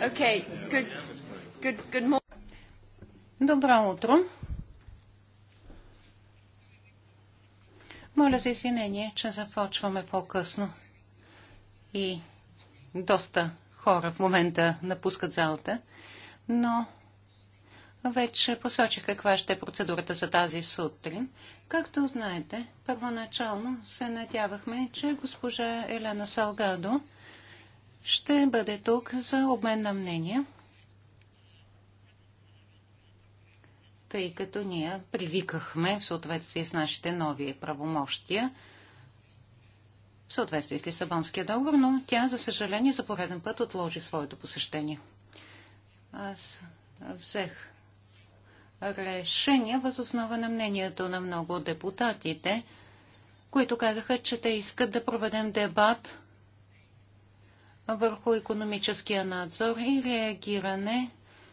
Okay. Good. Good. Good Добро утро. Моля за извинение, че започваме по-късно. И доста хора в момента напускат залата, но вече посочих каква ще е процедурата за тази сутрин. Както знаете, първоначално се надявахме, че госпожа Елена Салгадо ще бъде тук за обмен на мнения, тъй като ние привикахме в съответствие с нашите нови правомощия, в съответствие с Лисабонския договор, но тя, за съжаление, за пореден път отложи своето посещение. Аз взех решение възоснова на мнението на много от депутатите, които казаха, че те искат да проведем дебат върху економическия надзор и реагиране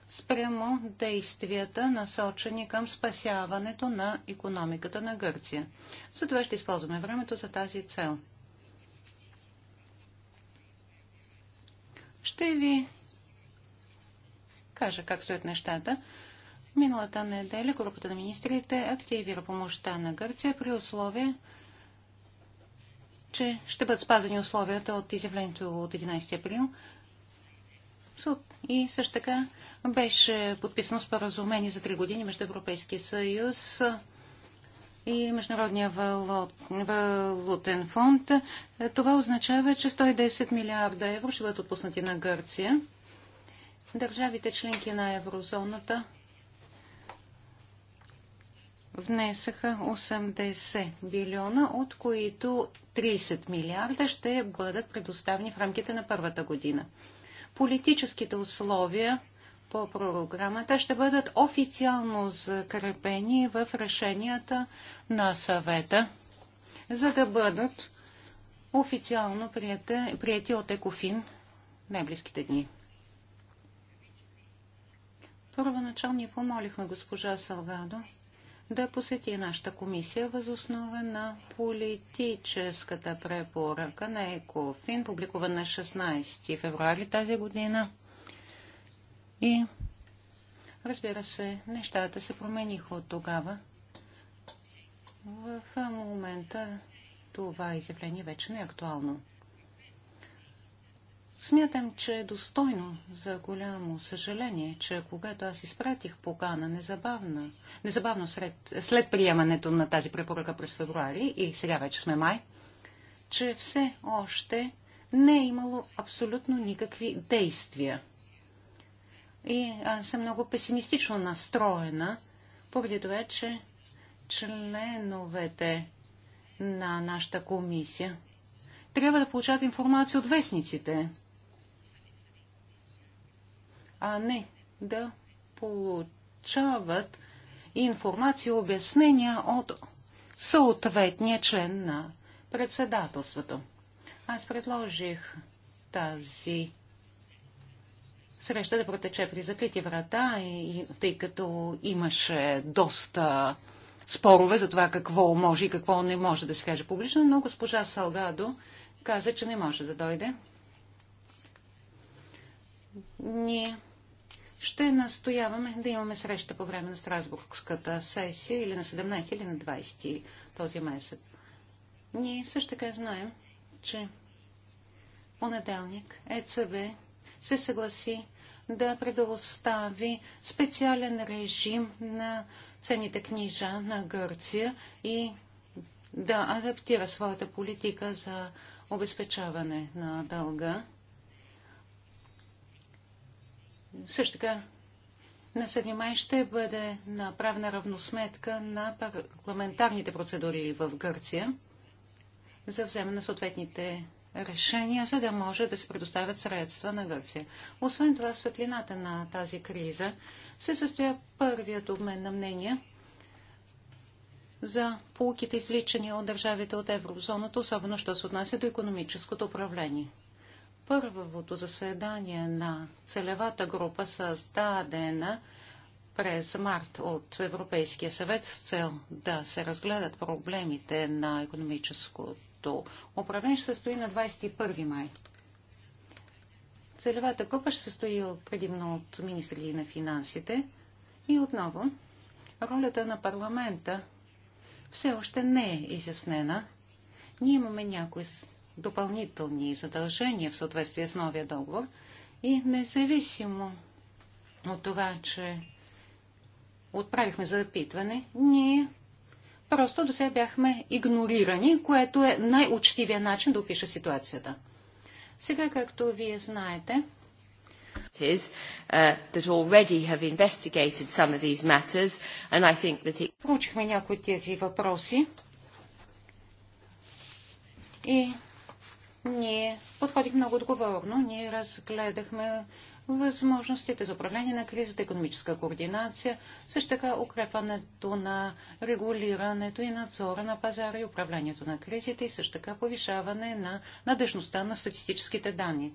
спрямо действията, насочени към спасяването на економиката на Гърция. За това ще използваме времето за тази цел. Ще ви кажа как стоят нещата. Миналата неделя групата на министрите активира помощта на Гърция при условия, че ще бъдат спазени условията от изявлението от 11 април. И също така беше подписано споразумение за 3 години между Европейския съюз и Международния валутен фонд. Това означава, че 110 милиарда евро ще бъдат отпуснати на Гърция. Държавите членки на еврозоната внесаха 80 билиона, от които 30 милиарда ще бъдат предоставени в рамките на първата година. Политическите условия по програмата ще бъдат официално закрепени в решенията на съвета, за да бъдат официално прияти, от Екофин най-близките дни. Първоначално ни помолихме госпожа Салвадо да посети нашата комисия възоснова на политическата препоръка на ЕКОФИН, публикувана на 16 февруари тази година. И разбира се, нещата се промениха от тогава. В момента това изявление вече не е актуално. Смятам, че е достойно за голямо съжаление, че когато аз изпратих покана незабавно, незабавно сред, след приемането на тази препоръка през февруари и сега вече сме май, че все още не е имало абсолютно никакви действия. И аз съм много песимистично настроена, поради това, че членовете на нашата комисия трябва да получат информация от вестниците а не да получават информация и обяснения от съответния член на председателството. Аз предложих тази среща да протече при закрити врата, и, тъй като имаше доста спорове за това какво може и какво не може да се каже публично, но госпожа Салгадо каза, че не може да дойде ние ще настояваме да имаме среща по време на Страсбургската сесия или на 17 или на 20 този месец. Ние също така знаем, че понеделник ЕЦБ се съгласи да предостави специален режим на ценните книжа на Гърция и да адаптира своята политика за обезпечаване на дълга. Също така на 7 май ще бъде направена равносметка на парламентарните процедури в Гърция за вземане на съответните решения, за да може да се предоставят средства на Гърция. Освен това, светлината на тази криза се състоя първият обмен на мнения за полуките извличания от държавите от еврозоната, особено що се отнася до економическото управление първото заседание на целевата група, създадена през март от Европейския съвет с цел да се разгледат проблемите на економическото управление, ще се състои на 21 май. Целевата група ще се състои предимно от министри на финансите и отново ролята на парламента все още не е изяснена. Ние имаме някои допълнителни задължения в съответствие с новия договор и независимо от това, че отправихме запитване, ние просто до сега бяхме игнорирани, което е най-учтивия начин да опиша ситуацията. Сега, както вие знаете, Проучихме някои тези въпроси и ние подходихме много отговорно. Ние разгледахме възможностите за управление на кризата, економическа координация, също така укрепването на регулирането и надзора на пазара и управлението на кризите и също така повишаване на надежността на статистическите данни.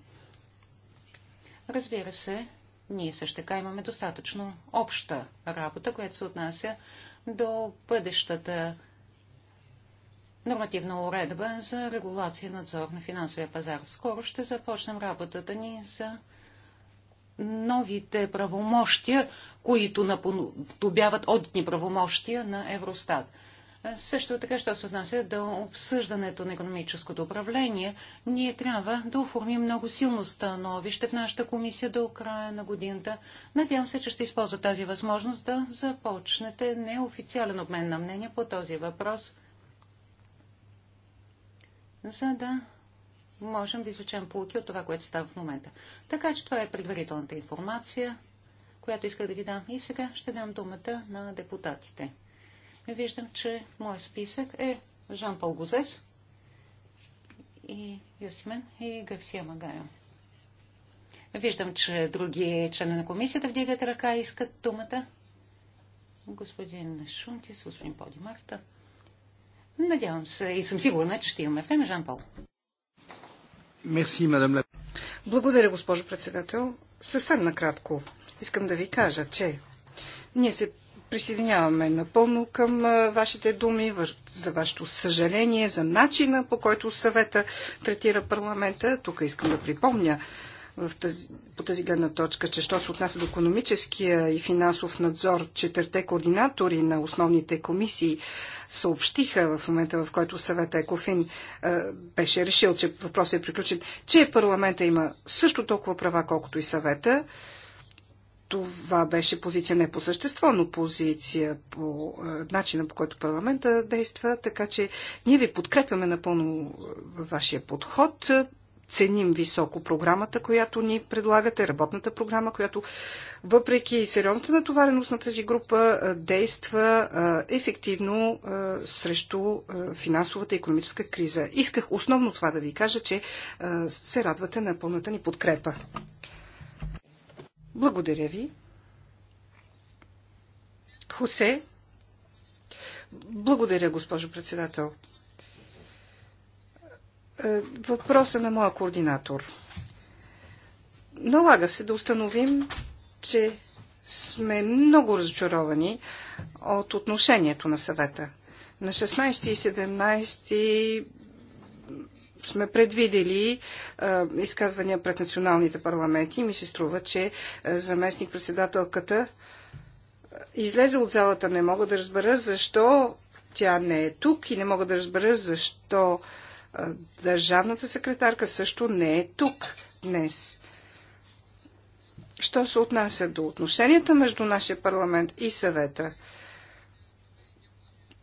Разбира се, ние също така имаме достатъчно обща работа, която се отнася до бъдещата нормативна уредба за регулация и надзор на финансовия пазар. Скоро ще започнем работата ни за новите правомощия, които наподобяват одитни правомощия на Евростат. Също така, що се отнася до обсъждането на економическото управление, ние трябва да оформим много силно становище в нашата комисия до края на годината. Надявам се, че ще използва тази възможност да започнете неофициален обмен на мнение по този въпрос – за да можем да извлечем полки от това, което става в момента. Така че това е предварителната информация, която исках да ви дам. И сега ще дам думата на депутатите. Виждам, че мой списък е жан Пал Гозес и Юсимен и Гавсия Магайо. Виждам, че други члена на комисията вдигат ръка и искат думата. Господин Шунтис, господин Поди Марта. Надявам се и съм сигурна, че ще имаме време. Жан Пол. Мерси, мадам Благодаря, госпожо председател. Съвсем накратко искам да ви кажа, че ние се присъединяваме напълно към вашите думи, за вашето съжаление, за начина по който съвета третира парламента. Тук искам да припомня в тази, по тази гледна точка, че що се отнася до економическия и финансов надзор, четирте координатори на основните комисии съобщиха в момента, в който съвета Екофин беше решил, че въпросът е приключен, че парламента има също толкова права, колкото и съвета. Това беше позиция не по същество, но позиция по е, начина по който парламента действа, така че ние ви подкрепяме напълно във вашия подход ценим високо програмата, която ни предлагате, работната програма, която въпреки сериозната натовареност на тази група действа ефективно срещу финансовата и економическа криза. Исках основно това да ви кажа, че се радвате на пълната ни подкрепа. Благодаря ви. Хосе. Благодаря, госпожо председател. Е, въпроса на моя координатор. Налага се да установим, че сме много разочаровани от отношението на съвета. На 16 и 17 сме предвидели е, изказвания пред националните парламенти и ми се струва, че е, заместник-председателката е, излезе от залата. Не мога да разбера защо тя не е тук и не мога да разбера защо е, Държавната секретарка също не е тук днес. Що се отнася до отношенията между нашия парламент и съвета?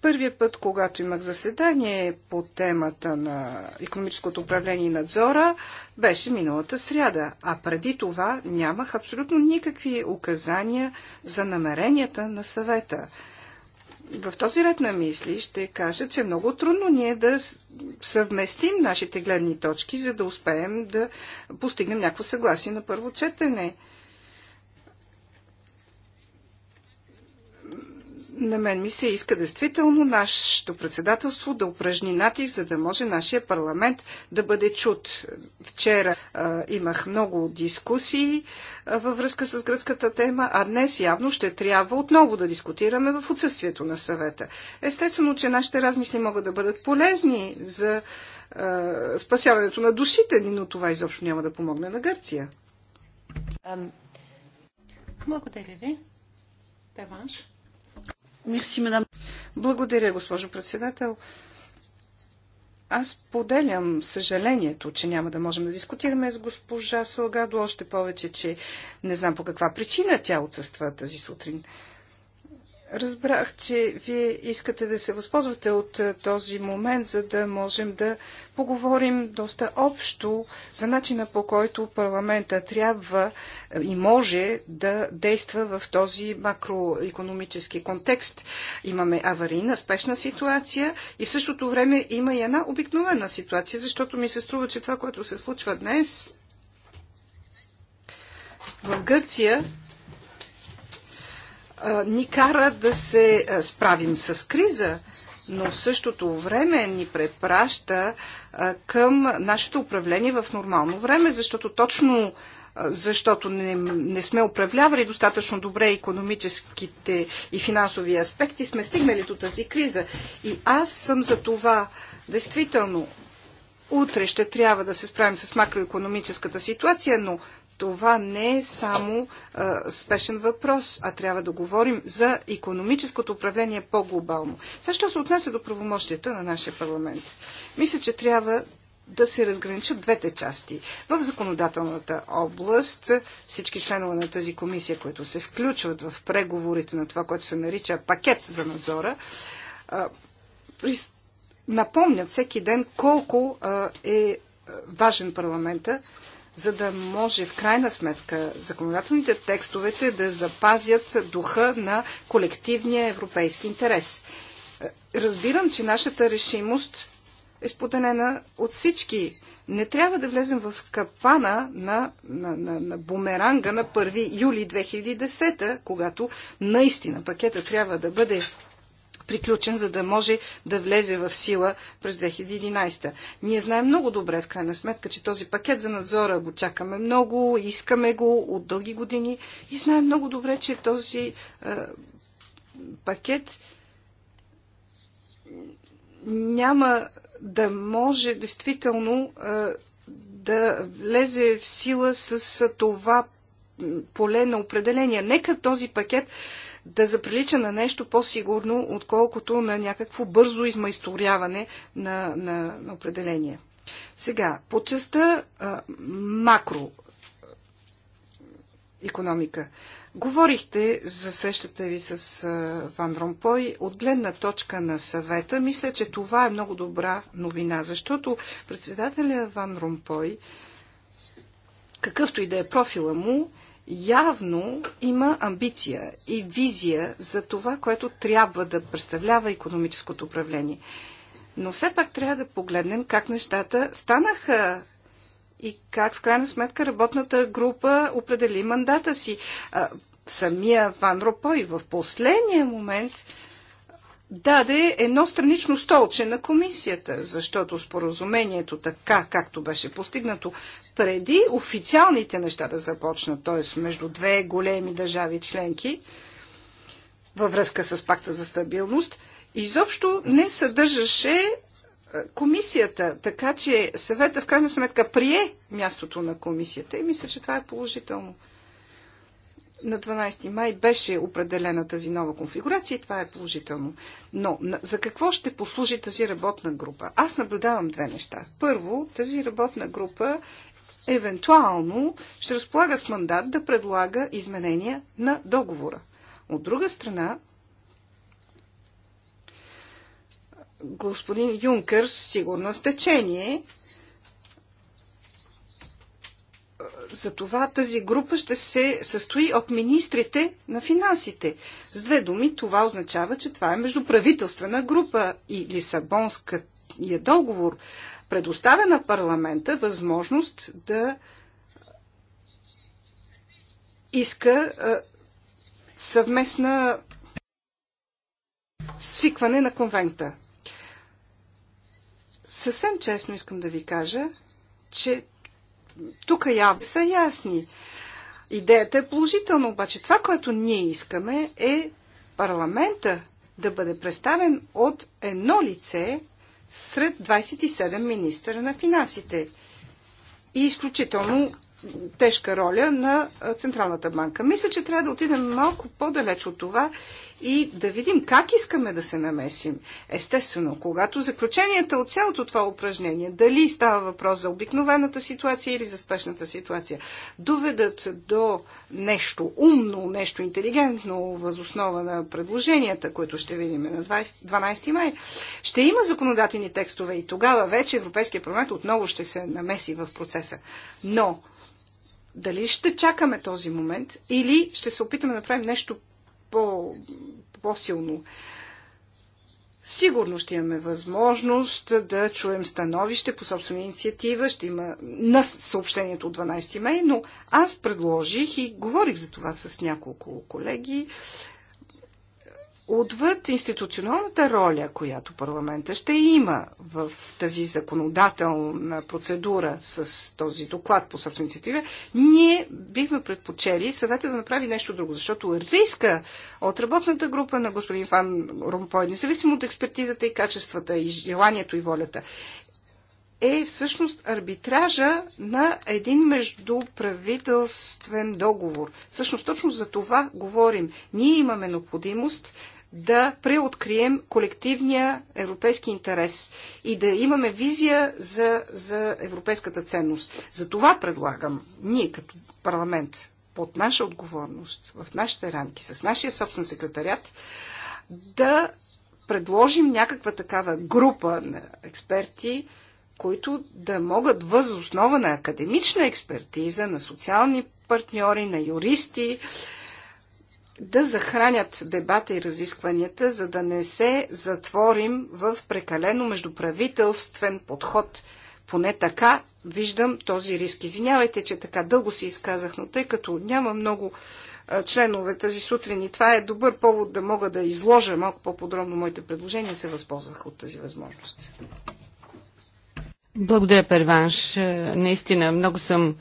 Първият път, когато имах заседание по темата на економическото управление и надзора, беше миналата сряда, а преди това нямах абсолютно никакви указания за намеренията на съвета в този ред на мисли ще кажа, че е много трудно ние да съвместим нашите гледни точки, за да успеем да постигнем някакво съгласие на първо четене. на мен ми се иска действително нашето председателство да упражни натиск, за да може нашия парламент да бъде чут. Вчера а, имах много дискусии а, във връзка с гръцката тема, а днес явно ще трябва отново да дискутираме в отсъствието на съвета. Естествено, че нашите размисли могат да бъдат полезни за а, спасяването на душите ни, но това изобщо няма да помогне на Гърция. Благодаря ви. Певанш. Благодаря, госпожо председател. Аз поделям съжалението, че няма да можем да дискутираме с госпожа Салгадо, още повече, че не знам по каква причина тя отсъства тази сутрин. Разбрах, че вие искате да се възползвате от е, този момент, за да можем да поговорим доста общо за начина по който парламента трябва е, и може да действа в този макроекономически контекст. Имаме аварийна, спешна ситуация и в същото време има и една обикновена ситуация, защото ми се струва, че това, което се случва днес в Гърция, ни кара да се справим с криза, но в същото време ни препраща към нашето управление в нормално време, защото точно защото не, не сме управлявали достатъчно добре економическите и финансови аспекти, сме стигнали до тази криза. И аз съм за това, действително, утре ще трябва да се справим с макроекономическата ситуация, но това не е само а, спешен въпрос, а трябва да говорим за економическото управление по-глобално. Също се отнася до правомощията на нашия парламент. Мисля, че трябва да се разграничат двете части. В законодателната област всички членове на тази комисия, които се включват в преговорите на това, което се нарича пакет за надзора, напомнят всеки ден колко е важен парламента за да може в крайна сметка законодателните текстовете да запазят духа на колективния европейски интерес. Е, разбирам, че нашата решимост е споделена от всички. Не трябва да влезем в капана на, на, на, на бумеранга на 1 юли 2010, когато наистина пакета трябва да бъде приключен, за да може да влезе в сила през 2011. Ние знаем много добре, в крайна сметка, че този пакет за надзора го чакаме много, искаме го от дълги години и знаем много добре, че този а, е, пакет няма да може действително а, е, да влезе в сила с това поле на определения. Нека този пакет да заприлича на нещо по-сигурно, отколкото на някакво бързо измайсторяване на, на, на определение. Сега, по частта макро економика. Говорихте за срещата ви с Ван Ромпой. От гледна точка на съвета, мисля, че това е много добра новина, защото председателя Ван Ромпой, какъвто и да е профила му, явно има амбиция и визия за това, което трябва да представлява економическото управление. Но все пак трябва да погледнем как нещата станаха и как в крайна сметка работната група определи мандата си. самия Ван Ропой в последния момент даде едно странично столче на комисията, защото споразумението така, както беше постигнато преди официалните неща да започнат, т.е. между две големи държави членки, във връзка с пакта за стабилност, изобщо не съдържаше е, комисията, така че съвета в крайна сметка прие мястото на комисията и мисля, че това е положително на 12 май беше определена тази нова конфигурация и това е положително. Но за какво ще послужи тази работна група? Аз наблюдавам две неща. Първо, тази работна група евентуално ще разполага с мандат да предлага изменения на договора. От друга страна, господин Юнкър сигурно е в течение това тази група ще се състои от министрите на финансите. С две думи, това означава, че това е междуправителствена група и Лисабонският договор предоставя на парламента възможност да иска съвместна свикване на конвента. Съвсем честно искам да ви кажа, че тук явно са ясни. Идеята е положителна, обаче това, което ние искаме е парламента да бъде представен от едно лице сред 27 министра на финансите. И изключително тежка роля на Централната банка. Мисля, че трябва да отидем малко по-далеч от това и да видим как искаме да се намесим. Естествено, когато заключенията от цялото това упражнение, дали става въпрос за обикновената ситуация или за спешната ситуация, доведат до нещо умно, нещо интелигентно, възоснова на предложенията, които ще видим на 20, 12 май, ще има законодателни текстове и тогава вече Европейския парламент отново ще се намеси в процеса. Но дали ще чакаме този момент или ще се опитаме да направим нещо по, по-силно. Сигурно ще имаме възможност да чуем становище по собствена инициатива, ще има на съобщението от 12 май, но аз предложих и говорих за това с няколко колеги отвъд институционалната роля, която парламента ще има в тази законодателна процедура с този доклад по инициатива, ние бихме предпочели съвета да направи нещо друго, защото риска от работната група на господин Фан Ромпой, независимо от експертизата и качествата и желанието и волята, е всъщност арбитража на един междуправителствен договор. Всъщност точно за това говорим. Ние имаме необходимост да преоткрием колективния европейски интерес и да имаме визия за, за европейската ценност. За това предлагам ние като парламент под наша отговорност, в нашите рамки, с нашия собствен секретарят, да предложим някаква такава група на експерти, които да могат въз основа на академична експертиза, на социални партньори, на юристи, да захранят дебата и разискванията, за да не се затворим в прекалено междуправителствен подход. Поне така виждам този риск. Извинявайте, че така дълго се изказах, но тъй като няма много членове тази сутрин и това е добър повод да мога да изложа малко по-подробно моите предложения, се възползвах от тази възможност. Благодаря, Перванш. Наистина, много съм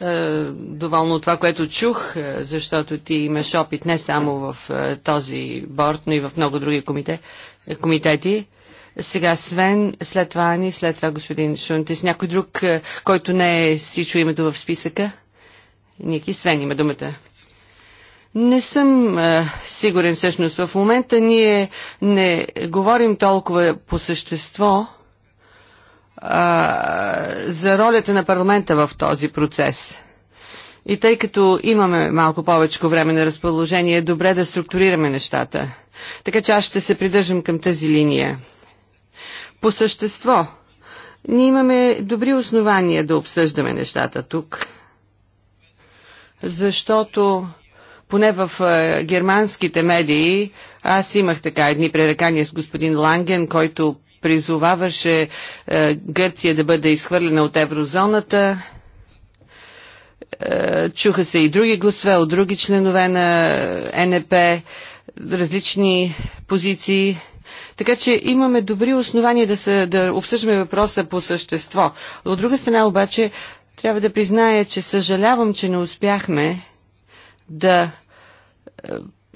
е, доволно от това, което чух, е, защото ти имаш опит не само в е, този борт, но и в много други комите, комитети. Сега Свен, след това Ани, след това господин Шунтис. Някой друг, който не е си чу името в списъка? Ники, Свен има думата. Не съм а, сигурен всъщност. В момента ние не говорим толкова по същество, а, за ролята на парламента в този процес. И тъй като имаме малко повече време на разположение, е добре да структурираме нещата. Така че аз ще се придържам към тази линия. По същество, ние имаме добри основания да обсъждаме нещата тук, защото поне в германските медии аз имах така едни пререкания с господин Ланген, който призоваваше е, Гърция да бъде изхвърлена от еврозоната. Е, чуха се и други гласове от други членове на е НП, различни позиции. Така че имаме добри основания да, се, да обсъждаме въпроса по същество. От друга страна обаче трябва да призная, че съжалявам, че не успяхме да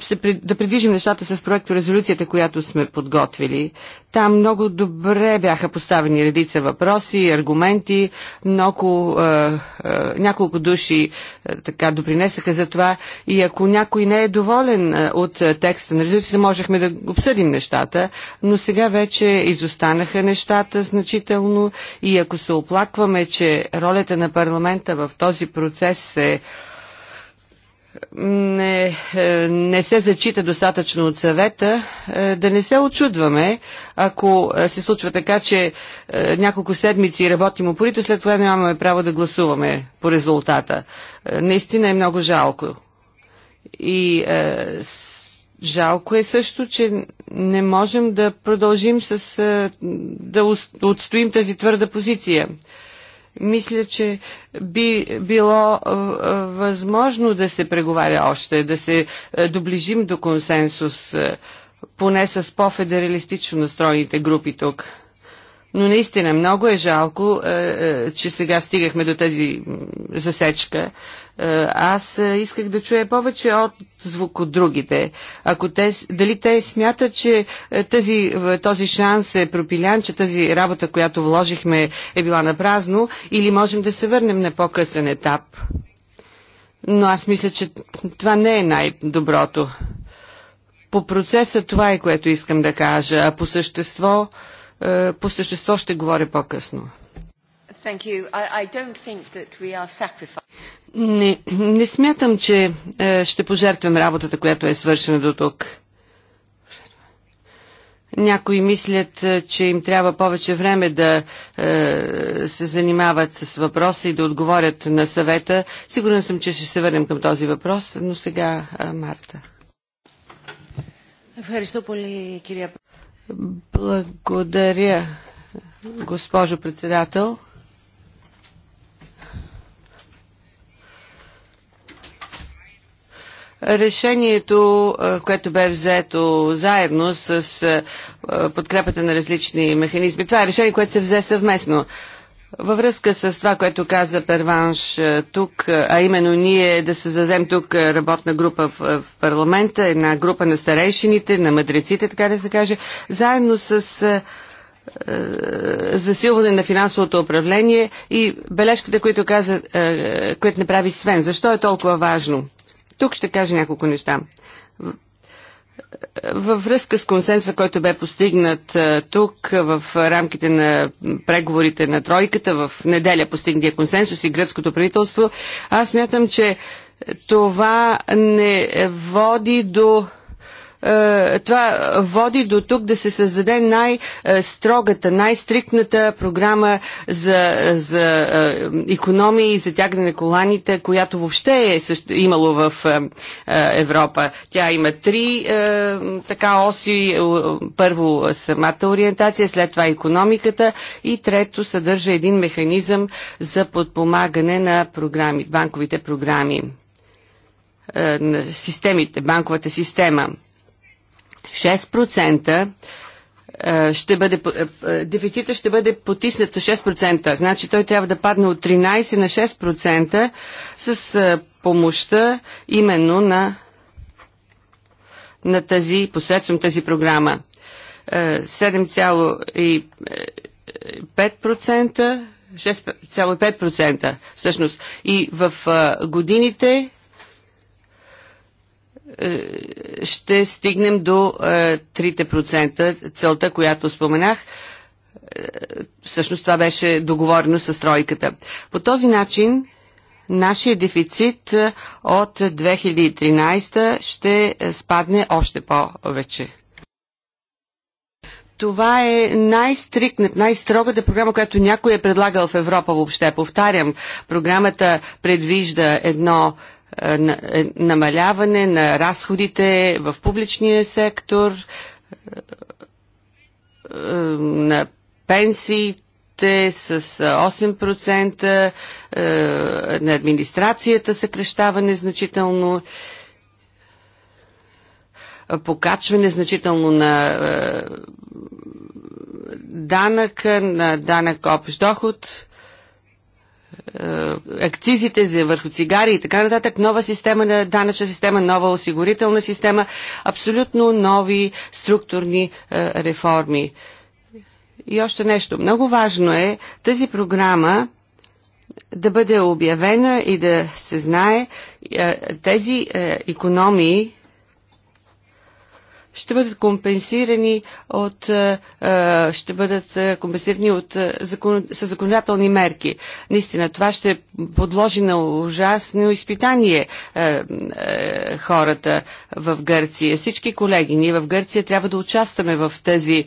се, да придвижим нещата с проекто резолюцията, която сме подготвили. Там много добре бяха поставени редица въпроси, аргументи, много, е, е, няколко души е, така допринесаха за това и ако някой не е доволен е, от е, текста на резолюцията, можехме да обсъдим нещата, но сега вече изостанаха нещата значително и ако се оплакваме, че ролята на парламента в този процес е не, е, не се зачита достатъчно от съвета, е, да не се очудваме, ако е, се случва така, че няколко седмици работим упорито, след това нямаме право да гласуваме по резултата. Наистина е много жалко. И е, жалко е също, че не можем да продължим с, да отстоим тази твърда позиция мисля, че би било е, е, възможно да се преговаря още, да се е, доближим до консенсус, поне с по-федералистично настроените групи тук. Но наистина много е жалко, е, е, че сега стигахме до тази засечка. Е, аз исках да чуя повече от звук от другите. Ако те, дали те смятат, че тази, този шанс е пропилян, че тази работа, която вложихме е била на празно, или можем да се върнем на по-късен етап? Но аз мисля, че това не е най-доброто. По процеса това е, което искам да кажа, а по същество... Е, по същество ще говоря по-късно. Не, не смятам, че е, ще пожертвам работата, която е свършена до тук. Някои мислят, е, че им трябва повече време да е, се занимават с въпроса и да отговорят на съвета. Сигурен съм, че ще се върнем към този въпрос, но сега е, Марта. Благодаря, госпожо председател. Решението, което бе взето заедно с подкрепата на различни механизми, това е решение, което се взе съвместно във връзка с това, което каза Перванш е, тук, е, а именно ние да създадем тук е, работна група в, в парламента, една група на старейшините, на мъдреците, така да се каже, заедно с е, засилване на финансовото управление и бележката, които, каза, е, които направи Свен. Защо е толкова важно? Тук ще кажа няколко неща. Във връзка с консенсуса, който бе постигнат тук в рамките на преговорите на тройката, в неделя постигния консенсус и гръцкото правителство, аз мятам, че това не води до е, това води до тук да се създаде най-строгата, най-стриктната програма за, за економии и тягане на коланите, която въобще е също, имало в е, е, Европа. Тя има три така оси. Първо самата ориентация, след това економиката и трето съдържа един механизъм за подпомагане на програми, банковите програми на системите, банковата система. 6% ще бъде, дефицита ще бъде потиснат с 6%. Значи той трябва да падне от 13 на 6% с помощта именно на, на тази, посредством тази програма. 7,5%, 6,5% всъщност. И в годините е, ще стигнем до 3% е, целта, която споменах. Е, всъщност това беше договорено с тройката. По този начин нашия дефицит от 2013 ще спадне още повече. Това е най стрикната най-строгата програма, която някой е предлагал в Европа въобще. Повтарям, програмата предвижда едно е, е, намаляване на разходите в публичния сектор, е, на пенсиите с 8%, на администрацията съкрещаване значително, покачване значително на данъка, на данък общ доход. Е, акцизите за върху цигари и така нататък, нова система на данъчна система, нова осигурителна система, абсолютно нови структурни е, реформи. И още нещо. Много важно е тази програма да бъде обявена и да се знае е, тези економии, ще бъдат компенсирани от, е, е, ще бъдат е, компенсирани от, закон, законодателни мерки. Наистина, това ще подложи на ужасно изпитание хората в Гърция. Всички колеги, ние в Гърция трябва да участваме в тази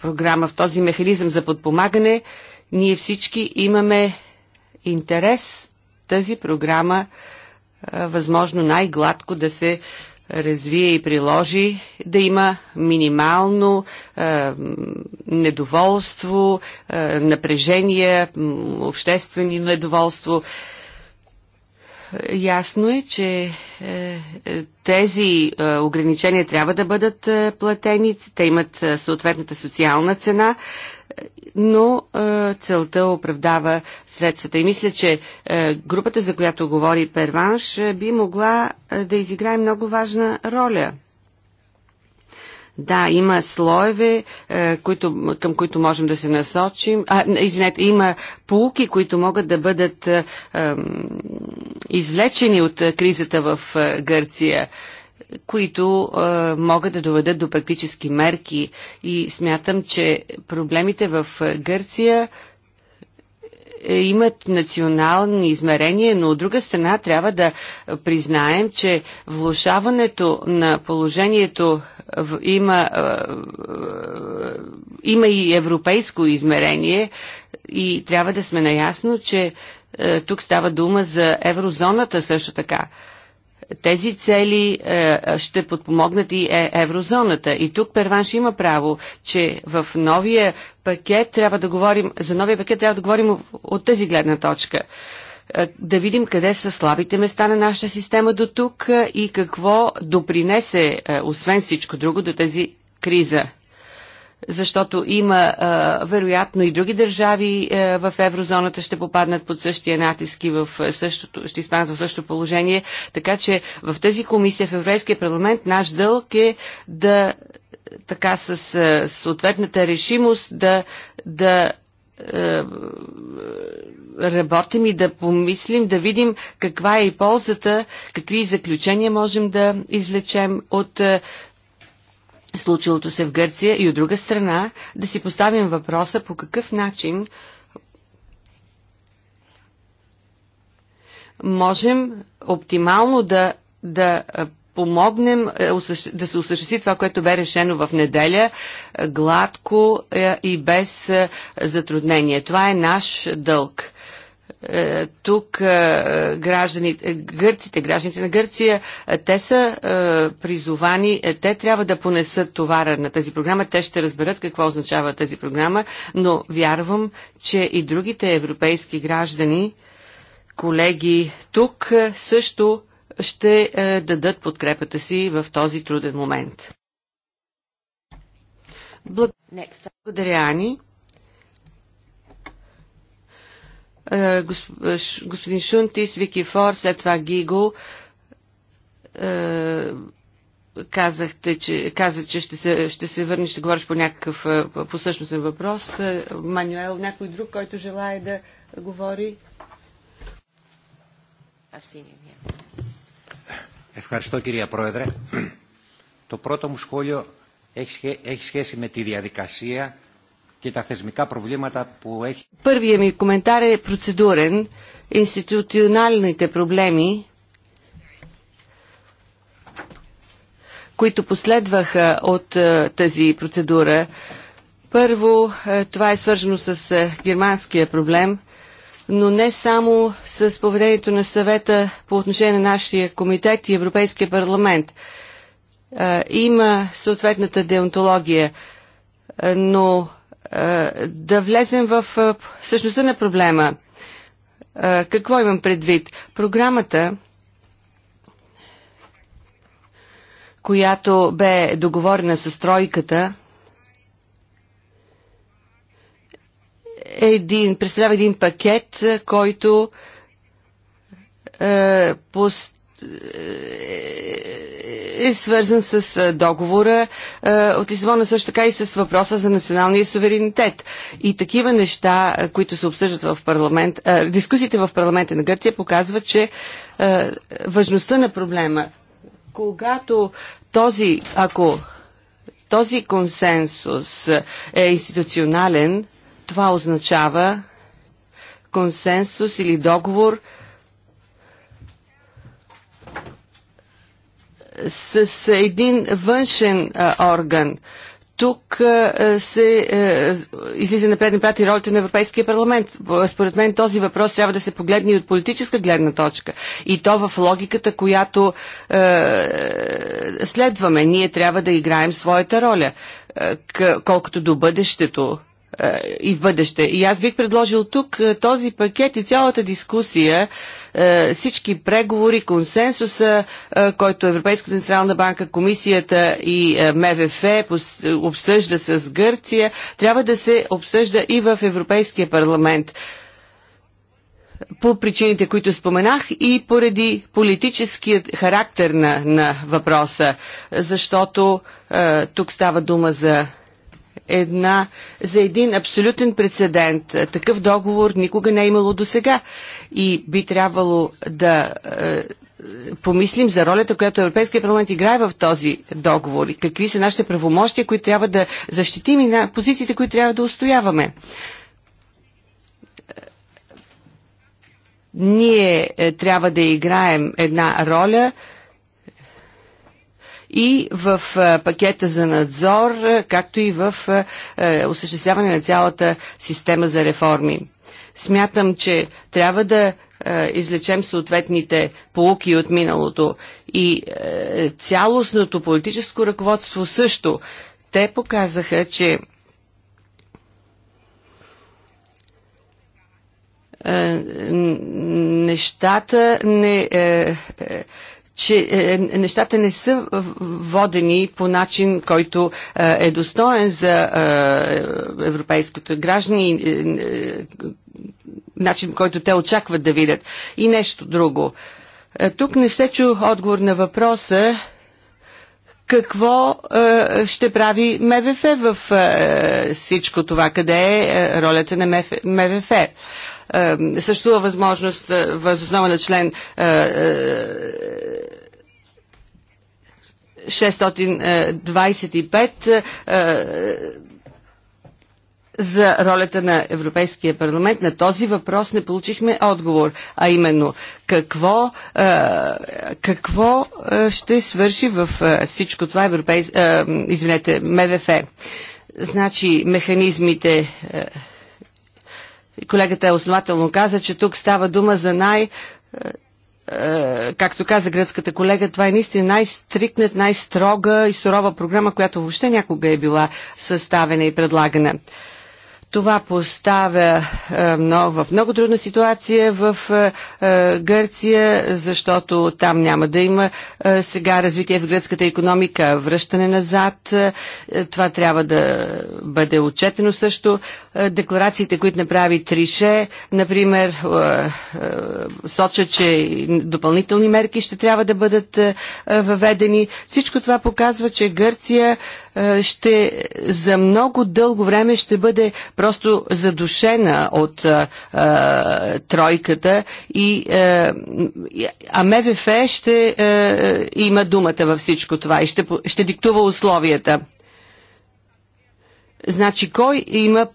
програма, в този механизъм за подпомагане. Ние всички имаме интерес тази програма възможно най-гладко да се развие и приложи, да има минимално е, недоволство, е, напрежение, обществени недоволство. Ясно е, че е, е тези е, ограничения трябва да бъдат е, платени, те имат съответната социална цена, но целта оправдава средствата. И мисля, че групата, за която говори Перванш, би могла да изиграе много важна роля. Да, има слоеве, които, към които можем да се насочим. А, извинете, има полуки, които могат да бъдат а, извлечени от кризата в Гърция. А, които а, могат да доведат до практически мерки. И смятам, че проблемите в Гърция е, имат национални измерения, но от друга страна трябва да признаем, че влушаването на положението има, има и европейско измерение и трябва да сме наясно, че тук става дума за еврозоната също така. Тези цели е, ще подпомогнат и е, еврозоната. И тук Перванш има право, че в новия пакет трябва да говорим, за новия пакет трябва да говорим от тази гледна точка е, да видим къде са слабите места на нашата система до тук е, и какво допринесе, освен всичко друго, до тази криза защото има а, вероятно и други държави а, в еврозоната ще попаднат под същия натиск и в същото, ще изпаднат в същото положение. Така че в тази комисия в Европейския парламент наш дълг е да така с а, съответната решимост да, да работим и да помислим, да видим каква е и ползата, какви заключения можем да извлечем от случилото се в Гърция и от друга страна да си поставим въпроса по какъв начин можем оптимално да, да помогнем да се осъществи това, което бе решено в неделя, гладко и без затруднение. Това е наш дълг. Е, тук е, гражданите, гърците, гражданите на Гърция, е, те са призовани, те трябва да понесат товара на тази програма, те ще разберат какво означава тази програма, но вярвам, че и другите европейски граждани, колеги тук също ще дадат подкрепата си в този труден момент. Благодаря, Ани. Е, е, господин Шунтис, Вики Фор, след това Гиго. Е, казахте, че, каза, че ще се, ще се върнеш, ще говориш по някакъв по същностен въпрос. Манюел, някой друг, който желая да говори? Ευχαριστώ κυρία Πρόεδρε. Το πρώτο μου σχόλιο έχει σχέση με τη διαδικασία και τα θεσμικά προβλήματα που έχει. Първият ми коментар е процедурен. Институционалните проблеми, които последваха от е, тази процедура, първо, е, това е свържено с е, германския проблем, но не само с поведението на съвета по отношение на нашия комитет и Европейския парламент. Има съответната деонтология, но да влезем в същността на проблема. Какво имам предвид? Програмата, която бе договорена с тройката, един, представлява един пакет, който е, пост е, е, е свързан с е, договора е, от Лисабона, също така и с въпроса за националния суверенитет. И такива неща, които се обсъждат в парламент, е, дискусиите в парламента на Гърция показват, че е, важността на проблема, когато този, ако този консенсус е институционален, това означава консенсус или договор – с един външен а, орган. Тук а, се а, излиза на предни прати ролите на Европейския парламент. Според мен този въпрос трябва да се погледне и от политическа гледна точка. И то в логиката, която а, следваме. Ние трябва да играем своята роля, а, колкото до бъдещето а, и в бъдеще. И аз бих предложил тук този пакет и цялата дискусия е, всички преговори, консенсуса, е, който Европейската централна банка, комисията и е, МВФ обсъжда с Гърция, трябва да се обсъжда и в Европейския парламент по причините, които споменах и поради политическият характер на, на въпроса, защото е, тук става дума за една, за един абсолютен прецедент. Такъв договор никога не е имало до сега и би трябвало да е, помислим за ролята, която Европейския парламент играе в този договор и какви са нашите правомощия, които трябва да защитим и на позициите, които трябва да устояваме. Ние е, трябва да играем една роля – и в пакета за надзор, както и в осъществяване на цялата система за реформи. Смятам, че трябва да излечем съответните полуки от миналото и цялостното политическо ръководство също. Те показаха, че нещата не, е, е, че е, нещата не са водени по начин, който е, е, достоен за е, европейското граждани, е, е, начин, който те очакват да видят. И нещо друго. Е, тук не се чу отговор на въпроса какво е, ще прави МВФ в е, всичко това, къде е, е ролята на МВФ съществува възможност е, основа на член 625 е, е, за ролята на Европейския парламент. На този въпрос не получихме отговор, а именно какво, какво ще свърши в всичко това европейс... извинете, МВФ. Значи механизмите Колегата основателно каза, че тук става дума за най- е, е, както каза гръцката колега, това е наистина най-стрикнат, най-строга и сурова програма, която въобще някога е била съставена и предлагана. Това поставя е, много, в много трудна ситуация в е, е, Гърция, защото там няма да има сега развитие в гръцката економика, връщане назад. Това трябва да бъде отчетено също. Декларациите, които направи Трише, например, соча, че допълнителни мерки ще трябва да бъдат въведени. Всичко това показва, че Гърция ще за много дълго време ще бъде просто задушена от а, а, тройката и а, а МВФ ще а, има думата във всичко това и ще, ще диктува условията. Значи, кой има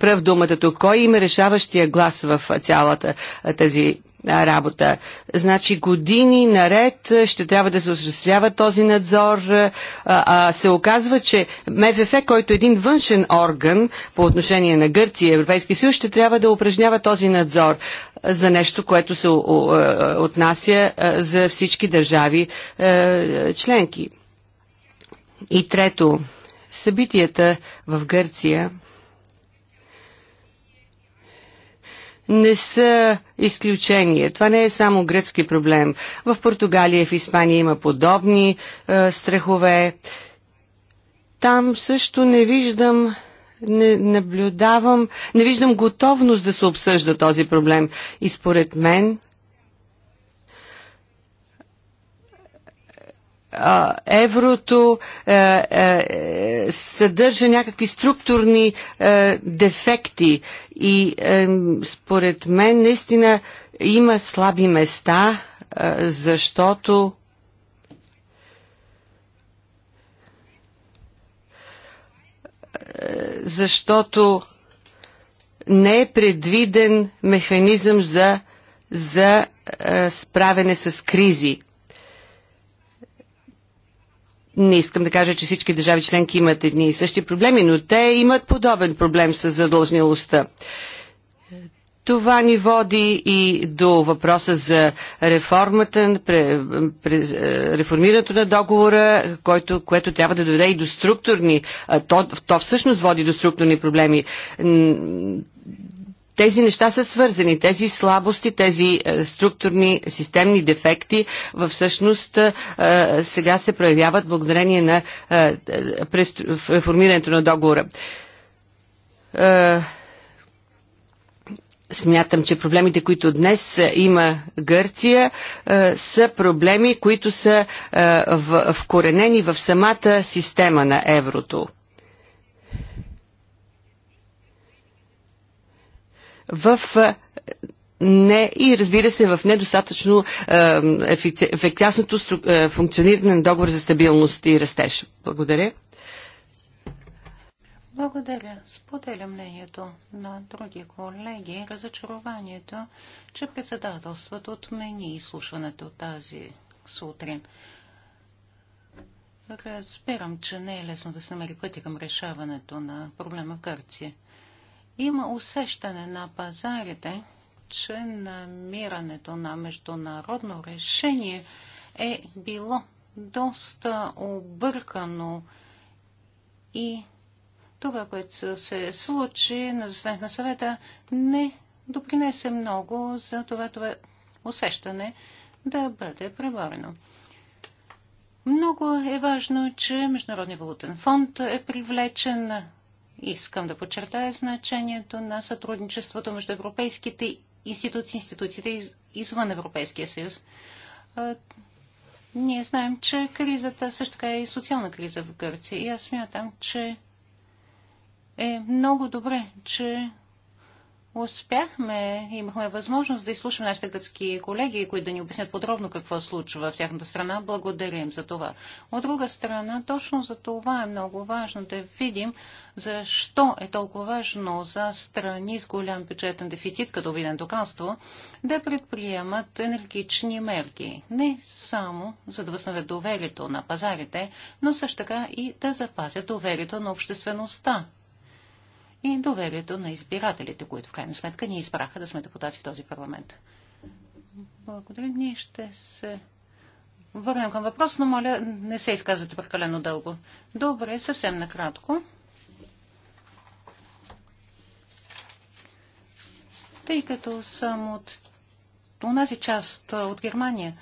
пръв думата тук? Кой има решаващия глас в цялата тази работа. Значи години наред ще трябва да се осъществява този надзор. А, а се оказва, че МФФ, който е един външен орган по отношение на Гърция и Европейски съюз, ще трябва да упражнява този надзор за нещо, което се отнася за всички държави членки. И трето, събитията в Гърция – не са изключение. Това не е само гръцки проблем. В Португалия, в Испания има подобни е, страхове. Там също не виждам не наблюдавам, не виждам готовност да се обсъжда този проблем. И според мен еврото е, е, съдържа някакви структурни е, дефекти и според мен наистина има слаби места, защото защото не е предвиден механизъм за, за е, справене с кризи не искам да кажа, че всички държави членки имат едни и същи проблеми, но те имат подобен проблем с задължнилостта. Това ни води и до въпроса за реформата, пре, пре, реформирането на договора, който, което трябва да доведе и до структурни, то, то всъщност води до структурни проблеми тези неща са свързани. Тези слабости, тези е, структурни, системни дефекти всъщност е, е, сега се проявяват благодарение на реформирането на договора. Смятам, че проблемите, които днес има Гърция, са проблеми, които са вкоренени в самата система на еврото. в не и разбира се в недостатъчно ефикасното функциониране на договор за стабилност и растеж. Благодаря. Благодаря. Споделя мнението на други колеги. Разочарованието, че председателството отмени изслушването тази сутрин. Разбирам, че не е лесно да се намери пъти към решаването на проблема в Гърция. Има усещане на пазарите, че намирането на международно решение е било доста объркано и това, което се случи на заседание на съвета, не допринесе много за това, това усещане да бъде преборено. Много е важно, че Международния валутен фонд е привлечен Искам да подчертая значението на сътрудничеството между европейските институции, институциите извън Европейския съюз. Ние знаем, че кризата също така е и социална криза в Гърция. И аз смятам, че е много добре, че успяхме, имахме възможност да изслушаме нашите гръцки колеги, които да ни обяснят подробно какво случва в тяхната страна. Благодаря им за това. От друга страна, точно за това е много важно да видим защо е толкова важно за страни с голям бюджетен дефицит, като обиден доказство, да предприемат енергични мерки. Не само за да възстановят доверието на пазарите, но също така и да запазят доверието на обществеността и доверието на избирателите, които в крайна сметка ни избраха да сме депутати в този парламент. Благодаря. Ние ще се върнем към въпрос, но моля, не се изказвате прекалено дълго. Добре, съвсем накратко. тъй като съм от онази част от Германия,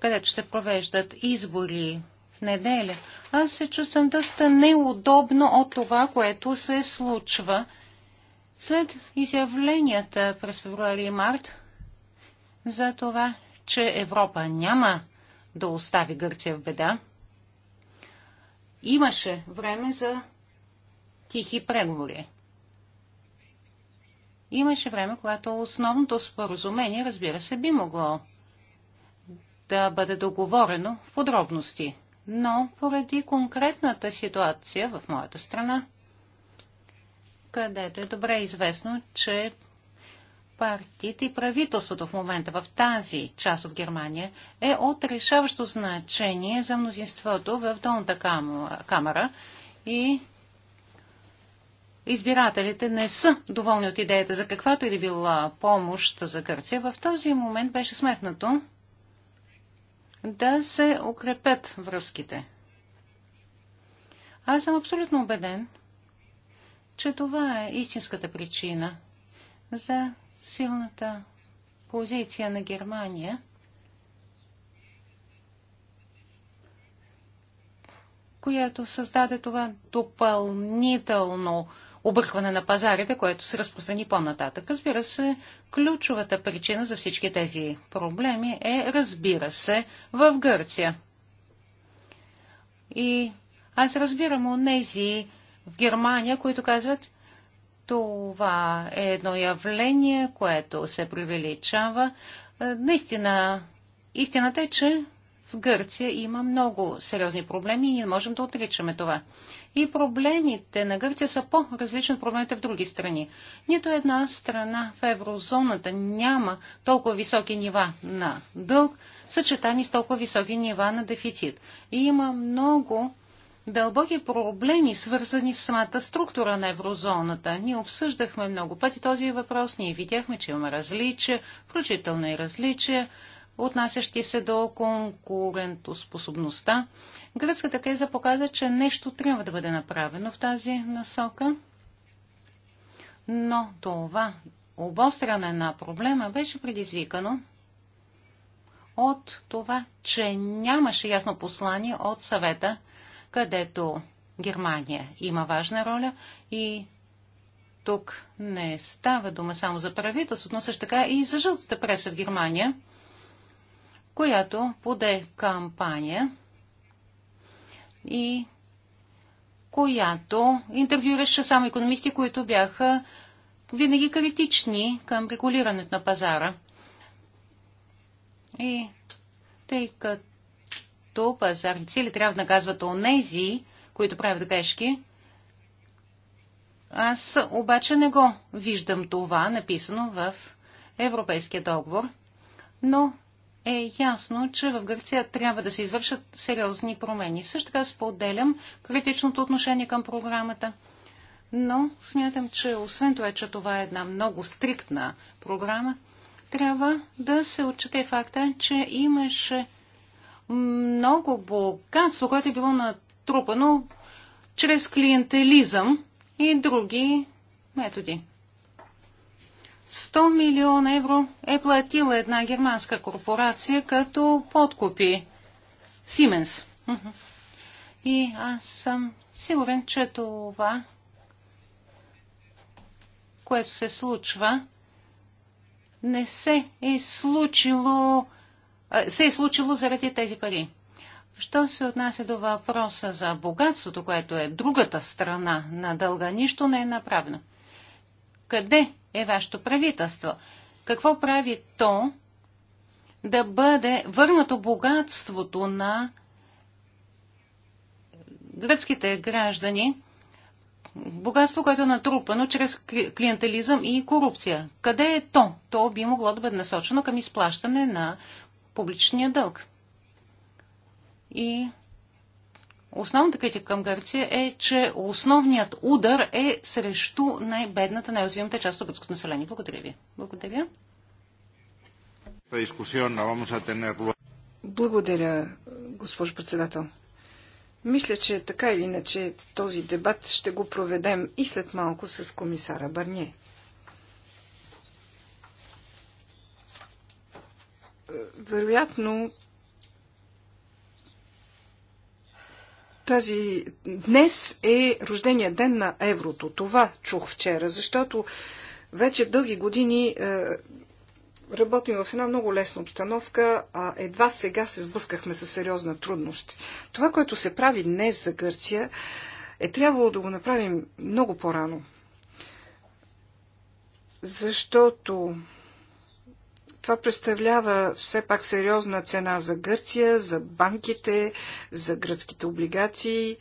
където се провеждат избори в неделя, аз се чувствам доста неудобно от това, което се случва след изявленията през февруари и март за това, че Европа няма да остави Гърция в беда. Имаше време за тихи преговори. Имаше време, когато основното споразумение, разбира се, би могло да бъде договорено в подробности. Но поради конкретната ситуация в моята страна, където е добре известно, че партиите и правителството в момента в тази част от Германия е от решаващо значение за мнозинството в долната камера и избирателите не са доволни от идеята за каквато и да била помощ за Гърция, в този момент беше сметнато да се укрепят връзките. Аз съм абсолютно убеден, че това е истинската причина за силната позиция на Германия, която създаде това допълнително объркване на пазарите, което се разпространи по-нататък. Разбира се, ключовата причина за всички тези проблеми е, разбира се, в Гърция. И аз разбирам у нези в Германия, които казват, това е едно явление, което се привеличава. Наистина, истината е, че в Гърция има много сериозни проблеми и ние можем да отричаме това. И проблемите на Гърция са по-различни от проблемите в други страни. Нито една страна в еврозоната няма толкова високи нива на дълг, съчетани с толкова високи нива на дефицит. И има много дълбоки проблеми, свързани с самата структура на еврозоната. Ние обсъждахме много пъти този въпрос, ние видяхме, че има различия, включително и различия отнасящи се до конкурентоспособността. Гръцката криза показа, че нещо трябва да бъде направено в тази насока, но това обостряне на проблема беше предизвикано от това, че нямаше ясно послание от съвета, където Германия има важна роля и тук не става дума само за правителството, но също така и за жълтата преса в Германия – която поде кампания и която интервюираше само економисти, които бяха винаги критични към регулирането на пазара. И тъй като пазарните сили трябва да наказват онези, които правят грешки, аз обаче не го виждам това написано в Европейския договор, но е ясно, че в Гърция трябва да се извършат сериозни промени. Също така споделям критичното отношение към програмата, но смятам, че освен това, че това е една много стриктна програма, трябва да се отчете факта, че имаше много богатство, което е било натрупано чрез клиентелизъм и други методи. 100 милиона евро е платила една германска корпорация като подкупи Сименс. И аз съм сигурен, че това, което се случва, не се е случило, се е случило заради тези пари. Що се отнася до въпроса за богатството, което е другата страна на дълга, нищо не е направено. Къде е вашето правителство. Какво прави то да бъде върнато богатството на гръцките граждани, богатство, което е натрупано чрез клиентализъм и корупция. Къде е то? То би могло да бъде насочено към изплащане на публичния дълг. И Основната критика към Гърция е, че основният удар е срещу най-бедната, най-развиваната част от гръцкото население. Благодаря ви. Благодаря. Благодаря, госпожо председател. Мисля, че така или иначе този дебат ще го проведем и след малко с комисара Барние. Вероятно, Тази днес е рождения ден на еврото. Това чух вчера, защото вече дълги години е, работим в една много лесна обстановка, а едва сега се сблъскахме с сериозна трудност. Това, което се прави днес за Гърция, е трябвало да го направим много по-рано. Защото това представлява все пак сериозна цена за Гърция, за банките, за гръцките облигации.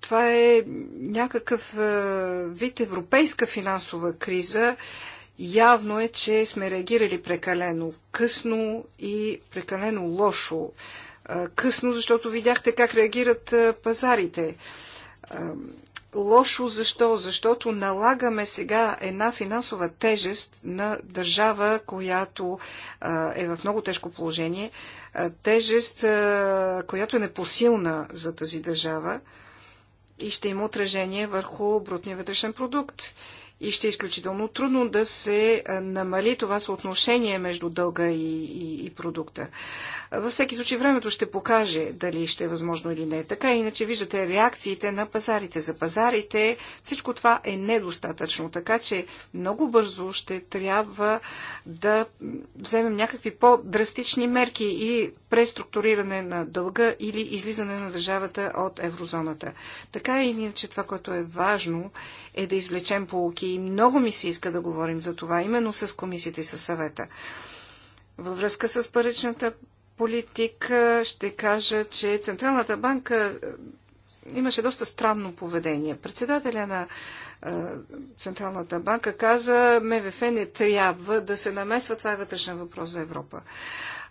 Това е някакъв е, вид европейска финансова криза. Явно е, че сме реагирали прекалено късно и прекалено лошо. Е, късно, защото видяхте как реагират е, пазарите лошо защо? Защото налагаме сега една финансова тежест на държава, която е в много тежко положение. Тежест, която е непосилна за тази държава и ще има отражение върху брутния вътрешен продукт и ще е изключително трудно да се намали това съотношение между дълга и, и, и продукта. Във всеки случай времето ще покаже дали ще е възможно или не. Така иначе виждате реакциите на пазарите. За пазарите всичко това е недостатъчно, така че много бързо ще трябва да вземем някакви по-драстични мерки или преструктуриране на дълга или излизане на държавата от еврозоната. Така иначе това, което е важно, е да извлечем полуки и много ми се иска да говорим за това, именно с комисията и с съвета. Във връзка с паричната политика ще кажа, че Централната банка е, имаше доста странно поведение. Председателя на е, Централната банка каза, МВФ не трябва да се намесва, това е вътрешен въпрос за Европа.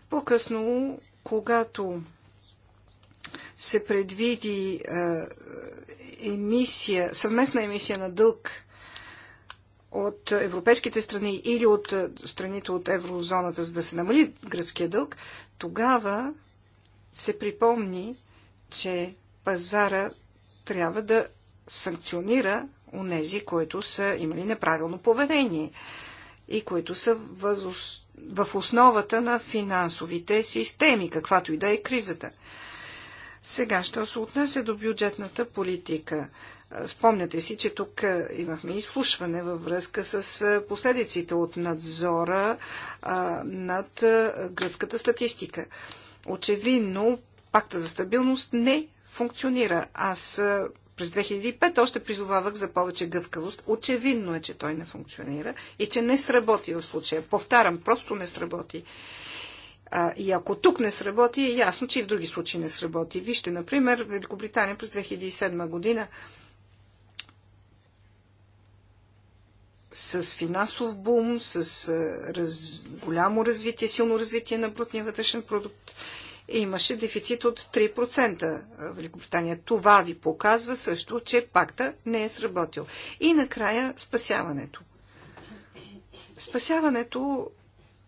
По-късно, когато се предвиди е, емисия, съвместна емисия на дълг от европейските страни или от е, страните от еврозоната, за да се намали гръцкия дълг, тогава се припомни, че пазара трябва да санкционира онези, които са имали неправилно поведение и които са в основата на финансовите системи, каквато и да е кризата. Сега, що се отнася до бюджетната политика – Спомняте си, че тук е, имахме изслушване във връзка с е, последиците от надзора е, над гръцката статистика. Очевидно, пакта за стабилност не функционира. Аз през 2005 още призовавах за повече гъвкавост. Очевидно е, че той не функционира и че не сработи в случая. Повтарям, просто не сработи. А, и ако тук не сработи, е ясно, че и в други случаи не сработи. Вижте, например, Великобритания през 2007 година с финансов бум, с раз, голямо развитие, силно развитие на брутния вътрешен продукт. Имаше дефицит от 3% Великобритания. Това ви показва също, че пакта не е сработил. И накрая спасяването. Спасяването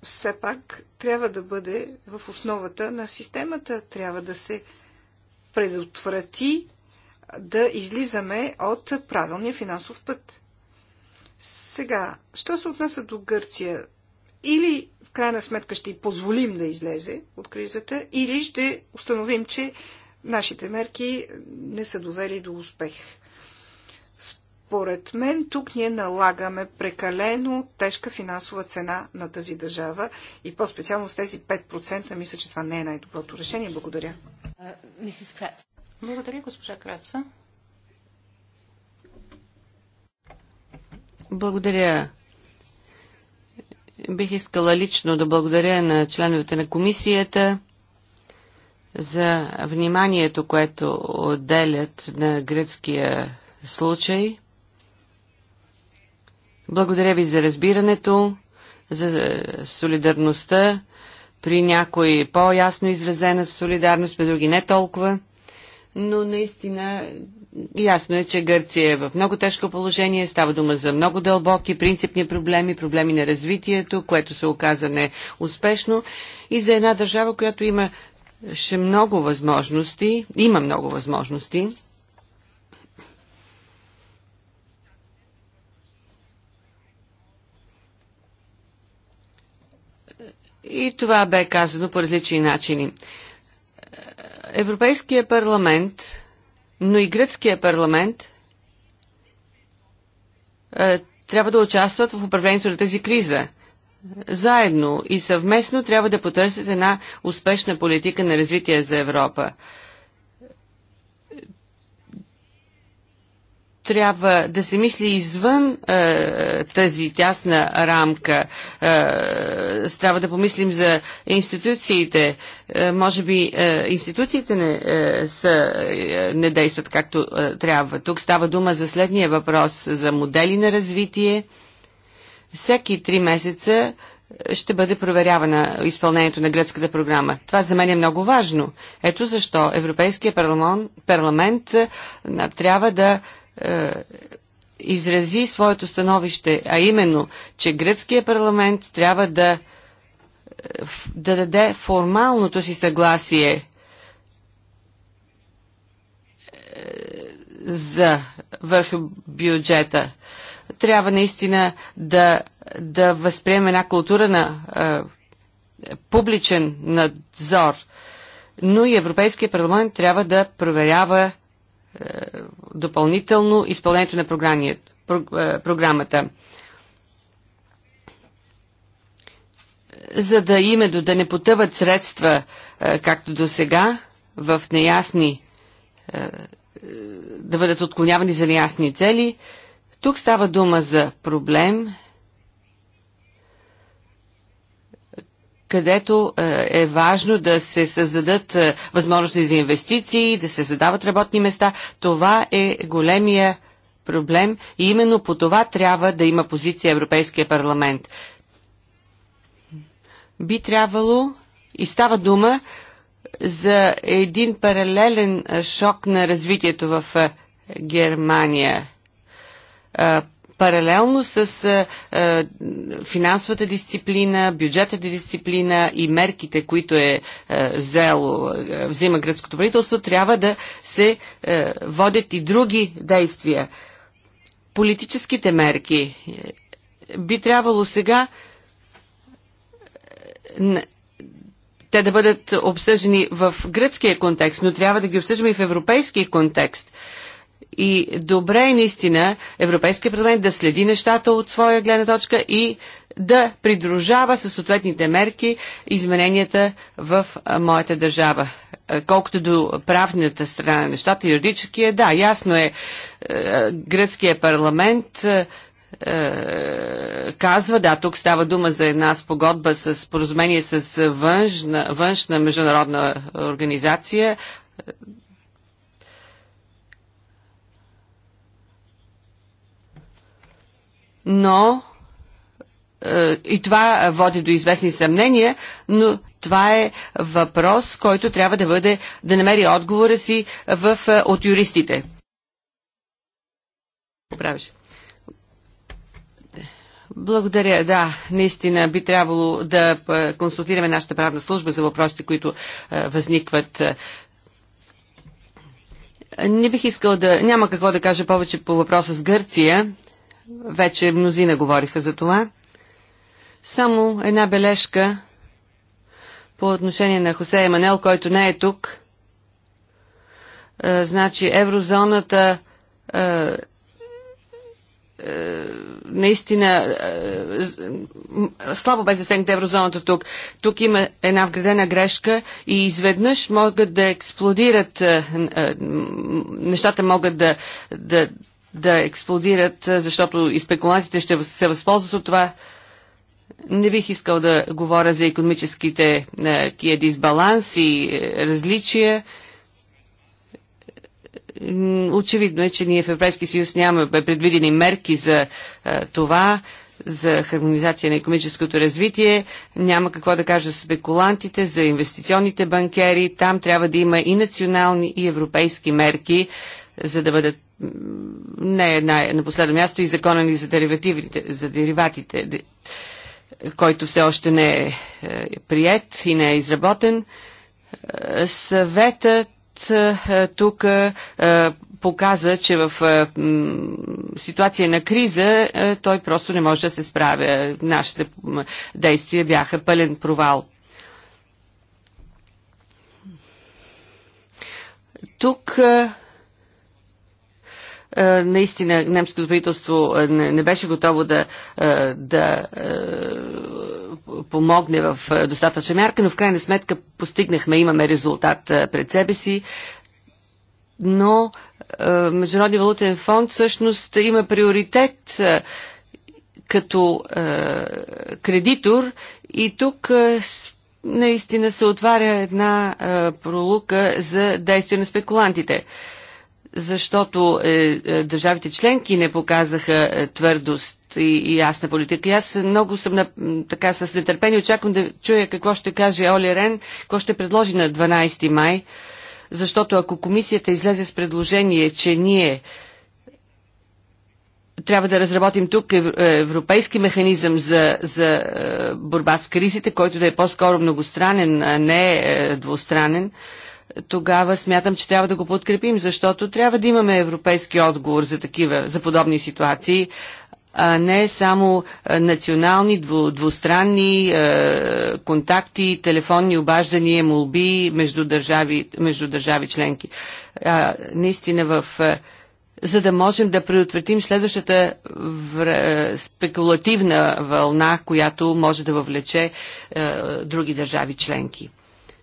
все пак трябва да бъде в основата на системата. Трябва да се предотврати да излизаме от правилния финансов път. Сега, що се отнася до Гърция? Или в крайна сметка ще й позволим да излезе от кризата, или ще установим, че нашите мерки не са довели до успех. Според мен тук ние налагаме прекалено тежка финансова цена на тази държава и по-специално с тези 5% мисля, че това не е най-доброто решение. Благодаря. Благодаря, госпожа Краца. Благодаря. Бих искала лично да благодаря на членовете на комисията за вниманието, което отделят на гръцкия случай. Благодаря ви за разбирането, за солидарността при някои по-ясно изразена солидарност, при други не толкова но наистина ясно е, че Гърция е в много тежко положение. Става дума за много дълбоки принципни проблеми, проблеми на развитието, което се оказа не успешно и за една държава, която има ще много възможности, има много възможности. И това бе казано по различни начини. Европейския парламент, но и гръцкия парламент е, трябва да участват в управлението на тази криза. Заедно и съвместно трябва да потърсят една успешна политика на развитие за Европа. трябва да се мисли извън е, тази тясна рамка. Е, трябва да помислим за институциите. Е, може би е, институциите не, е, са, е, не действат както е, трябва. Тук става дума за следния въпрос за модели на развитие. Всеки три месеца е, ще бъде проверявана изпълнението на гръцката програма. Това за мен е много важно. Ето защо Европейския парламент, парламент е, трябва да е, изрази своето становище, а именно, че гръцкият парламент трябва да, е, да даде формалното си съгласие е, за върху бюджета. Трябва наистина да, да възприеме една култура на а, публичен надзор. Но и Европейския парламент трябва да проверява допълнително изпълнението на е, програмата. За да името да не потъват средства, е, както до сега, в неясни, е, да бъдат отклонявани за неясни цели, тук става дума за проблем, където е, е важно да се създадат е, възможности за инвестиции, да се създават работни места. Това е големия проблем и именно по това трябва да има позиция Европейския парламент. Би трябвало и става дума за един паралелен е, шок на развитието в Германия паралелно с финансовата дисциплина, бюджетната дисциплина и мерките, които е взело, взима гръцкото правителство, трябва да се водят и други действия. Политическите мерки е, би трябвало сега е, те да бъдат обсъждани в гръцкия контекст, но трябва да ги обсъждаме и в европейския контекст. И добре е наистина Европейския парламент да следи нещата от своя гледна точка и да придружава със съответните мерки измененията в моята държава. Колкото до правната страна на нещата, юридически е, да, ясно е, гръцкият парламент казва, да, тук става дума за една спогодба с поразумение с външна, външна международна организация, но е, и това води до известни съмнения, но това е въпрос, който трябва да бъде, да намери отговора си в, е, от юристите. Поправиш. Благодаря. Да, наистина би трябвало да е, консултираме нашата правна служба за въпросите, които възникват. Не бих искал да... Няма какво да кажа повече по въпроса с Гърция вече мнозина говориха за това. Само една бележка по отношение на Хосе Еманел, който не е тук. Е, значи еврозоната е, е наистина е, слабо бе засегната еврозоната тук. Тук има една вградена грешка и изведнъж могат да експлодират е, нещата могат да, да да експлодират, защото и спекулантите ще се възползват от това. Не бих искал да говоря за економическите тия дисбаланс и е, различия. Очевидно е, че ние в Европейския съюз нямаме предвидени мерки за това за хармонизация на економическото развитие. Няма какво да кажа за спекулантите, за инвестиционните банкери. Там трябва да има и национални, и европейски мерки за да бъдат не на, на последно място и закона ни за, за дериватите, който все още не е, е, прият и не е изработен. Е, съветът е, тук показа, че в ситуация на криза той просто не може да се справя. Нашите действия бяха пълен провал. Тук е, наистина немското правителство е, не, беше готово да, е, да помогне в достатъчна мярка, но в крайна сметка постигнахме, имаме резултат пред себе си. Но Международния валутен фонд всъщност има приоритет като кредитор и тук наистина се отваря една пролука за действие на спекулантите защото е, е, държавите членки не показаха е, твърдост и, и ясна политика. И аз много съм на, така с нетърпение очаквам да чуя какво ще каже Оли Рен, какво ще предложи на 12 май, защото ако комисията излезе с предложение, че ние трябва да разработим тук е, европейски механизъм за, за е, борба с кризите, който да е по-скоро многостранен, а не е, двустранен, тогава смятам, че трябва да го подкрепим, защото трябва да имаме европейски отговор за такива, за подобни ситуации, а не само национални, дву, двустранни е, контакти, телефонни обаждания, молби между държави, между държави членки. А, наистина в е, за да можем да предотвратим следващата вр... спекулативна вълна, която може да въвлече е, други държави членки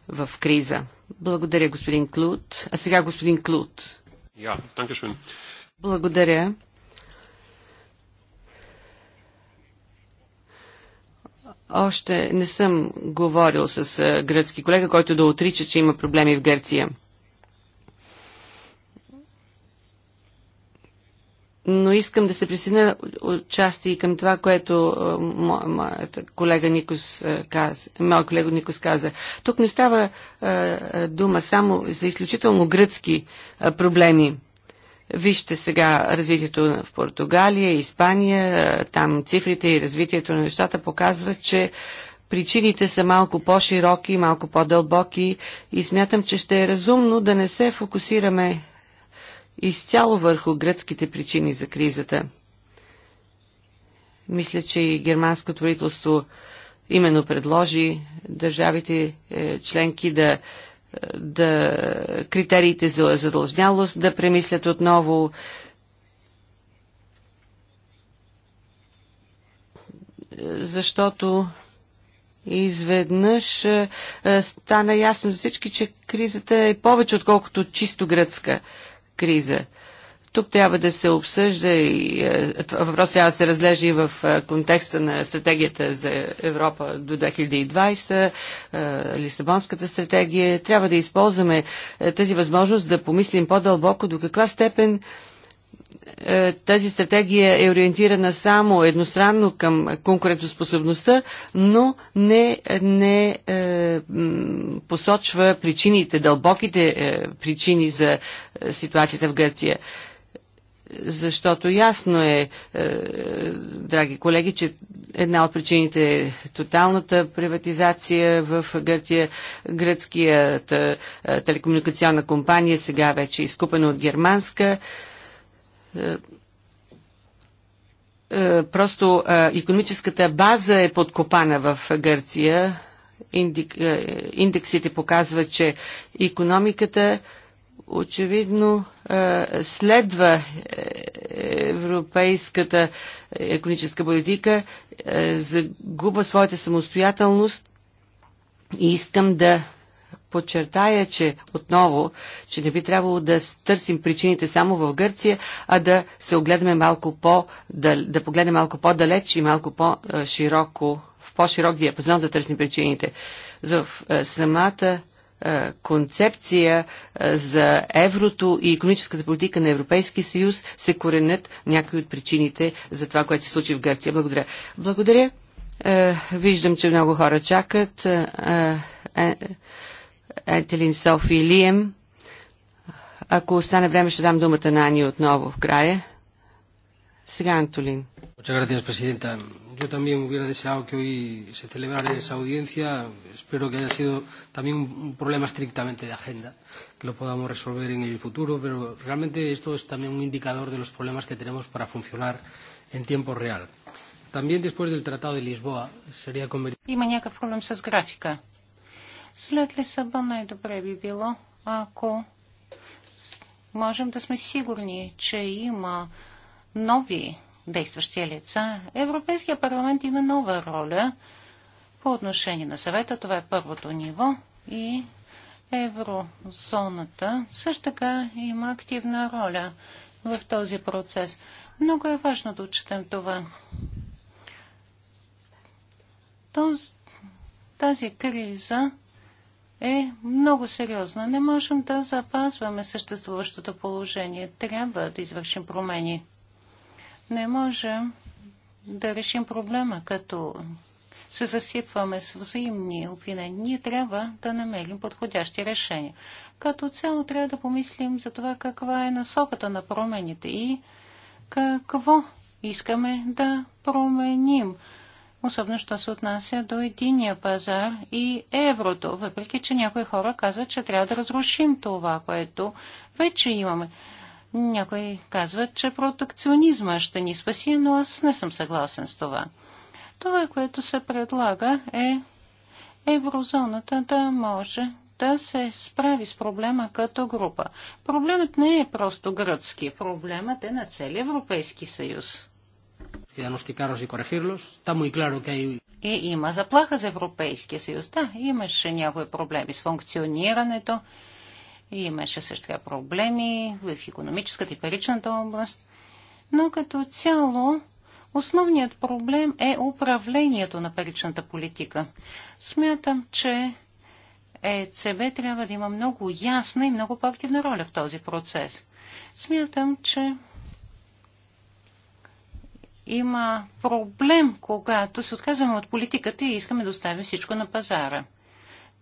в криза. Благодаря, господин Клут. А сега господин Клуд. Ja, yeah, Благодаря. Още не съм говорил с гръцки колега, който да отрича, че има проблеми в Гърция. но искам да се присъединя отчасти и към това, което е, моят колега Никос е, каза, моя колега Никос каза. Тук не става е, дума само за изключително гръцки проблеми. Вижте сега развитието в Португалия, Испания, там цифрите и развитието на нещата показват, че причините са малко по-широки, малко по-дълбоки и смятам, че ще е разумно да не се фокусираме изцяло върху гръцките причини за кризата. Мисля, че и германското правителство именно предложи държавите е, членки да, е, да критериите за задължнялост да премислят отново защото изведнъж е, стана ясно за всички, че кризата е повече отколкото чисто гръцка криза. Тук трябва да се обсъжда и е, въпрос трябва да се разлежи в е, контекста на стратегията за Европа до 2020, е, Лисабонската стратегия. Трябва да използваме тази възможност да помислим по-дълбоко до каква степен е, тази стратегия е ориентирана само едностранно към конкурентоспособността, но не, не е, посочва причините, дълбоките е, причини за е, ситуацията в Гърция. Защото ясно е, е, драги колеги, че една от причините е тоталната приватизация в Гърция. Гръцкият е, телекомуникационна компания сега вече е изкупена от германска. Е, е, е, просто економическата база е подкопана в Гърция. Е, индексите показват, че економиката очевидно следва европейската економическа политика, загуба своята самостоятелност и искам да подчертая, че отново, че не би трябвало да търсим причините само в Гърция, а да се огледаме малко по, да, да погледнем малко по-далеч и малко по-широко, в по-широк диапазон да търсим причините. За е, самата е, концепция е, за еврото и економическата политика на Европейския съюз се коренят някои от причините за това, което се случи в Гърция. Благодаря. Благодаря. Виждам, че много хора чакат. Етелин Софи Лием. Ако остане време, ще дам думата на Ани отново в края. Сега Антолин. Muchas Presidenta. Yo también hubiera deseado que hoy se celebrara esa audiencia. Espero que haya sido también un problema estrictamente de agenda, que lo podamos resolver en el futuro, pero realmente esto es también un indicador de los problemas que tenemos para funcionar en tiempo real. También después del Tratado de Lisboa sería conveniente. След Лисабон най-добре би било, ако можем да сме сигурни, че има нови действащи лица. Европейския парламент има нова роля по отношение на съвета. Това е първото ниво и еврозоната също така има активна роля в този процес. Много е важно да отчетем това. Този, тази криза е много сериозна. Не можем да запазваме съществуващото положение. Трябва да извършим промени. Не можем да решим проблема, като се засипваме с взаимни обвинения. Ние трябва да намерим подходящи решения. Като цяло трябва да помислим за това каква е насоката на промените и какво искаме да променим особено що се отнася до единия пазар и еврото, въпреки че някои хора казват, че трябва да разрушим това, което вече имаме. Някои казват, че протекционизма ще ни спаси, но аз не съм съгласен с това. Това, което се предлага е еврозоната да може да се справи с проблема като група. Проблемът не е просто гръцки, проблемът е на цели Европейски съюз диагностикарlos и corregirlos. Está muy claro que hay... И има заплаха за Европейския съюз. Да, имаше някои проблеми с функционирането. Имаше също така проблеми в економическата и паричната област. Но като цяло основният проблем е управлението на паричната политика. Смятам, че ЕЦБ трябва да има много ясна и много по-активна роля в този процес. Смятам, че има проблем, когато се отказваме от политиката и искаме да оставим всичко на пазара.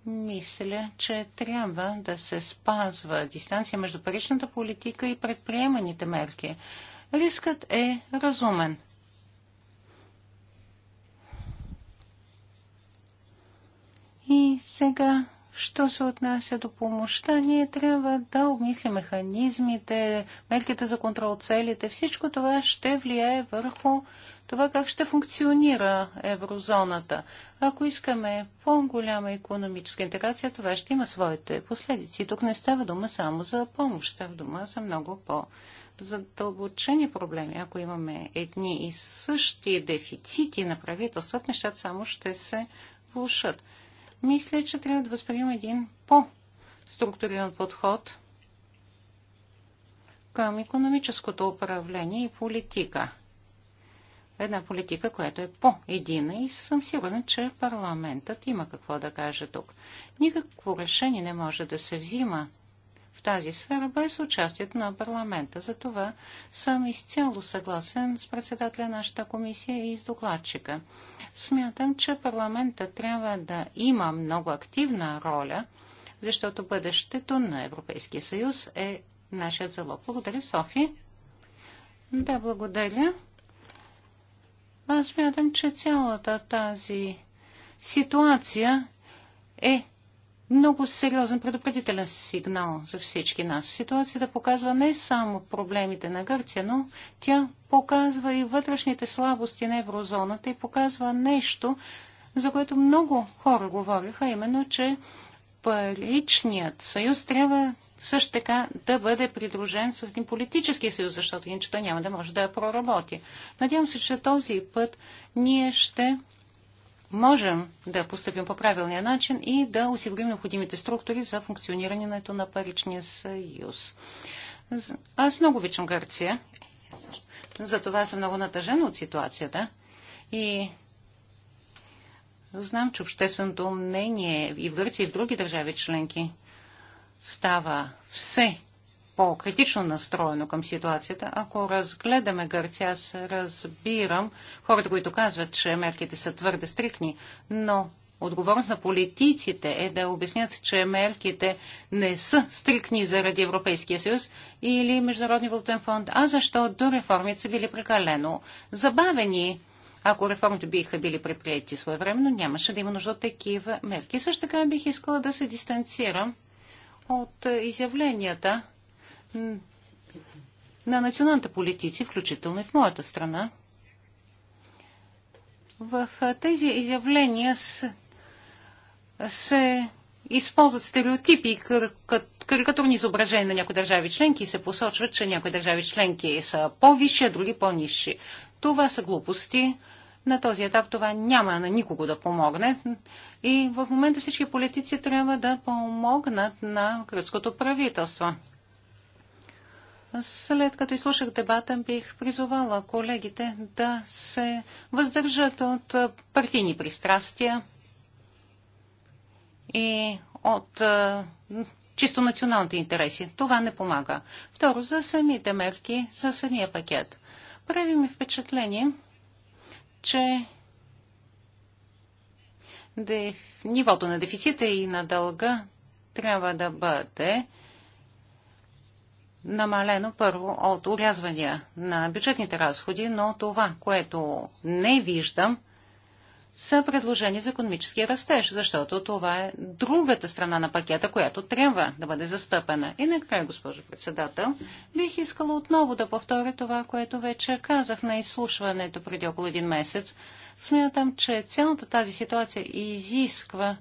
Мисля, че трябва да се спазва дистанция между паричната политика и предприеманите мерки. Рискът е разумен. И сега Що се отнася до помощта, ние трябва да обмислим механизмите, мерките за контрол, целите. Всичко това ще влияе върху това как ще функционира еврозоната. Ако искаме по-голяма економическа интеграция, това ще има своите последици. Тук не става дума само за помощ, става дума за много по-задълбочени проблеми. Ако имаме едни и същи дефицити на правителството, нещата само ще се влушат мисля, че трябва да възприем един по-структуриран подход към економическото управление и политика. Една политика, която е по-едина и съм сигурна, че парламентът има какво да каже тук. Никакво решение не може да се взима в тази сфера без участието на парламента. Затова съм изцяло съгласен с председателя на нашата комисия и с докладчика. Смятам, че парламента трябва да има много активна роля, защото бъдещето на Европейския съюз е нашият залог. Благодаря, Софи. Да, благодаря. Аз смятам, че цялата тази ситуация е много сериозен предупредителен сигнал за всички нас. Ситуацията показва не само проблемите на Гърция, но тя показва и вътрешните слабости на еврозоната и показва нещо, за което много хора говориха, именно, че паричният съюз трябва също така да бъде придружен с един политически съюз, защото иначе той няма да може да проработи. Надявам се, че този път ние ще можем да поступим по правилния начин и да осигурим необходимите структури за функционирането на паричния съюз. Аз много обичам Гърция. Затова съм много натъжена от ситуацията. И знам, че общественото мнение и в Гърция, и в други държави членки става все по-критично настроено към ситуацията. Ако разгледаме Гърция, аз разбирам хората, които казват, че мерките са твърде стрикни, но отговорност на политиците е да обяснят, че мерките не са стрикни заради Европейския съюз или Международния валутен фонд, а защото реформите са били прекалено забавени. Ако реформите биха били предприяти своевременно, нямаше да има нужда от такива мерки. Също така бих искала да се дистанцирам от изявленията на националните политици, включително и в моята страна. В тези изявления се, използват стереотипи карикатурни изображения на някои държави членки и се посочват, че някои държави членки са по-висши, а други по-низши. Това са глупости. На този етап това няма на никого да помогне. И в момента всички политици трябва да помогнат на гръцкото правителство. След като изслушах дебата, бих призовала колегите да се въздържат от партийни пристрастия и от чисто националните интереси. Това не помага. Второ, за самите мерки, за самия пакет. Прави ми впечатление, че нивото на дефицита и на дълга трябва да бъде намалено първо от урязвания на бюджетните разходи, но това, което не виждам, са предложени за економически растеж, защото това е другата страна на пакета, която трябва да бъде застъпена. И накрая, госпожо председател, бих искала отново да повторя това, което вече казах на изслушването преди около един месец. Смятам, че цялата тази ситуация изисква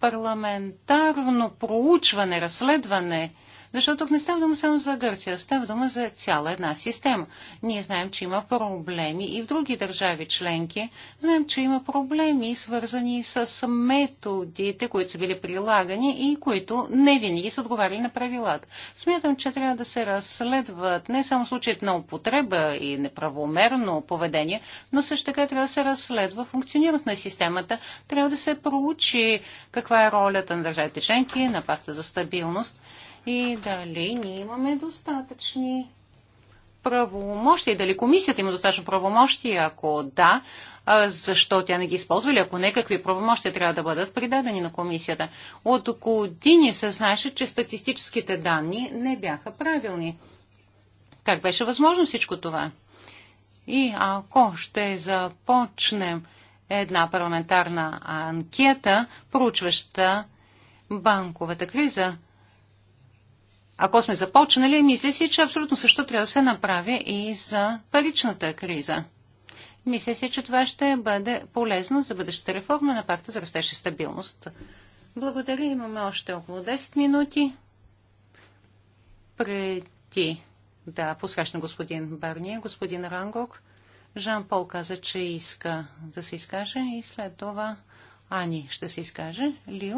парламентарно проучване, разследване – защото тук не става дума само за Гърция, става дума за цяла една система. Ние знаем, че има проблеми и в други държави членки. Знаем, че има проблеми, свързани с методите, които са били прилагани и които не винаги са отговаряли на правилата. Смятам, че трябва да се разследват не само случаите на употреба и неправомерно поведение, но също така трябва да се разследва функционирането на системата. Трябва да се проучи каква е ролята на държавите членки, на пакта за стабилност и дали ние имаме достатъчни правомощия, дали комисията има достатъчно правомощия, ако да, защо тя не ги използва или ако не, какви правомощия трябва да бъдат придадени на комисията. От години се знаеше, че статистическите данни не бяха правилни. Как беше възможно всичко това? И ако ще започнем една парламентарна анкета, проучваща банковата криза, ако сме започнали, мисля си, че абсолютно също трябва да се направи и за паричната криза. Мисля си, че това ще бъде полезно за бъдещата реформа на пакта за растеж и стабилност. Благодаря. Имаме още около 10 минути. Преди да посрещна господин Барния, господин Рангок, Жан-Пол каза, че иска да се изкаже и след това Ани ще се изкаже. Лио?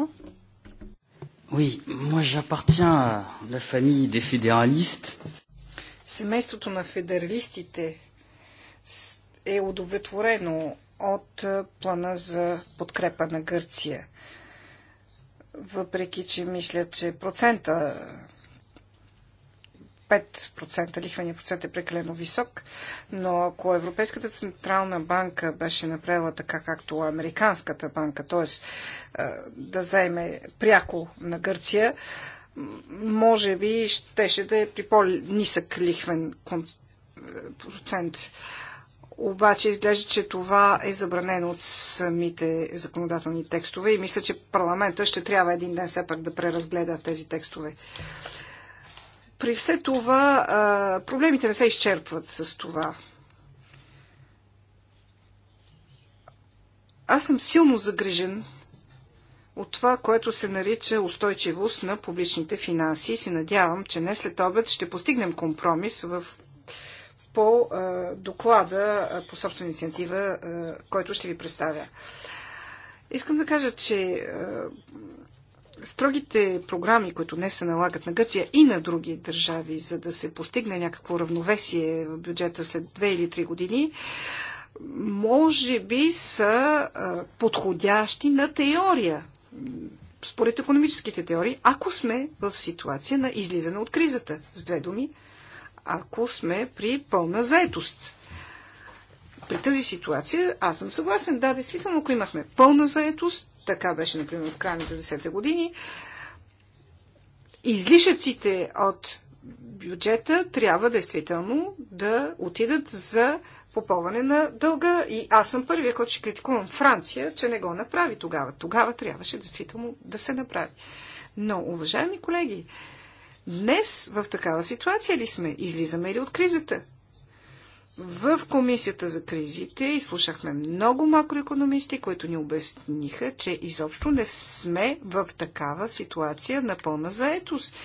Oui, moi j'appartiens à la famille des fédéralistes. Семейството на федералистите е удовлетворено от плана за подкрепа на Гърция. Въпреки, че мисля, че процента 5% лихвения процент е прекалено висок, но ако Европейската централна банка беше направила така, както Американската банка, т.е. Е, да заеме пряко на Гърция, може би щеше да е при по-нисък лихвен процент. Обаче изглежда, че това е забранено от самите законодателни текстове и мисля, че парламента ще трябва един ден все пак да преразгледа тези текстове. При все това проблемите не се изчерпват с това. Аз съм силно загрижен от това, което се нарича устойчивост на публичните финанси и се надявам, че не след обед ще постигнем компромис в по доклада по собствена инициатива, който ще ви представя. Искам да кажа, че строгите програми, които не се налагат на Гърция и на други държави, за да се постигне някакво равновесие в бюджета след 2 или 3 години, може би са подходящи на теория, според економическите теории, ако сме в ситуация на излизане от кризата, с две думи, ако сме при пълна заетост. При тази ситуация аз съм съгласен, да, действително, ако имахме пълна заетост, така беше, например, в края на 90-те години. Излишъците от бюджета трябва действително да отидат за попълване на дълга. И аз съм първия, който ще критикувам Франция, че не го направи тогава. Тогава трябваше действително да се направи. Но, уважаеми колеги, днес в такава ситуация ли сме? Излизаме ли от кризата? в комисията за кризите изслушахме много макроекономисти, които ни обясниха, че изобщо не сме в такава ситуация на пълна заетост.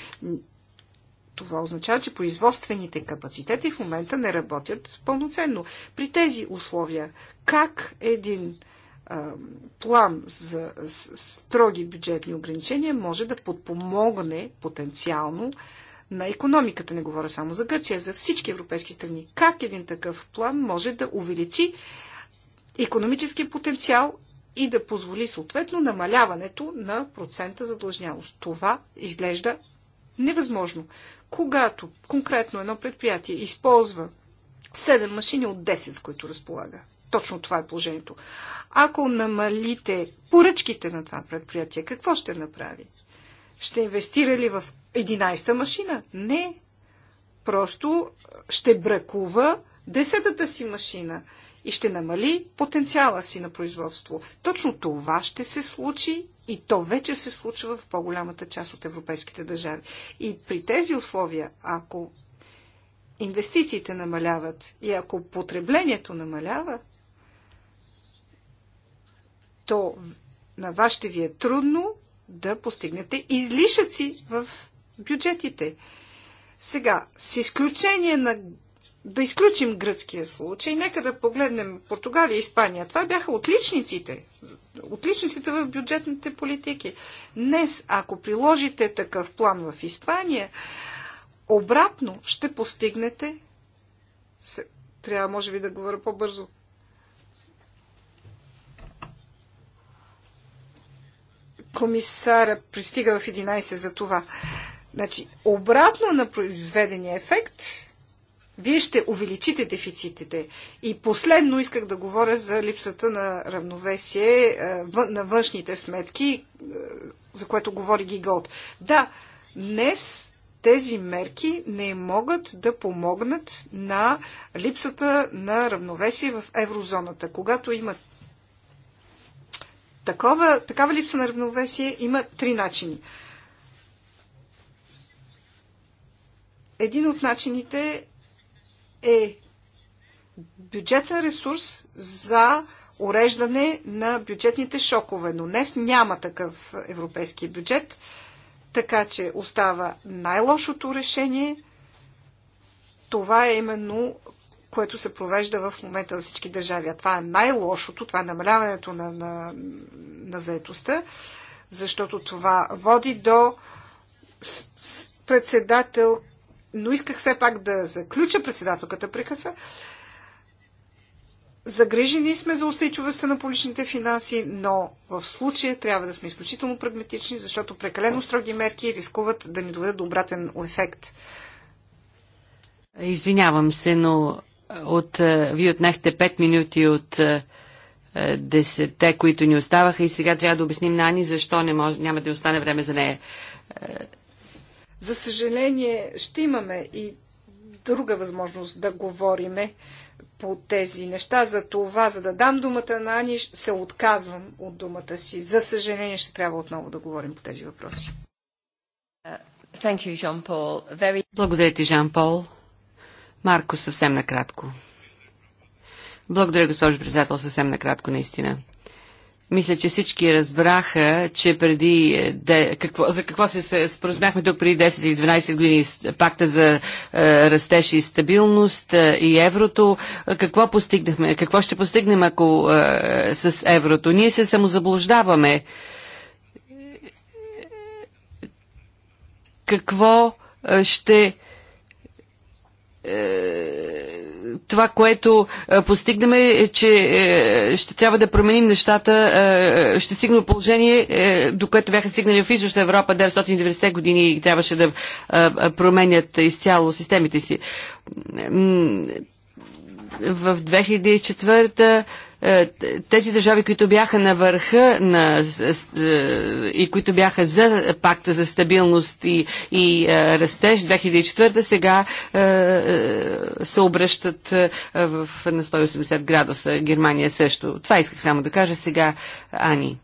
Това означава, че производствените капацитети в момента не работят пълноценно. При тези условия, как един а, план за строги бюджетни ограничения може да подпомогне потенциално а, на економиката. Не говоря само за Гърция, за всички европейски страни. Как един такъв план може да увеличи економическия потенциал и да позволи съответно намаляването на процента задлъжнялост. Това изглежда невъзможно. Когато конкретно едно предприятие използва 7 машини от 10, с които разполага, точно това е положението. Ако намалите поръчките на това предприятие, какво ще направи? Ще инвестира ли в 11-та машина? Не. Просто ще бракува 10-та си машина и ще намали потенциала си на производство. Точно това ще се случи и то вече се случва в по-голямата част от европейските държави. И при тези условия, ако инвестициите намаляват и ако потреблението намалява, то на вас ще ви е трудно да постигнете излишъци в бюджетите. Сега, с изключение на да изключим гръцкия случай, нека да погледнем Португалия и Испания. Това бяха отличниците. Отличниците в бюджетните политики. Днес, ако приложите такъв план в Испания, обратно ще постигнете. Трябва, може би, да говоря по-бързо. комисара пристига в 11 за това. Значи, обратно на произведения ефект, вие ще увеличите дефицитите. И последно исках да говоря за липсата на равновесие е, на външните сметки, е, за което говори Гиголд. Да, днес тези мерки не могат да помогнат на липсата на равновесие в еврозоната. Когато има такова, такава липса на равновесие има три начини. Един от начините е бюджетен ресурс за уреждане на бюджетните шокове, но днес няма такъв европейски бюджет, така че остава най-лошото решение. Това е именно което се провежда в момента на всички държави. А това е най-лошото, това е намаляването на, на, на заетостта, защото това води до с, с председател, но исках все пак да заключа председателката прекъсва. Загрижени сме за устойчивостта на публичните финанси, но в случая трябва да сме изключително прагматични, защото прекалено строги мерки рискуват да ни доведат до обратен ефект. Извинявам се, но от, е, вие отнехте 5 минути от е, е, десетте, които ни оставаха и сега трябва да обясним на Ани защо не може, няма да остане време за нея. За съжаление, ще имаме и друга възможност да говориме по тези неща. За това, за да дам думата на Ани, се отказвам от думата си. За съжаление, ще трябва отново да говорим по тези въпроси. Благодаря ти, Жан-Пол. Марко, съвсем накратко. Благодаря, госпожо председател, съвсем накратко, наистина. Мисля, че всички разбраха, че преди е, де, какво, за какво се споразумяхме тук преди 10 или 12 години пакта за е, растеж и стабилност е, и еврото. Какво постигнахме? Какво ще постигнем ако е, с еврото? Ние се самозаблуждаваме. Какво е, ще е, това, което е, постигнем е, че е, ще трябва да променим нещата, ще стигне положение, до което бяха стигнали в Източна Европа 990 години и трябваше да променят изцяло системите си. В 2004 е, тези държави, които бяха на върха на, е, и които бяха за пакта за стабилност и, и е, растеж 2004, сега се обръщат в, на 180 градуса. Германия също. Това исках само да кажа сега, Ани.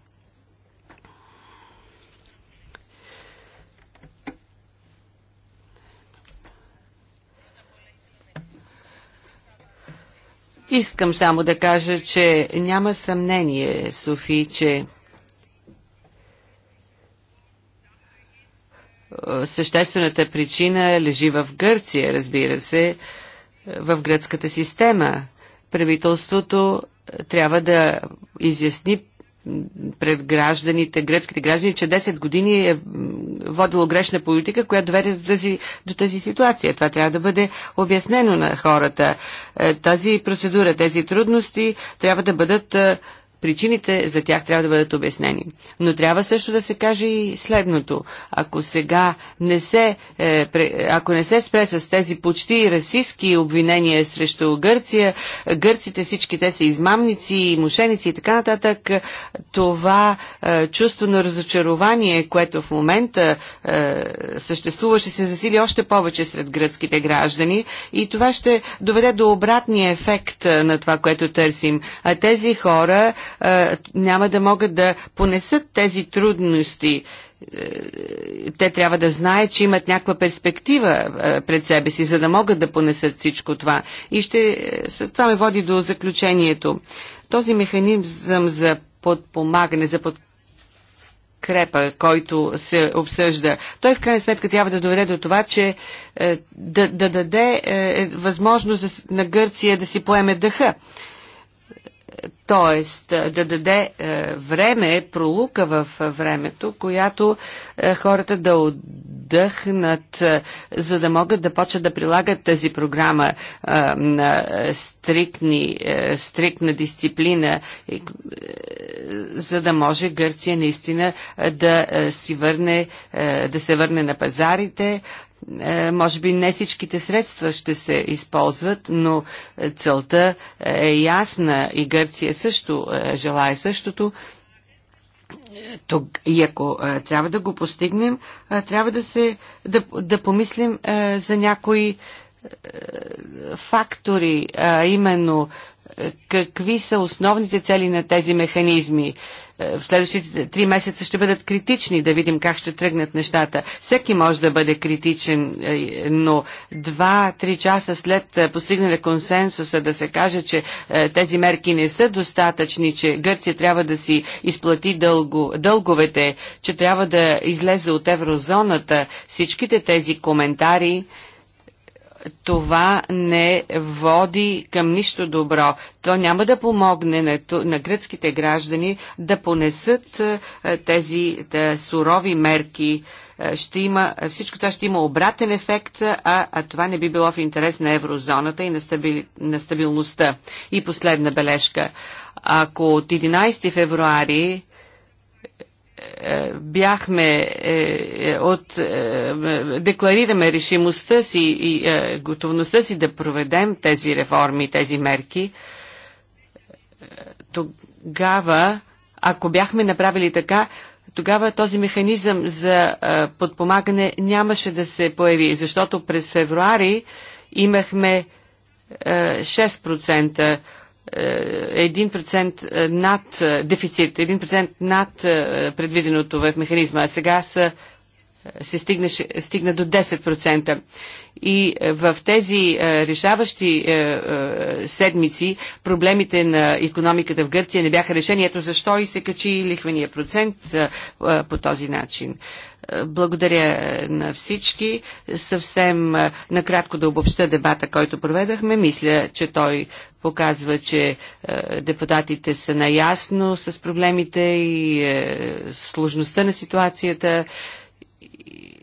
Искам само да кажа, че няма съмнение, Софи, че е, съществената причина лежи в Гърция, разбира се, е, в гръцката система. Правителството трябва да изясни пред гражданите, гръцките граждани, че 10 години е водило грешна политика, която доведе до тази, до тази ситуация. Това трябва да бъде обяснено на хората. Е, тази процедура, тези трудности трябва да бъдат е, Причините за тях трябва да бъдат обяснени. Но трябва също да се каже и следното. Ако сега не се, е, ако не се спре с тези почти расистски обвинения срещу Гърция, гърците всички те са измамници, мошеници и така нататък, това е, чувство на разочарование, което в момента е, се засили още повече сред гръцките граждани и това ще доведе до обратния ефект е, на това, което търсим. А тези хора няма да могат да понесат тези трудности. Е, те трябва да знаят, че имат някаква перспектива е, пред себе си, за да могат да понесат всичко това. И ще, е, това ме води до заключението. Този механизъм за подпомагане, за подпомагане, крепа, който се обсъжда, той в крайна сметка трябва да доведе до това, че да, да даде е, възможност на Гърция да си поеме дъха т.е. да даде време, пролука в времето, която хората да отдъхнат, за да могат да почат да прилагат тази програма на стрикни, стрикна дисциплина, за да може Гърция наистина да си върне, да се върне на пазарите, е, може би не всичките средства ще се използват, но е, целта е, е ясна и Гърция също желая същото. И ако трябва да го постигнем, трябва да, се, да, да помислим за някои фактори, а именно какви са основните цели на тези механизми е, в следващите три месеца ще бъдат критични, да видим как ще тръгнат нещата. Всеки може да бъде критичен, е, но два-три часа след е, постигнане консенсуса да се каже, че тези мерки не са достатъчни, че Гърция трябва да си изплати дълго, дълговете, че трябва да излезе от еврозоната, всичките тези коментари, това не води към нищо добро. То няма да помогне на, на гръцките граждани да понесат е, тези да сурови мерки. Е, ще има, всичко това ще има обратен ефект, е, а, а това не би било в интерес на еврозоната и на, стабили, на стабилността. И последна бележка. Ако от 11 февруари е, бяхме е, е, от, декларираме решимостта си и готовността си да проведем тези реформи, тези мерки, тогава, ако бяхме направили така, тогава този механизъм за подпомагане нямаше да се появи, защото през февруари имахме 6% 1% е, е, над е, дефицит, 1% над предвиденото в механизма, а сега са, се стигна, стигна до 10% и е, в тези е, решаващи е, седмици проблемите на економиката в Гърция не бяха решени. Ето защо и се качи лихвения процент по този начин. Благодаря на всички. Съвсем накратко да обобща дебата, който проведахме. Мисля, че той показва, че депутатите са наясно с проблемите и сложността на ситуацията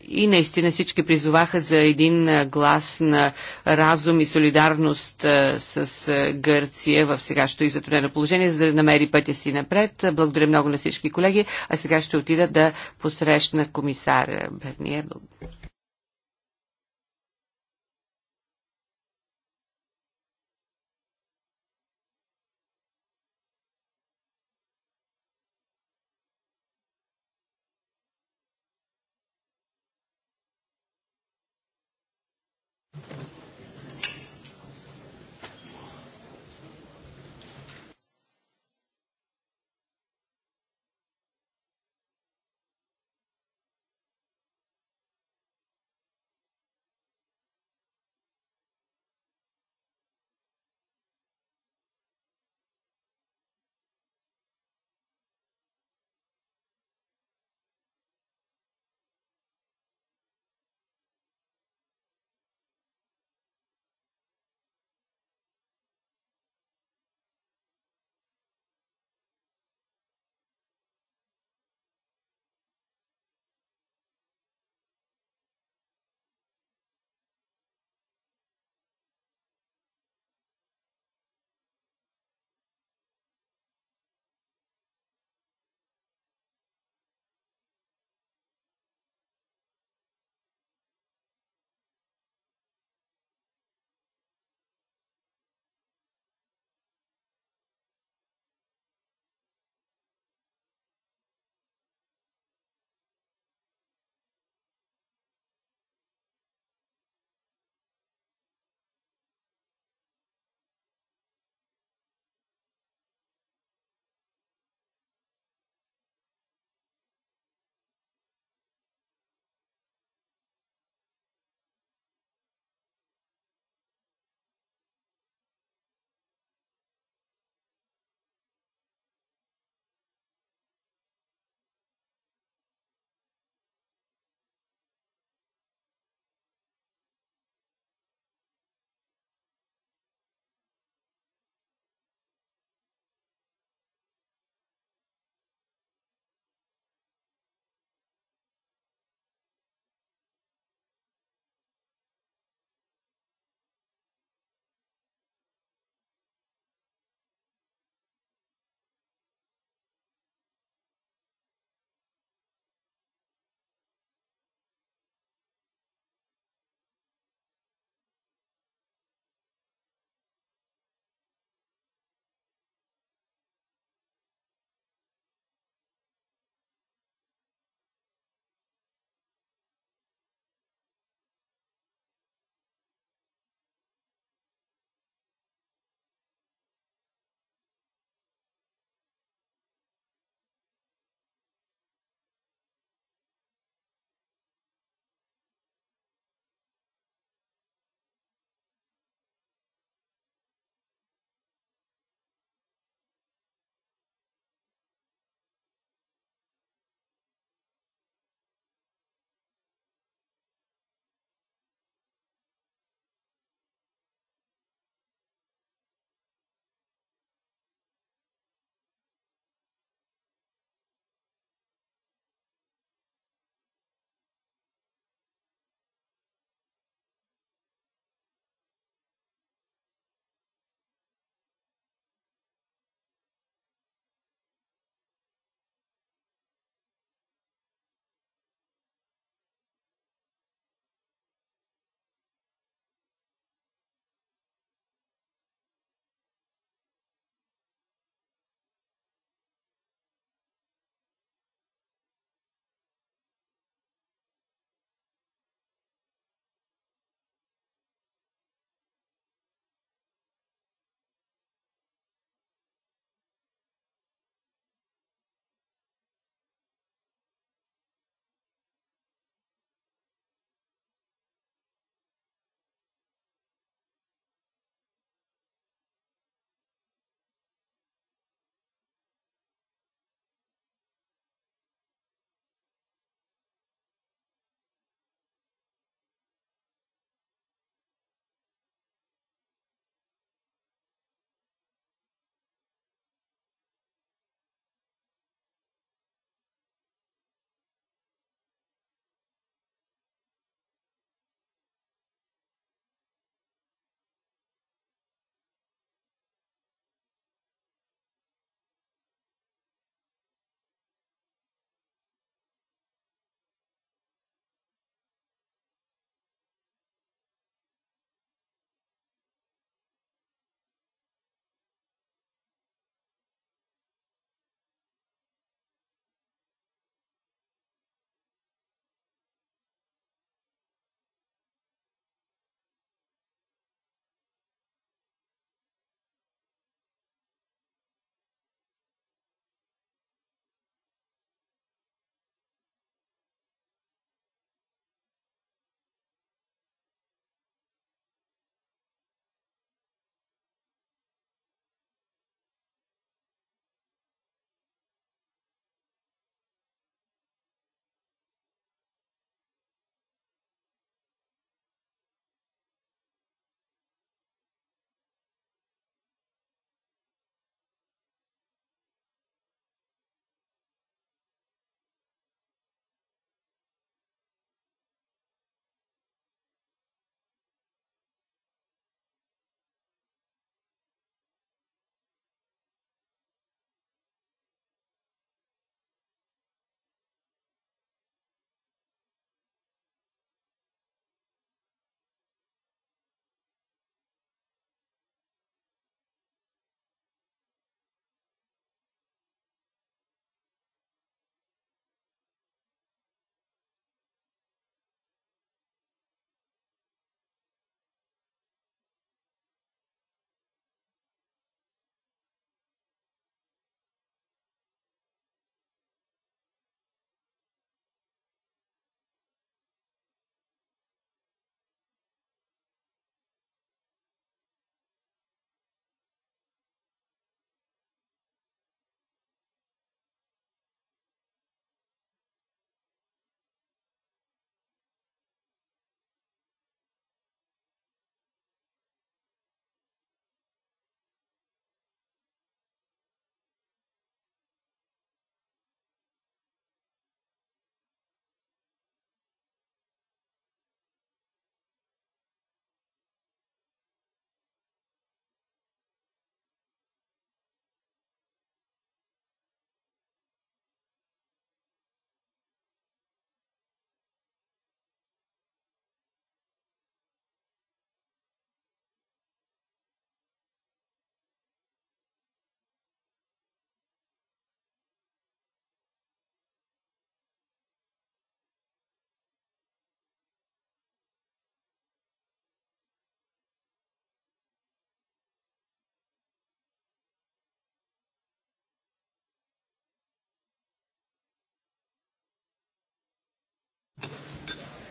и наистина всички призоваха за един глас на разум и солидарност с Гърция в сегашто и затруднено положение, за да намери пътя си напред. Благодаря много на всички колеги, а сега ще отида да посрещна комисар Берния. Благодаря.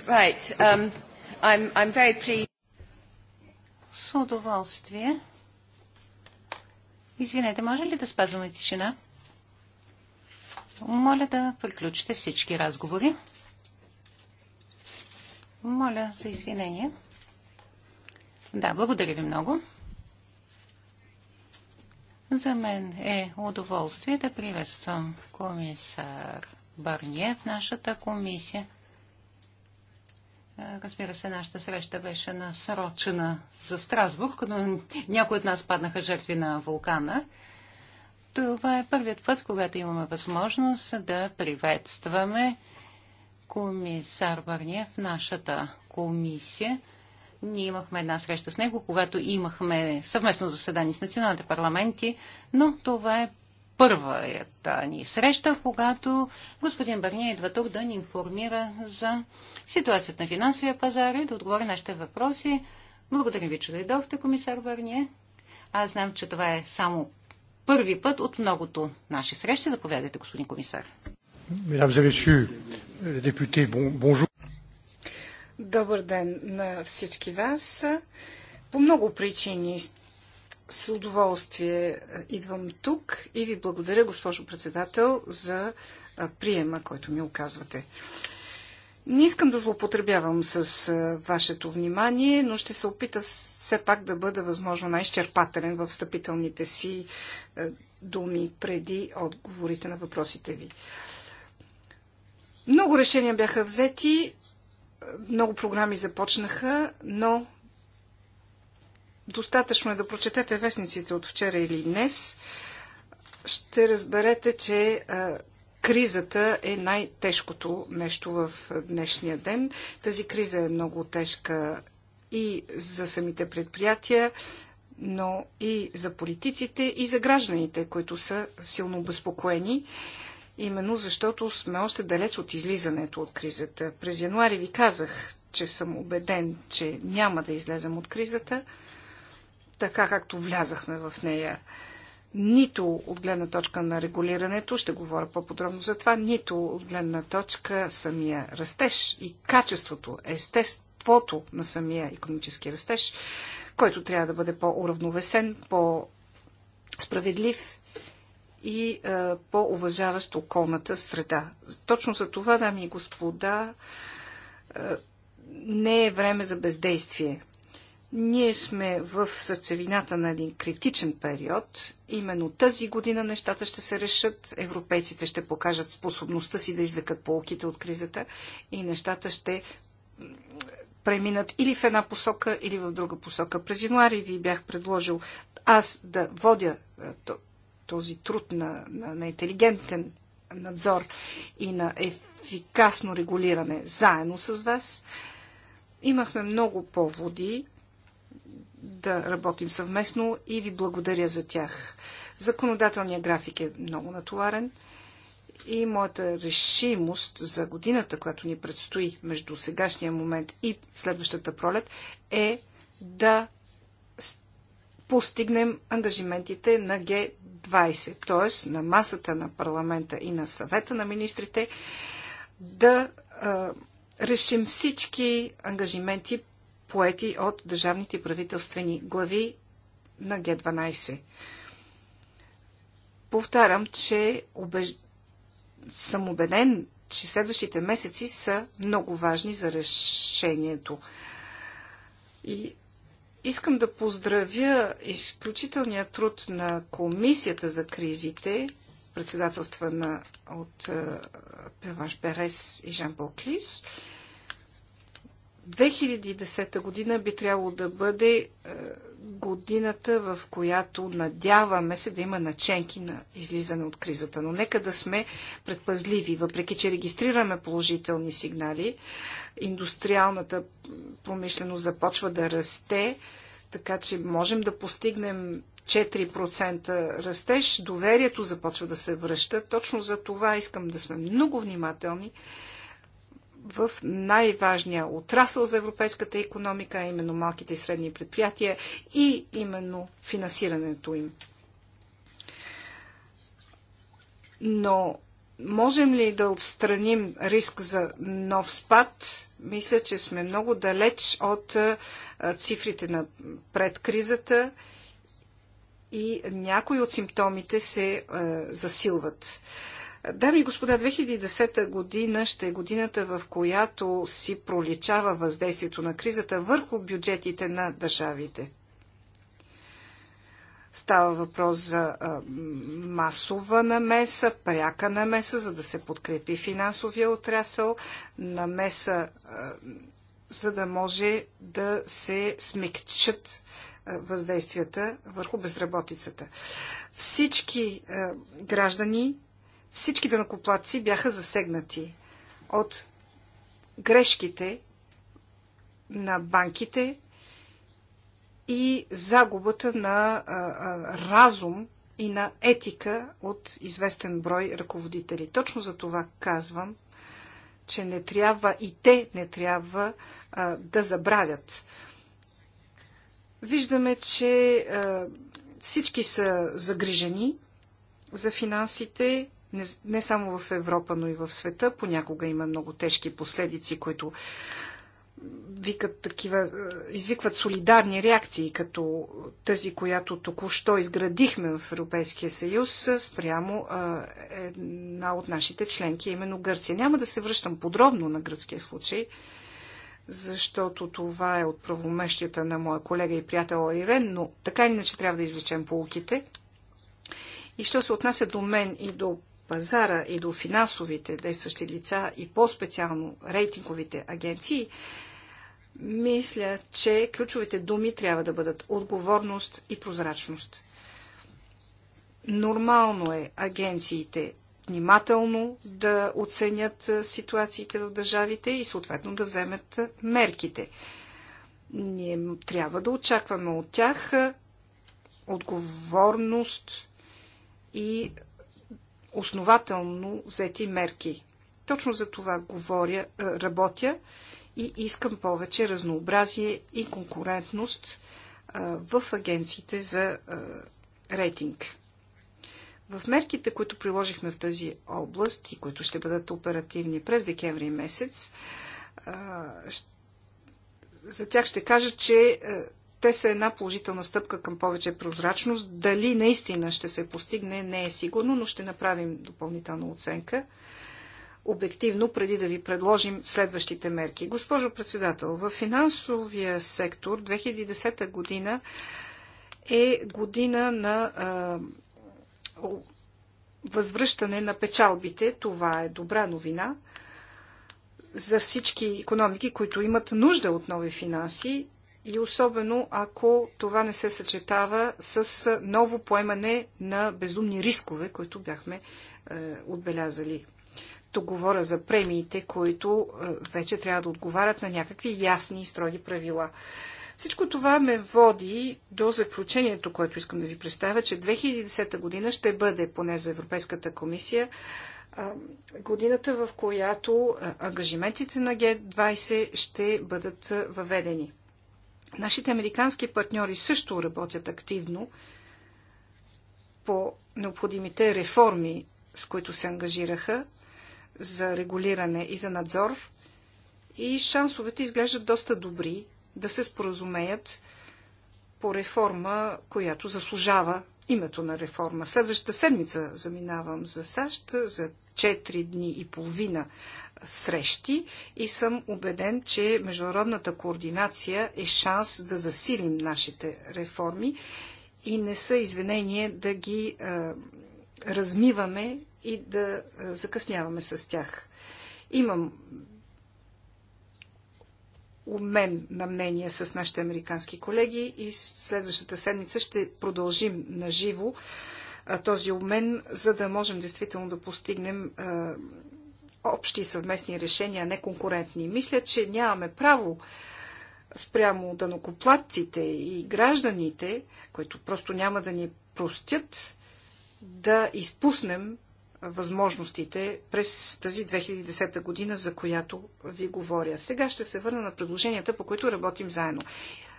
Right. Um, I'm, I'm very pleased. С удоволствие. Извинете, може ли да спазваме тишина? Моля да приключите всички разговори. Моля за извинение. Да, благодаря ви много. За мен е удоволствие да приветствам комисар Барние в нашата комисия. Разбира се, нашата среща беше насрочена за Страсбург, но някои от нас паднаха жертви на вулкана. Това е първият път, когато имаме възможност да приветстваме комисар Барния в нашата комисия. Ние имахме една среща с него, когато имахме съвместно заседание с националните парламенти, но това е първата ни среща, когато господин Барния идва тук да ни информира за ситуацията на финансовия пазар и да отговори нашите въпроси. Благодаря ви, че дойдохте, комисар Барния. Аз знам, че това е само първи път от многото наши срещи. Заповядайте, господин комисар. Добър ден на всички вас. По много причини с удоволствие идвам тук и ви благодаря, госпожо председател, за приема, който ми оказвате. Не искам да злоупотребявам с вашето внимание, но ще се опита все пак да бъда възможно най-изчерпателен в встъпителните си думи преди отговорите на въпросите ви. Много решения бяха взети, много програми започнаха, но достатъчно е да прочетете вестниците от вчера или днес, ще разберете, че а, кризата е най-тежкото нещо в днешния ден. Тази криза е много тежка и за самите предприятия, но и за политиците, и за гражданите, които са силно обезпокоени, именно защото сме още далеч от излизането от кризата. През януари ви казах, че съм убеден, че няма да излезем от кризата – така както влязахме в нея. Нито от гледна точка на регулирането, ще говоря по-подробно за това, нито от гледна точка самия растеж и качеството, естеството на самия економически растеж, който трябва да бъде по-уравновесен, по-справедлив и е, по-уважаващ околната среда. Точно за това, дами и господа, е, не е време за бездействие. Ние сме в сърцевината на един критичен период. Именно тази година нещата ще се решат, европейците ще покажат способността си да извлекат полките от кризата и нещата ще преминат или в една посока, или в друга посока. През януари ви бях предложил аз да водя е, този труд на, на, на интелигентен надзор и на ефикасно регулиране заедно с вас. Имахме много поводи да работим съвместно и ви благодаря за тях. Законодателният график е много натоварен и моята решимост за годината, която ни предстои между сегашния момент и следващата пролет, е да постигнем ангажиментите на Г20, т.е. на масата на парламента и на съвета на министрите, да а, решим всички ангажименти поети от държавните правителствени глави на Г-12. Повтарям, че обеж... съм убеден, че следващите месеци са много важни за решението. И искам да поздравя изключителния труд на Комисията за кризите, председателства на, от е, Певаш Берес и Жан Пол Клис, 2010 година би трябвало да бъде е, годината, в която надяваме се да има наченки на излизане от кризата. Но нека да сме предпазливи, въпреки че регистрираме положителни сигнали. Индустриалната промишленост започва да расте, така че можем да постигнем 4% растеж. Доверието започва да се връща. Точно за това искам да сме много внимателни в най-важния отрасъл за европейската економика, а именно малките и средни предприятия и именно финансирането им. Но можем ли да отстраним риск за нов спад? Мисля, че сме много далеч от цифрите на предкризата и някои от симптомите се засилват. Дами и господа, 2010 година ще е годината, в която си проличава въздействието на кризата върху бюджетите на държавите. Става въпрос за масова намеса, пряка намеса, за да се подкрепи финансовия отрасъл, намеса, за да може да се смекчат въздействията върху безработицата. Всички граждани всички данакоплатци бяха засегнати от грешките на банките и загубата на а, а, разум и на етика от известен брой ръководители. Точно за това казвам, че не трябва и те не трябва а, да забравят. Виждаме, че а, всички са загрижени за финансите не, не само в Европа, но и в света. Понякога има много тежки последици, които викат такива, е, извикват солидарни реакции, като тази, която току-що изградихме в Европейския съюз е, спрямо а, е, една от нашите членки, именно Гърция. Няма да се връщам подробно на гръцкия случай, защото това е от правомещията на моя колега и приятел Ирен, но така или иначе трябва да извлечем полуките. И що се отнася до мен и до пазара и до финансовите действащи лица и по-специално рейтинговите агенции, мисля, че ключовите думи трябва да бъдат отговорност и прозрачност. Нормално е агенциите внимателно да оценят ситуациите в държавите и съответно да вземат мерките. Ние трябва да очакваме от тях отговорност и основателно взети мерки. Точно за това говоря, е, работя и искам повече разнообразие и конкурентност е, в агенциите за е, рейтинг. В мерките, които приложихме в тази област и които ще бъдат оперативни през декември месец, за тях ще кажа, че те са една положителна стъпка към повече прозрачност. Дали наистина ще се постигне, не е сигурно, но ще направим допълнителна оценка обективно, преди да ви предложим следващите мерки. Госпожо председател, в финансовия сектор 2010 година е година на а, възвръщане на печалбите. Това е добра новина за всички економики, които имат нужда от нови финанси и особено ако това не се съчетава с ново поемане на безумни рискове, които бяхме е, отбелязали. Тук говоря за премиите, които е, вече трябва да отговарят на някакви ясни и строги правила. Всичко това ме води до заключението, което искам да ви представя, че 2010 година ще бъде, поне за Европейската комисия, е, годината, в която е, ангажиментите на Г20 ще бъдат е, въведени. Нашите американски партньори също работят активно по необходимите реформи, с които се ангажираха за регулиране и за надзор. И шансовете изглеждат доста добри да се споразумеят по реформа, която заслужава името на реформа. Следващата седмица заминавам за САЩ за 4 дни и половина срещи и съм убеден, че международната координация е шанс да засилим нашите реформи и не са извинение да ги а, размиваме и да а, закъсняваме с тях. Имам обмен на мнение с нашите американски колеги и следващата седмица ще продължим наживо този обмен, за да можем действително да постигнем общи съвместни решения, не конкурентни. Мисля, че нямаме право спрямо данокоплатците и гражданите, които просто няма да ни простят, да изпуснем възможностите през тази 2010 година, за която ви говоря. Сега ще се върна на предложенията, по които работим заедно.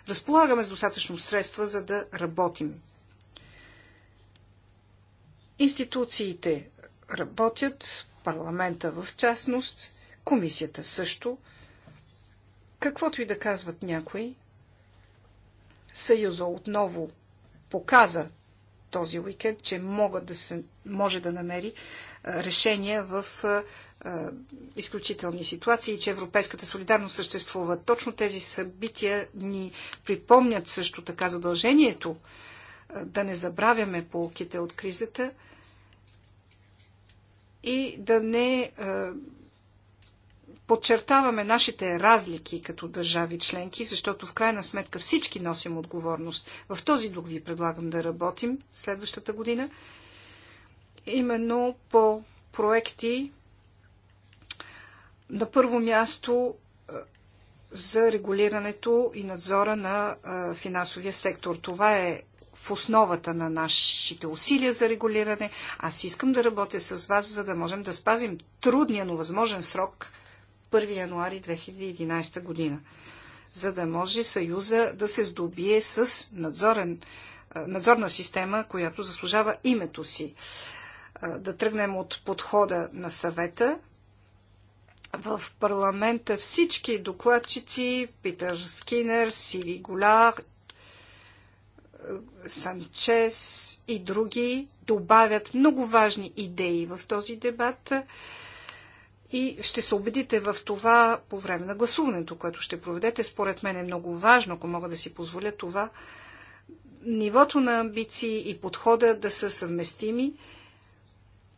Разполагаме с достатъчно средства, за да работим. Институциите работят парламента в частност, комисията също, каквото и да казват някои, Съюза отново показа този уикенд, че могат да се, може да намери решение в изключителни ситуации, че европейската солидарност съществува. Точно тези събития ни припомнят също така задължението да не забравяме полките от кризата – и да не подчертаваме нашите разлики като държави членки, защото в крайна сметка всички носим отговорност. В този дух ви предлагам да работим следващата година, именно по проекти на първо място за регулирането и надзора на финансовия сектор. Това е в основата на нашите усилия за регулиране. Аз искам да работя с вас, за да можем да спазим трудния, но възможен срок 1 януари 2011 година, за да може Съюза да се здобие с надзорен, надзорна система, която заслужава името си. Да тръгнем от подхода на съвета, в парламента всички докладчици, Питър Скинер, Сиви Голяр Санчес и други добавят много важни идеи в този дебат и ще се убедите в това по време на гласуването, което ще проведете. Според мен е много важно, ако мога да си позволя това, нивото на амбиции и подхода да са съвместими.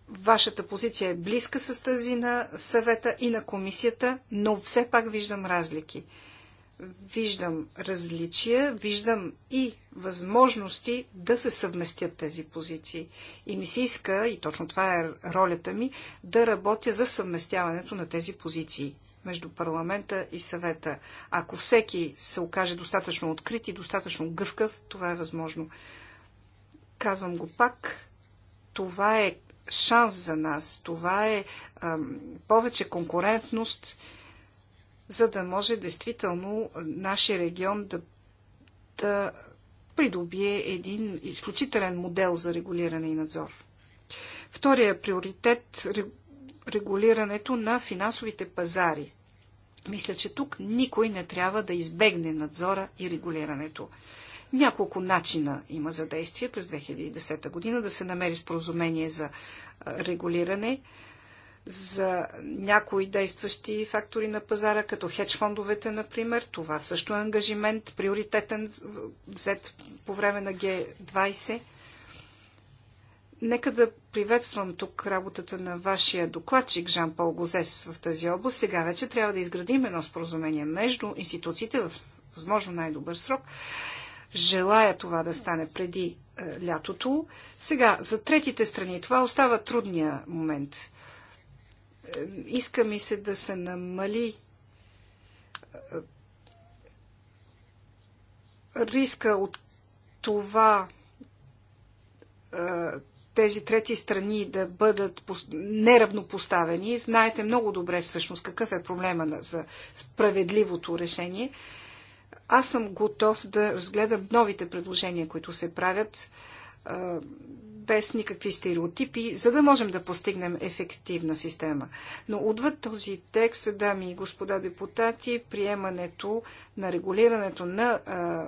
Вашата позиция е близка с тази на съвета и на комисията, но все пак виждам разлики виждам различия, виждам и възможности да се съвместят тези позиции. И ми се иска, и точно това е ролята ми, да работя за съвместяването на тези позиции между парламента и съвета. Ако всеки се окаже достатъчно открит и достатъчно гъвкав, това е възможно. Казвам го пак, това е шанс за нас, това е ам, повече конкурентност за да може действително нашия регион да, да придобие един изключителен модел за регулиране и надзор. Втория приоритет регулирането на финансовите пазари. Мисля, че тук никой не трябва да избегне надзора и регулирането. Няколко начина има за действие през 2010 година да се намери споразумение за регулиране за някои действащи фактори на пазара, като хедж фондовете, например. Това също е ангажимент, приоритетен взет по време на Г20. Нека да приветствам тук работата на вашия докладчик Жан-Пол Гозес в тази област. Сега вече трябва да изградим едно споразумение между институциите в възможно най-добър срок. Желая това да стане преди е, лятото. Сега, за третите страни, това остава трудния момент – иска ми се да се намали риска от това тези трети страни да бъдат неравнопоставени. Знаете много добре всъщност какъв е проблема за справедливото решение. Аз съм готов да разгледам новите предложения, които се правят, без никакви стереотипи, за да можем да постигнем ефективна система. Но отвъд този текст, дами и господа депутати, приемането на регулирането на а,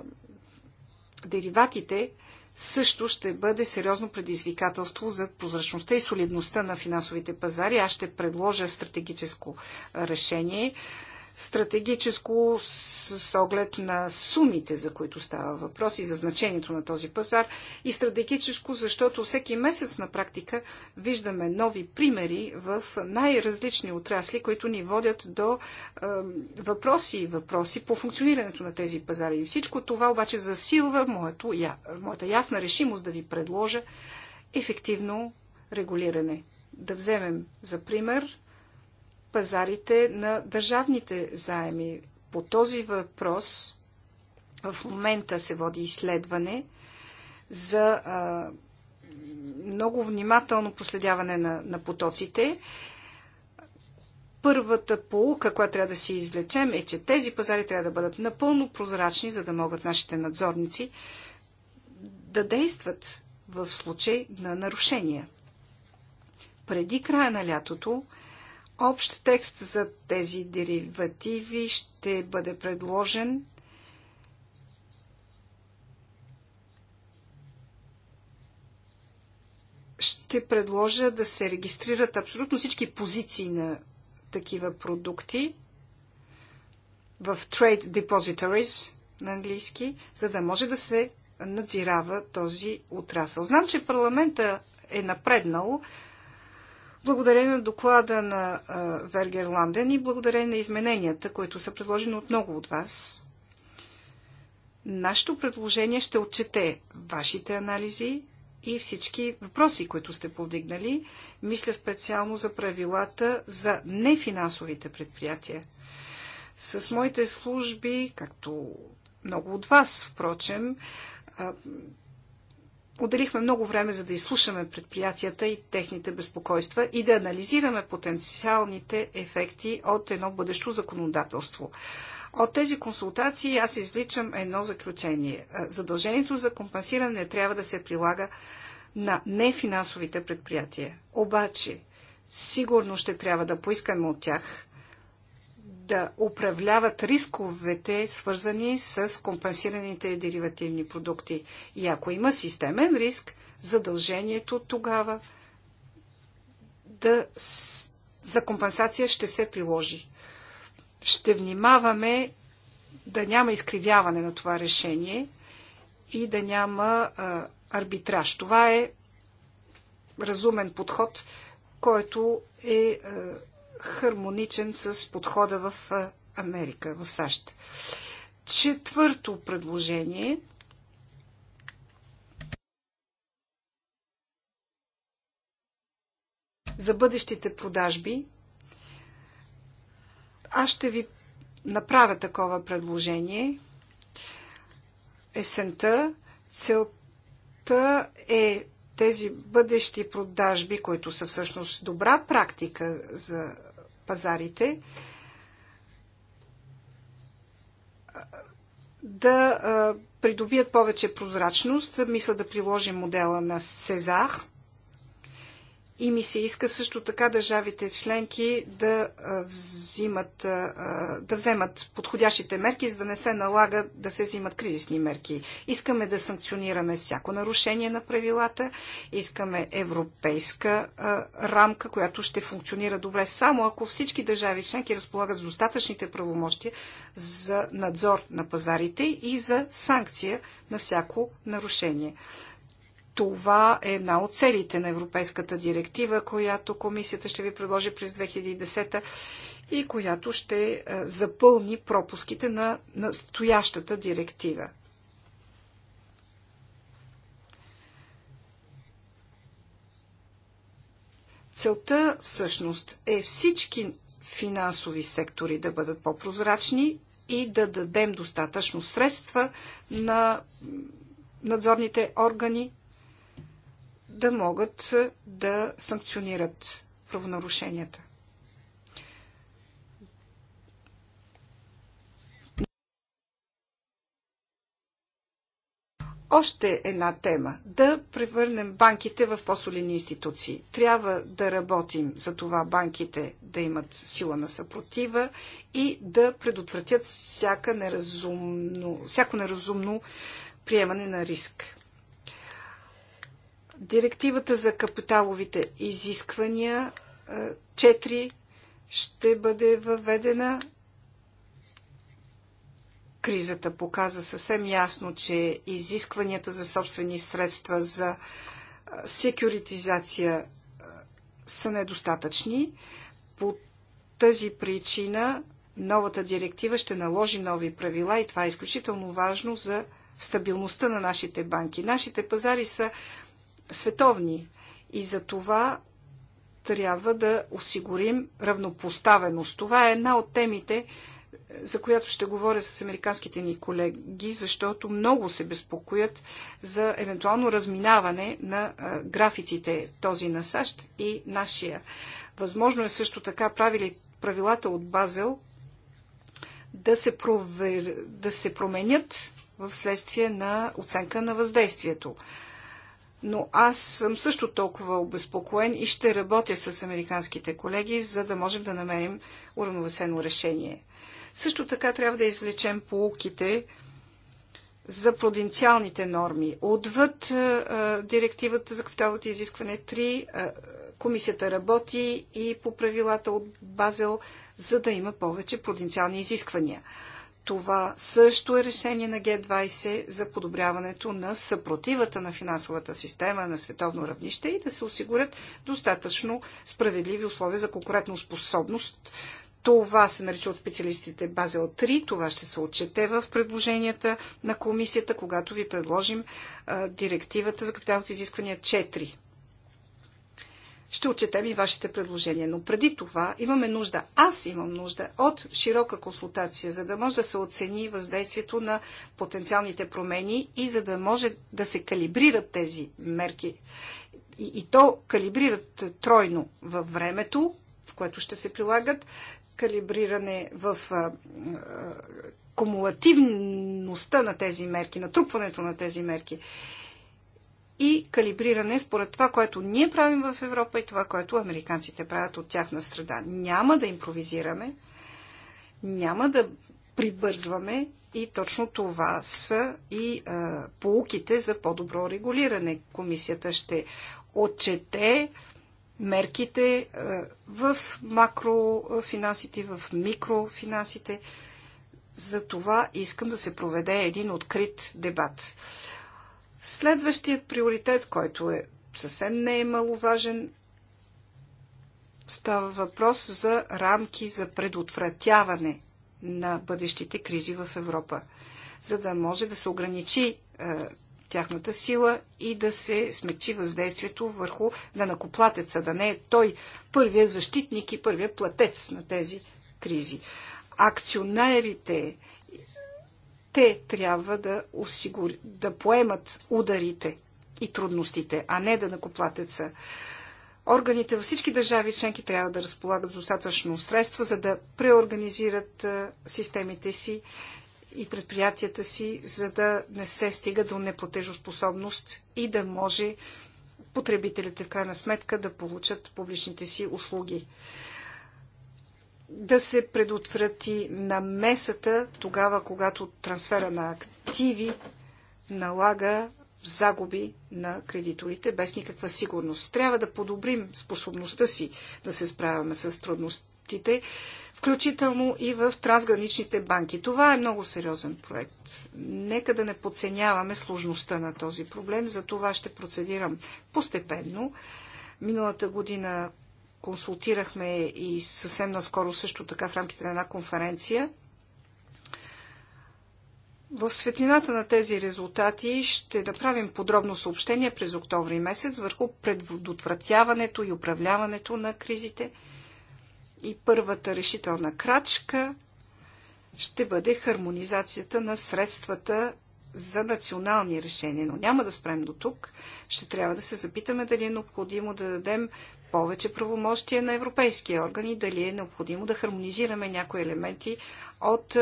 дериватите също ще бъде сериозно предизвикателство за прозрачността и солидността на финансовите пазари. Аз ще предложа стратегическо решение. А, стратегическо с оглед на сумите, за които става въпрос и за значението на този пазар, и стратегическо, защото всеки месец на практика виждаме нови примери в най-различни отрасли, които ни водят до е, въпроси и въпроси по функционирането на тези пазари. И всичко това обаче засилва моето, я, моята ясна решимост да ви предложа ефективно регулиране. Да вземем за пример пазарите на държавните заеми. По този въпрос в момента се води изследване за а, много внимателно последяване на, на потоците. Първата полука, която трябва да си излечем, е, че тези пазари трябва да бъдат напълно прозрачни, за да могат нашите надзорници да действат в случай на нарушения. Преди края на лятото Общ текст за тези деривативи ще бъде предложен ще предложа да се регистрират абсолютно всички позиции на такива продукти в Trade Depositories на английски, за да може да се надзирава този отрасъл. Знам, че парламента е напреднал благодарение на доклада на Вергер Ланден и благодарение на измененията, които са предложени от много от вас. Нашето предложение ще отчете вашите анализи и всички въпроси, които сте повдигнали. Мисля специално за правилата за нефинансовите предприятия. С моите служби, както много от вас, впрочем, Отделихме много време, за да изслушаме предприятията и техните безпокойства и да анализираме потенциалните ефекти от едно бъдещо законодателство. От тези консултации аз изличам едно заключение. Е, задължението за компенсиране трябва да се прилага на нефинансовите предприятия. Обаче, сигурно ще трябва да поискаме от тях да управляват рисковете, свързани с компенсираните деривативни продукти. И ако има системен риск, задължението тогава да, за компенсация ще се приложи. Ще внимаваме да няма изкривяване на това решение и да няма а, арбитраж. Това е разумен подход, който е а, хармоничен с подхода в Америка, в САЩ. Четвърто предложение за бъдещите продажби. Аз ще ви направя такова предложение. Есента целта е тези бъдещи продажби, които са всъщност добра практика за пазарите, да придобият повече прозрачност. Мисля да приложим модела на Сезах – и ми се иска също така държавите членки да взимат, да вземат подходящите мерки, за да не се налага да се взимат кризисни мерки. Искаме да санкционираме всяко нарушение на правилата, искаме европейска рамка, която ще функционира добре само ако всички държави членки разполагат с достатъчните правомощия за надзор на пазарите и за санкция на всяко нарушение това е една от целите на Европейската директива, която комисията ще ви предложи през 2010 и която ще е, запълни пропуските на настоящата директива. Целта всъщност е всички финансови сектори да бъдат по-прозрачни и да дадем достатъчно средства на надзорните органи да могат да санкционират правонарушенията. Още една тема. Да превърнем банките в по-солени институции. Трябва да работим за това банките да имат сила на съпротива и да предотвратят всяка неразумно, всяко неразумно приемане на риск. Директивата за капиталовите изисквания 4 е, ще бъде въведена. Кризата показа съвсем ясно, че изискванията за собствени средства за е, секюритизация е, са недостатъчни. По тази причина новата директива ще наложи нови правила и това е изключително важно за стабилността на нашите банки. Нашите пазари са световни. И за това трябва да осигурим равнопоставеност. Това е една от темите, е, за която ще говоря с американските ни колеги, защото много се безпокоят за евентуално разминаване на е, графиците този на САЩ и нашия. Възможно е също така правили правилата от Базел да се, провер... да се променят в следствие на оценка на въздействието но аз съм също толкова обезпокоен и ще работя с американските колеги, за да можем да намерим уравновесено решение. Също така трябва да излечем полуките за проденциалните норми. Отвъд а, е, е, директивата за капиталовите изискване 3, а, е, комисията работи и по правилата от Базел, за да има повече проденциални изисквания. Това също е решение на Г20 за подобряването на съпротивата на финансовата система на световно равнище и да се осигурят достатъчно справедливи условия за способност. Това се нарича от специалистите Базел 3. Това ще се отчете в предложенията на комисията, когато ви предложим а, директивата за капиталните изисквания 4 ще отчетем и вашите предложения. Но преди това имаме нужда, аз имам нужда от широка консултация, за да може да се оцени въздействието на потенциалните промени и за да може да се калибрират тези мерки. И, и то калибрират тройно във времето, в което ще се прилагат, калибриране в а, а, кумулативността на тези мерки, натрупването на тези мерки и калибриране според това, което ние правим в Европа и това, което американците правят от тяхна среда. Няма да импровизираме, няма да прибързваме и точно това са и а, полуките за по-добро регулиране. Комисията ще отчете мерките а, в макрофинансите, в микрофинансите. За това искам да се проведе един открит дебат. Следващия приоритет, който е съвсем не е маловажен, става въпрос за рамки за предотвратяване на бъдещите кризи в Европа, за да може да се ограничи е, тяхната сила и да се смечи въздействието върху накоплатеца, да не е той първия защитник и първия платец на тези кризи. Акционерите, те трябва да, осигури, да поемат ударите и трудностите, а не да накоплатеца. Органите във всички държави членки трябва да разполагат с достатъчно средства, за да преорганизират системите си и предприятията си, за да не се стига до неплатежоспособност и да може потребителите в крайна сметка да получат публичните си услуги да се предотврати намесата тогава, когато трансфера на активи налага загуби на кредиторите без никаква сигурност. Трябва да подобрим способността си да се справяме с трудностите, включително и в трансграничните банки. Това е много сериозен проект. Нека да не подценяваме сложността на този проблем, за това ще процедирам постепенно. Миналата година консултирахме и съвсем наскоро също така в рамките на една конференция. В светлината на тези резултати ще направим подробно съобщение през октомври месец върху предотвратяването и управляването на кризите. И първата решителна крачка ще бъде хармонизацията на средствата за национални решения. Но няма да спрем до тук. Ще трябва да се запитаме дали е необходимо да дадем повече правомощия на европейския орган и дали е необходимо да хармонизираме някои елементи от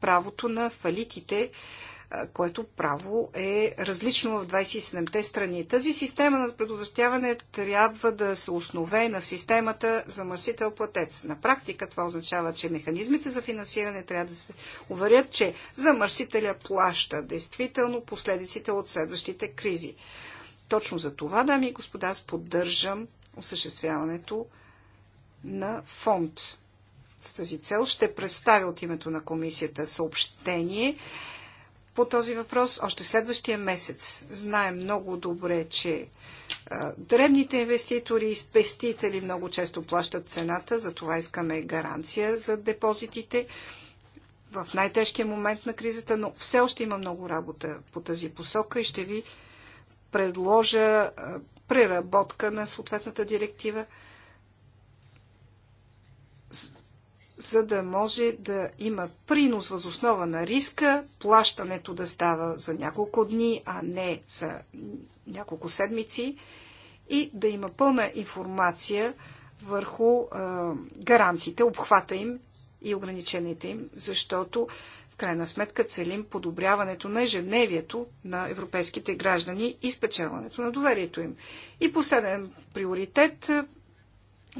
правото на фалитите, което право е различно в 27-те страни. Тази система на предотвратяване трябва да се основе на системата за мърсител платец На практика това означава, че механизмите за финансиране трябва да се уверят, че замърсителя плаща действително последиците от следващите кризи. Точно за това, дами и господа, аз поддържам осъществяването на фонд. С тази цел ще представя от името на комисията съобщение по този въпрос още следващия месец. Знаем много добре, че дребните инвеститори и спестители много често плащат цената, за това искаме гаранция за депозитите в най-тежкия момент на кризата, но все още има много работа по тази посока и ще ви предложа преработка на съответната директива, за да може да има принос възоснова на риска, плащането да става за няколко дни, а не за няколко седмици и да има пълна информация върху гаранциите, обхвата им и ограниченията им, защото в крайна сметка целим подобряването на ежедневието на европейските граждани и спечелването на доверието им. И последен приоритет е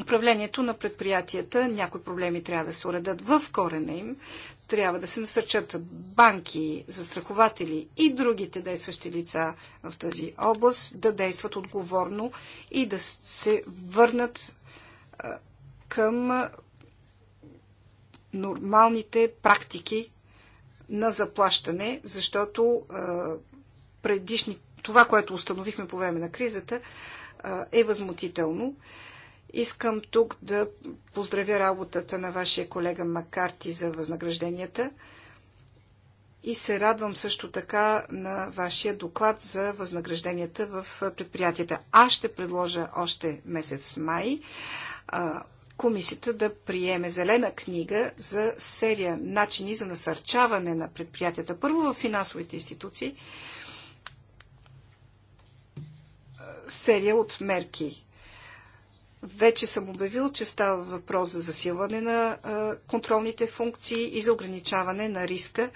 управлението на предприятията. Някои проблеми трябва да се уредат в корена им. Трябва да се насърчат банки, застрахователи и другите действащи лица в тази област да действат отговорно и да се върнат е, към нормалните практики на заплащане, защото предишни, това, което установихме по време на кризата, е възмутително. Искам тук да поздравя работата на вашия колега Макарти за възнагражденията и се радвам също така на вашия доклад за възнагражденията в предприятията. Аз ще предложа още месец май комисията да приеме зелена книга за серия начини за насърчаване на предприятията. Първо в финансовите институции, серия от мерки. Вече съм обявил, че става въпрос за засилване на контролните функции и за ограничаване на риска,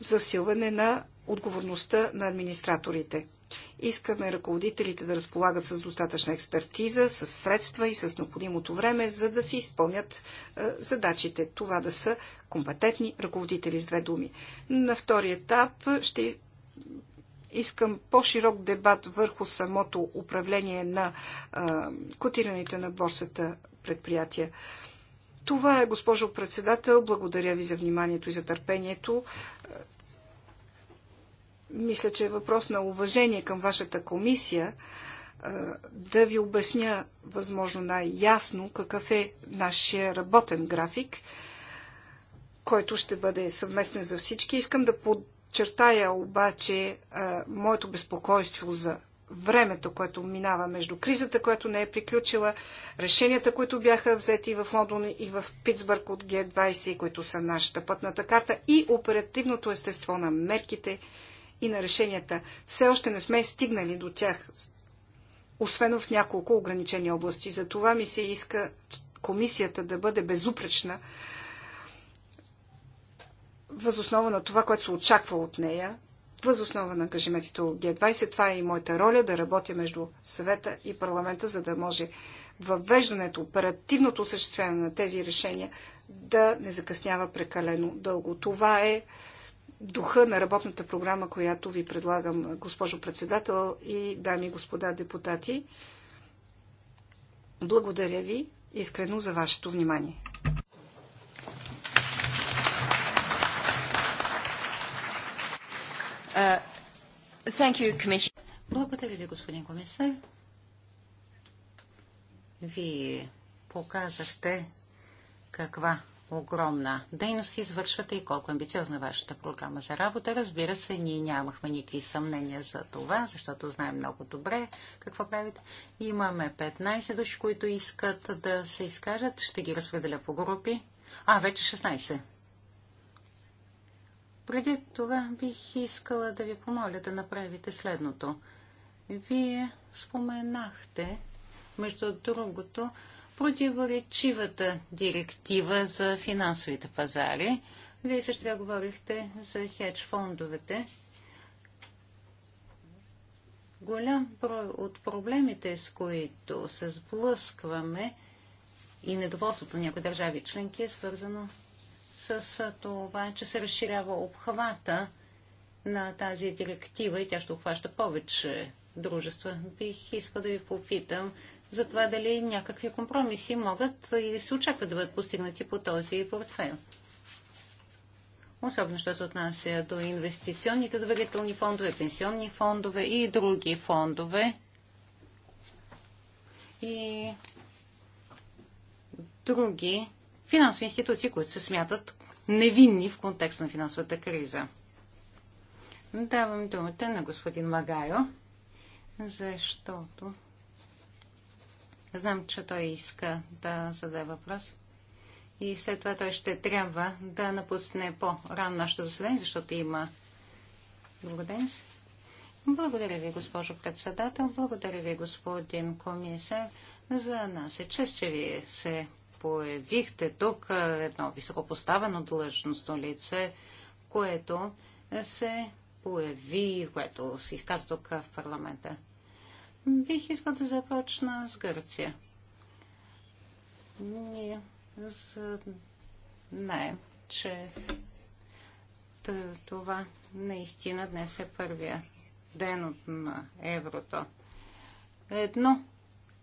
засилване на отговорността на администраторите. Искаме ръководителите да разполагат с достатъчна експертиза, с средства и с необходимото време, за да си изпълнят е, задачите. Това да са компетентни ръководители с две думи. На втори етап ще искам по-широк дебат върху самото управление на е, котираните на борсата предприятия. Това е, госпожо председател. Благодаря ви за вниманието и за търпението мисля, че е въпрос на уважение към вашата комисия да ви обясня възможно най-ясно какъв е нашия работен график, който ще бъде съвместен за всички. Искам да подчертая обаче моето безпокойство за времето, което минава между кризата, която не е приключила, решенията, които бяха взети в Лондон и в Питсбърг от Г20, които са нашата пътната карта и оперативното естество на мерките, и на решенията. Все още не сме стигнали до тях, освен в няколко ограничени области. За това ми се иска комисията да бъде безупречна възоснова на това, което се очаква от нея, възоснова на ангажиментите от Г20. Това е и моята роля да работя между съвета и парламента, за да може въвеждането, оперативното осъществяване на тези решения да не закъснява прекалено дълго. Това е духа на работната програма, която ви предлагам, госпожо председател и дами и господа депутати. Благодаря ви искрено за вашето внимание. Uh, you, Благодаря ви, господин комисар. Вие показахте каква огромна дейност извършвате и колко амбициозна е вашата програма за работа. Разбира се, ние нямахме никакви съмнения за това, защото знаем много добре какво правите. Имаме 15 души, които искат да се изкажат. Ще ги разпределя по групи. А, вече 16. Преди това бих искала да ви помоля да направите следното. Вие споменахте, между другото, противоречивата директива за финансовите пазари. Вие също това говорихте за хедж фондовете. Голям брой от проблемите, с които се сблъскваме и недоволството на някои държави членки е свързано с това, че се разширява обхвата на тази директива и тя ще обхваща повече дружества. Бих искал да ви попитам за това дали някакви компромиси могат и се очакват да бъдат постигнати по този портфел. Особено, що се отнася до инвестиционните доверителни фондове, пенсионни фондове и други фондове. И други финансови институции, които се смятат невинни в контекст на финансовата криза. Давам думата на господин Магайо, защото Знам, че той иска да зададе въпрос. И след това той ще трябва да напусне по-рано нашето заседание, защото има друго Благодаря ви, госпожо председател. Благодаря ви, господин комисар. За нас е чест, че вие се появихте тук едно високопоставено длъжностно лице, което се появи, което се изказва тук в парламента. Бих искал да започна с Гърция. Ние знаем, че това наистина днес е първия ден от на еврото. Едно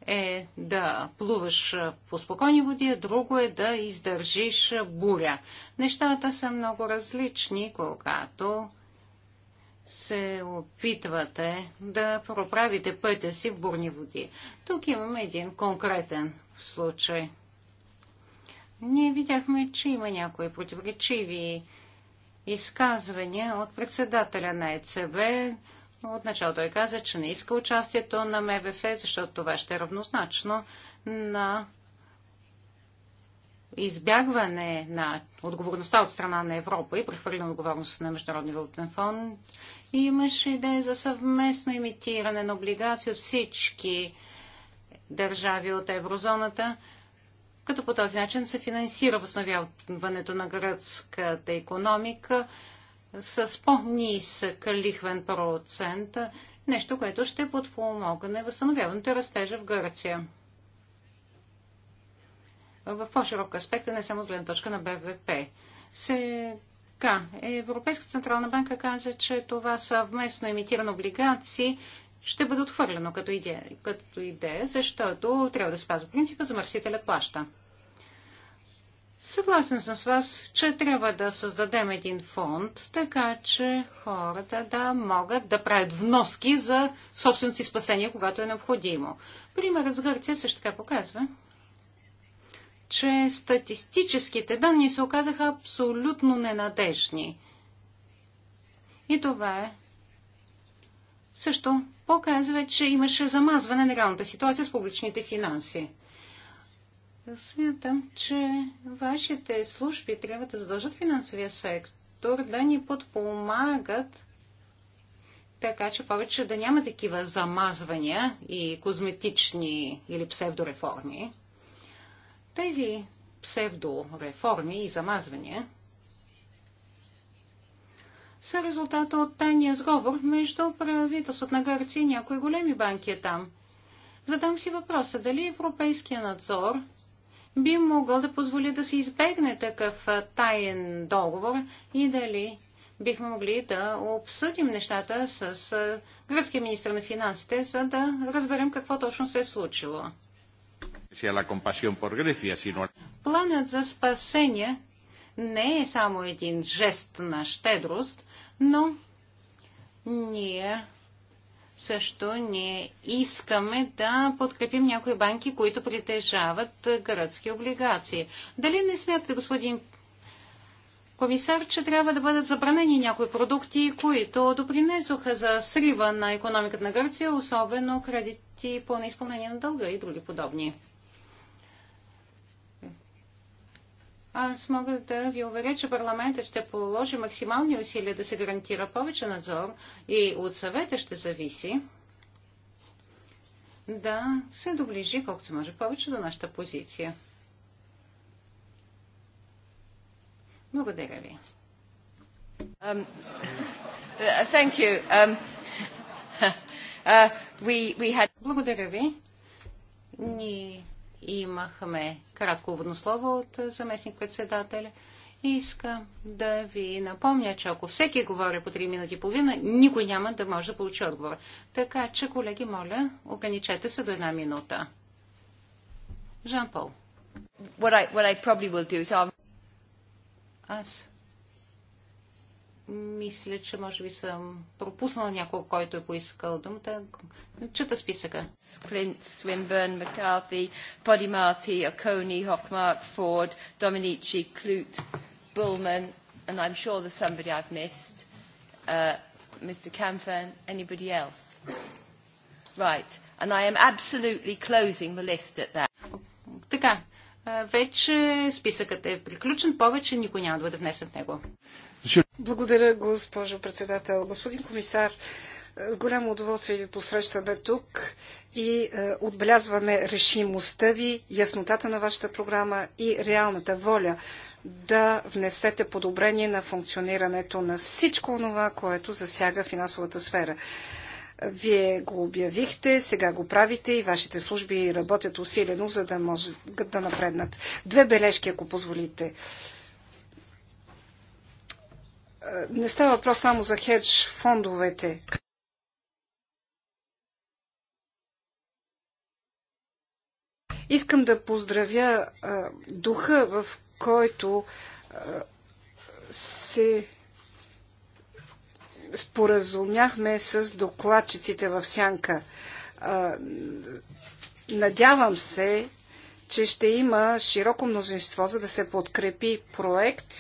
е да плуваш по спокойни води, а друго е да издържиш буря. Нещата са много различни, когато се опитвате да проправите пътя си в бурни води. Тук имаме един конкретен случай. Ние видяхме, че има някои противоречиви изказвания от председателя на ЕЦБ. Отначало той каза, че не иска участието на МВФ, защото това ще е равнозначно на избягване на отговорността от страна на Европа и прехвърлено отговорност на Международния валутен фонд Имаше идея за съвместно имитиране на облигации от всички държави от еврозоната, като по този начин се финансира възстановяването на гръцката економика с по-нисък лихвен процент, нещо, което ще подпомогне възстановяването и растежа в Гърция. В по-широк аспект, е не само от гледна точка на БВП. Се така, Европейската централна банка каза, че това съвместно емитирано облигации ще бъде отхвърлено като идея, като идея защото трябва да спазва принципа замърсителят плаща. Съгласен съм с вас, че трябва да създадем един фонд, така че хората да могат да правят вноски за собственото си спасение, когато е необходимо. Примерът с Гърция също така показва, че статистическите данни се оказаха абсолютно ненадежни. И това е също показва, че имаше замазване на реалната ситуация с публичните финанси. Смятам, че вашите служби трябва да задължат финансовия сектор да ни подпомагат така, че повече да няма такива замазвания и козметични или псевдореформи. Тези псевдореформи и замазвания са резултата от тайния сговор между правителството на Гърция и някои големи банки е там. Задам си въпроса дали европейския надзор би могъл да позволи да се избегне такъв тайен договор и дали бихме могли да обсъдим нещата с гръцкия министр на финансите, за да разберем какво точно се е случило. Планът за спасение не е само един жест на щедрост, но ние също ние искаме да подкрепим някои банки, които притежават гръцки облигации. Дали не смятате, господин комисар, че трябва да бъдат забранени някои продукти, които допринесоха за срива на економиката на Гърция, особено кредити по неизпълнение на дълга и други подобни? Аз мога да ви уверя, че парламентът ще положи максимални усилия да се гарантира повече надзор и от съвета ще зависи да се доближи колкото се може повече до нашата позиция. Благодаря ви. Um, uh, thank you. Um, uh, we, we had... Благодаря ви. Ние имахме кратко воднослово от е, заместник-председателя. Искам да ви напомня, че ако всеки говори по 3 минути и половина, никой няма да може да получи отговор. Така че, колеги, моля, ограничете се до една минута. Жан Пол. What I, what I is... Аз мисля, че може би съм пропуснала някой, който е поискал думата. Чета списъка. Клинт, Свинбърн, Маккарти, Поди Марти, Акони, Хокмарк, Форд, Доминичи, Клют, Булман, and I'm sure there's somebody I've missed. Uh, Mr. Camfern, anybody else? Right. And I am absolutely closing the list at that. Така, вече списъкът е приключен, повече никой няма да бъде внесен в него. Благодаря, госпожо председател. Господин комисар, с голямо удоволствие ви посрещаме тук и е, отбелязваме решимостта ви, яснотата на вашата програма и реалната воля да внесете подобрение на функционирането на всичко това, което засяга финансовата сфера. Вие го обявихте, сега го правите и вашите служби работят усилено, за да могат да напреднат. Две бележки, ако позволите не става въпрос само за хедж фондовете. Искам да поздравя а, духа, в който а, се споразумяхме с докладчиците в Сянка. А, надявам се, че ще има широко мнозинство, за да се подкрепи проект,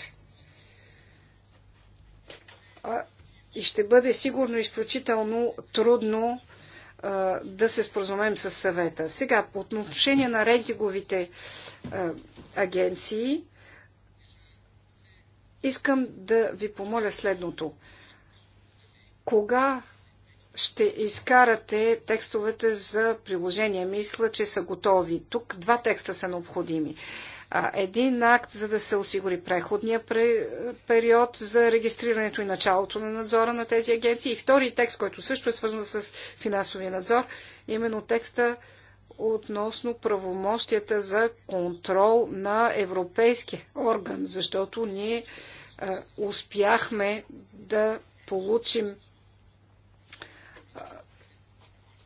и ще бъде сигурно изключително трудно да се споразумеем с съвета. Сега, по отношение на рейтинговите агенции, искам да ви помоля следното. Кога ще изкарате текстовете за приложение? Мисля, че са готови. Тук два текста са необходими един акт, за да се осигури преходния период за регистрирането и началото на надзора на тези агенции. И втори текст, който също е свързан с финансовия надзор, именно текста относно правомощията за контрол на европейския орган, защото ние успяхме да получим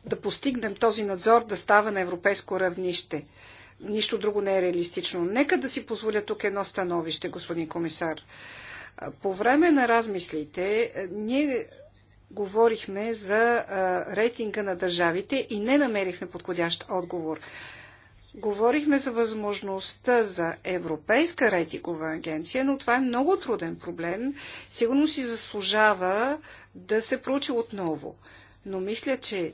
да постигнем този надзор да става на европейско равнище нищо друго не е реалистично. Нека да си позволя тук едно становище, господин комисар. По време на размислите е, ние говорихме за рейтинга на държавите и не намерихме подходящ отговор. Говорихме за възможността за Европейска рейтингова агенция, но това е много труден проблем. Сигурно си заслужава да се проучи отново. Но мисля, че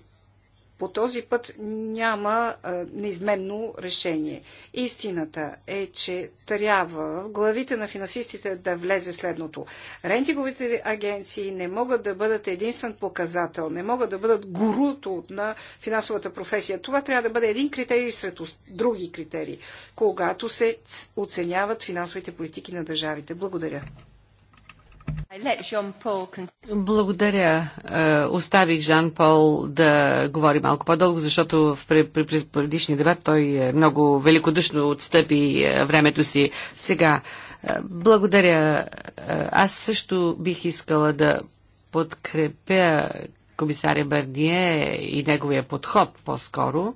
по този път няма неизменно решение. Истината е, че трябва в главите на финансистите да влезе следното. Рентиговите агенции не могат да бъдат единствен показател, не могат да бъдат гуруто на финансовата професия. Това трябва да бъде един критерий сред други критерии, когато се оценяват финансовите политики на държавите. Благодаря. Благодаря. Е, оставих Жан Пол да говори малко по-дълго, защото в предишния дебат той е, много великодушно отстъпи е, времето си. Сега, благодаря. Аз също бих искала да подкрепя комисаря Бърние и неговия подход по-скоро.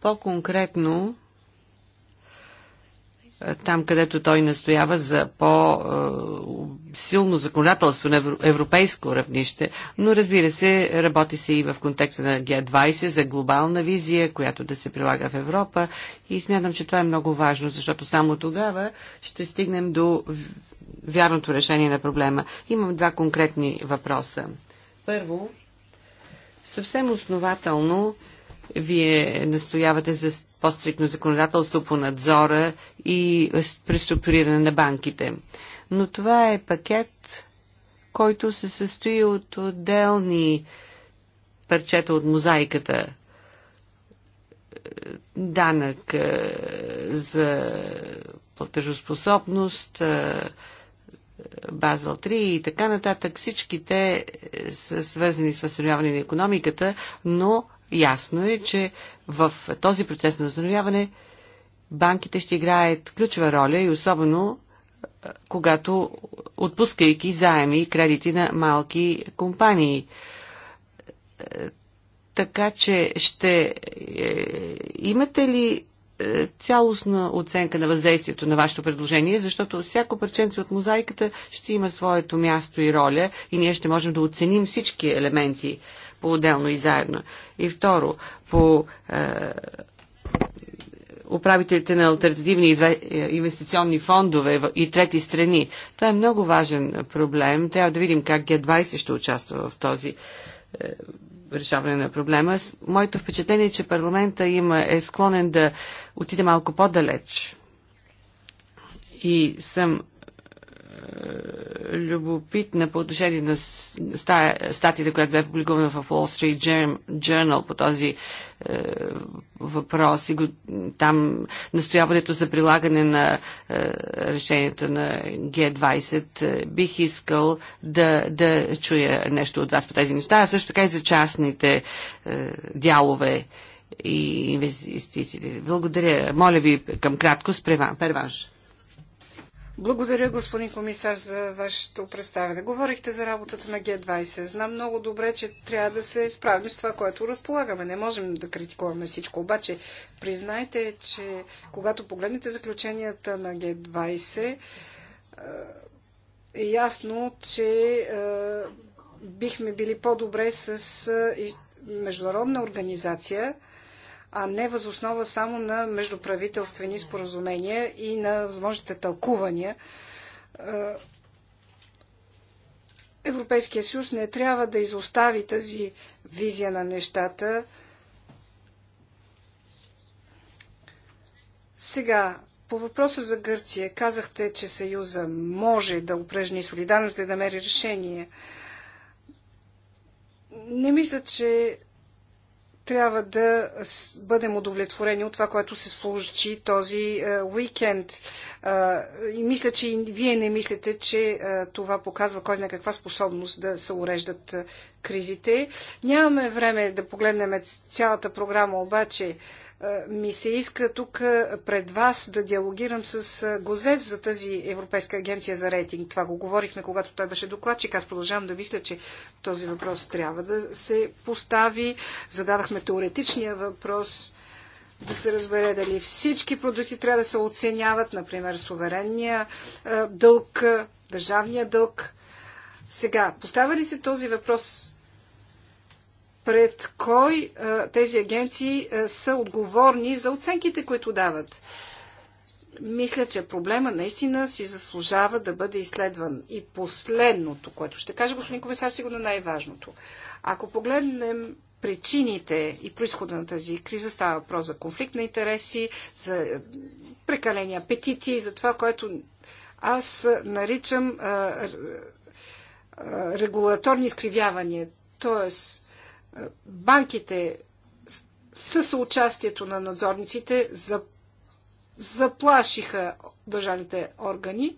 По-конкретно, е, там където той настоява за по-силно законодателство на европейско равнище, но разбира се, работи се и в контекста на Г20 за глобална визия, която да се прилага в Европа и смятам, че това е много важно, защото само тогава ще стигнем до вярното решение на проблема. Имам два конкретни въпроса. Първо, съвсем основателно вие настоявате за по-стрикно законодателство по надзора и преструктуриране на банките. Но това е пакет, който се състои от отделни парчета от мозайката. Данък е, за платежоспособност, е, Базел 3 и така нататък. всичките е, са свързани с възстановяване на економиката, но Ясно е, че в този процес на възстановяване банките ще играят ключова роля и особено е, когато отпускайки заеми и кредити на малки компании. Е, така че ще е, имате ли цялостна оценка на въздействието на вашето предложение, защото всяко парченце от мозайката ще има своето място и роля и ние ще можем да оценим всички елементи по-отделно и заедно. И второ, по е, управителите на альтернативни е, инвестиционни фондове и трети страни. Това е много важен проблем. Трябва да видим как Г20 ще участва в този е, решаване на проблема. Моето впечатление е, че парламента има, е склонен да отиде малко по-далеч. И съм любопитна по отношение на статията, която бе публикувана в Wall Street Journal по този е, въпрос и го, там настояването за прилагане на е, решението на G20. Е, бих искал да, да чуя нещо от вас по тези неща, а също така и за частните е, дялове и инвестициите. Благодаря. Моля ви към кратко с перванш. Благодаря, господин комисар, за вашето представяне. Говорихте за работата на Г20. Знам много добре, че трябва да се справим с това, което разполагаме. Не можем да критикуваме всичко. Обаче, признайте, че когато погледнете заключенията на Г20, е, е ясно, че е, бихме били по-добре с е, международна организация, а не възоснова само на междуправителствени споразумения и на възможните тълкувания. Е, Европейския съюз не трябва да изостави тази визия на нещата. Сега, по въпроса за Гърция, казахте, че Съюза може да упражни солидарност и да намери решение. Не мисля, че трябва да бъдем удовлетворени от това, което се случи този е, уикенд. И мисля, че и вие не мислите, че е, това показва кой знае каква способност да се уреждат е, кризите. Нямаме време да погледнем цялата програма, обаче е, ми се иска тук е, пред вас да диалогирам с е, Гозес за тази Европейска агенция за рейтинг. Това го говорихме, когато той беше докладчик. Аз продължавам да мисля, че този въпрос трябва да се постави. Зададахме теоретичния въпрос да се разбере дали всички продукти трябва да се оценяват, например суверенния дълг, държавния дълг. Сега, поставя ли се този въпрос пред кой е, тези агенции е, са отговорни за оценките, които дават. Мисля, че проблема наистина си заслужава да бъде изследван. И последното, което ще каже господин комисар, сигурно е най-важното. Ако погледнем причините и происхода на тази криза, става въпрос за конфликт на интереси, за прекалени апетити, за това, което аз наричам регулаторни изкривявания. Тоест, банките със съучастието на надзорниците заплашиха държавните органи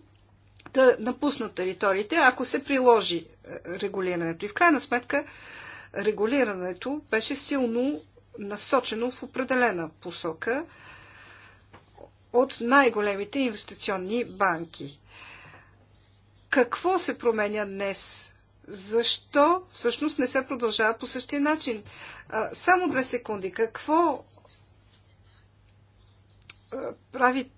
да напуснат териториите, ако се приложи е, регулирането. И в крайна сметка регулирането беше силно насочено в определена посока от най-големите инвестиционни банки. Какво се променя днес защо всъщност не се продължава по същия начин. Само две секунди. Какво прави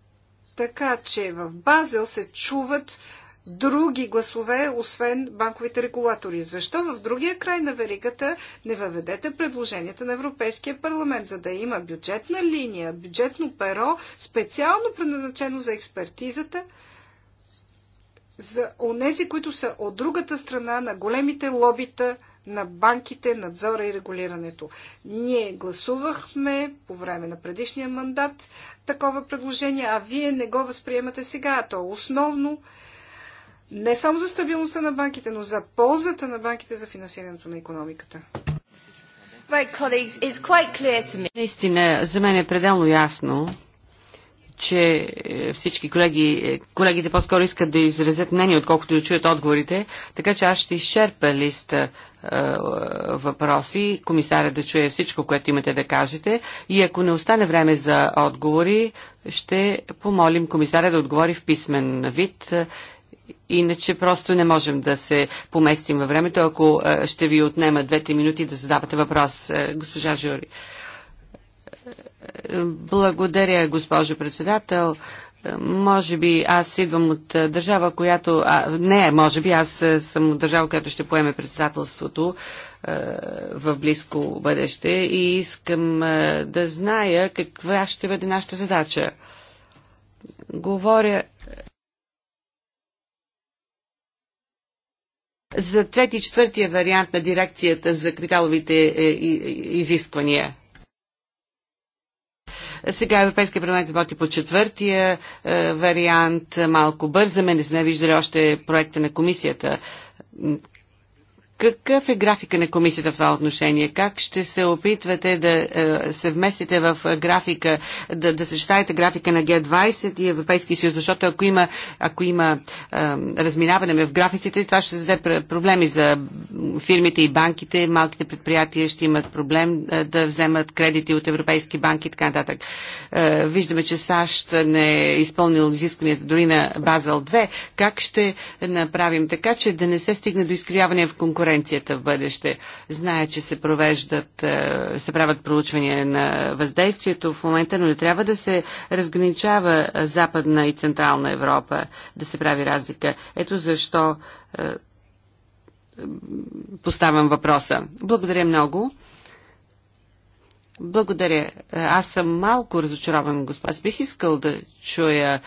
така, че в Базел се чуват други гласове, освен банковите регулатори. Защо в другия край на веригата не въведете предложенията на Европейския парламент, за да има бюджетна линия, бюджетно перо, специално предназначено за експертизата за онези, които са от другата страна на големите лобита на банките, надзора и регулирането. Ние гласувахме по време на предишния мандат такова предложение, а вие не го възприемате сега. А то основно не само за стабилността на банките, но за ползата на банките за финансирането на економиката. Наистина, за мен е пределно ясно, че е, всички колеги, е, колегите по-скоро искат да изразят мнение, отколкото да чуят отговорите, така че аз ще изчерпя листа е, въпроси, комисаря да чуе всичко, което имате да кажете и ако не остане време за отговори, ще помолим комисаря да отговори в писмен вид е, Иначе просто не можем да се поместим във времето, ако ще ви отнема двете минути да задавате въпрос, госпожа Жури. Благодаря, госпожо председател. Може би аз идвам от държава, която... А, не, може би аз съм от държава, която ще поеме председателството а, в близко бъдеще и искам а, да зная каква ще бъде нашата задача. Говоря за трети и четвъртия вариант на дирекцията за капиталовите е, изисквания. Сега Европейския парламент работи по четвъртия е, вариант. Малко бързаме, не сме виждали още проекта на комисията какъв е графика на комисията в това отношение? Как ще се опитвате да е, се вместите в графика, да, да съчетаете графика на Г20 и Европейския съюз? Защото ако има, ако има е, разминаване в графиците, това ще създаде проблеми за фирмите и банките. Малките предприятия ще имат проблем е, да вземат кредити от европейски банки и така нататък. Е, виждаме, че САЩ не е изпълнил изискванията дори на базал 2. Как ще направим така, че да не се стигне до изкривяване в конкуренцията? конкуренцията в бъдеще. Знае, че се провеждат, е, се правят проучвания на въздействието в момента, но не трябва да се разграничава е, Западна и Централна Европа, да се прави разлика. Ето защо е, поставям въпроса. Благодаря много. Благодаря. Аз съм малко разочарован, господа, бих искал да чуя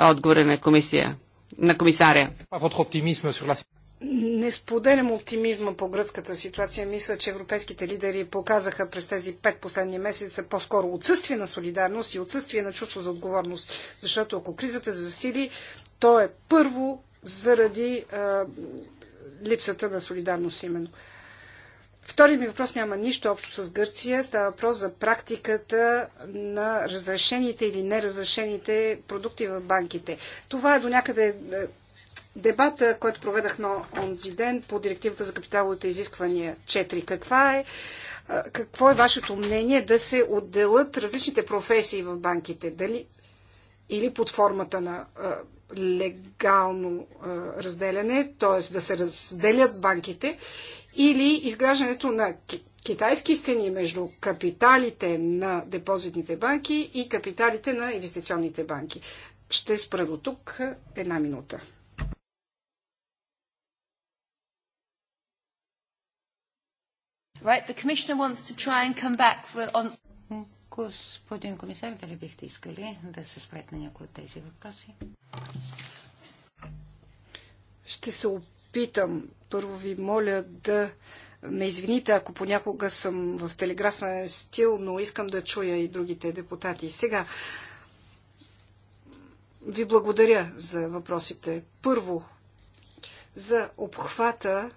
отговора на комисия, на комисаря не споделям оптимизма по гръцката ситуация. Мисля, че европейските лидери показаха през тези пет последни месеца по-скоро отсъствие на солидарност и отсъствие на чувство за отговорност. Защото ако кризата засили, то е първо заради а, липсата на солидарност именно. Втори ми въпрос няма нищо общо с Гърция. Става въпрос за практиката на разрешените или неразрешените продукти в банките. Това е до някъде е, дебата, който проведахме онзи ден по директивата за капиталовите изисквания 4. Каква е, какво е вашето мнение да се отделят различните професии в банките? Дали или под формата на а, легално а, разделяне, т.е. да се разделят банките, или изграждането на китайски стени между капиталите на депозитните банки и капиталите на инвестиционните банки. Ще спра до тук една минута. Right, the commissioner wants to try and come back on... Господин комисар, дали бихте искали да се спрете на някои от тези въпроси? Ще се опитам. Първо ви моля да ме извините, ако понякога съм в телеграфен стил, но искам да чуя и другите депутати. Сега, ви благодаря за въпросите. Първо, за обхвата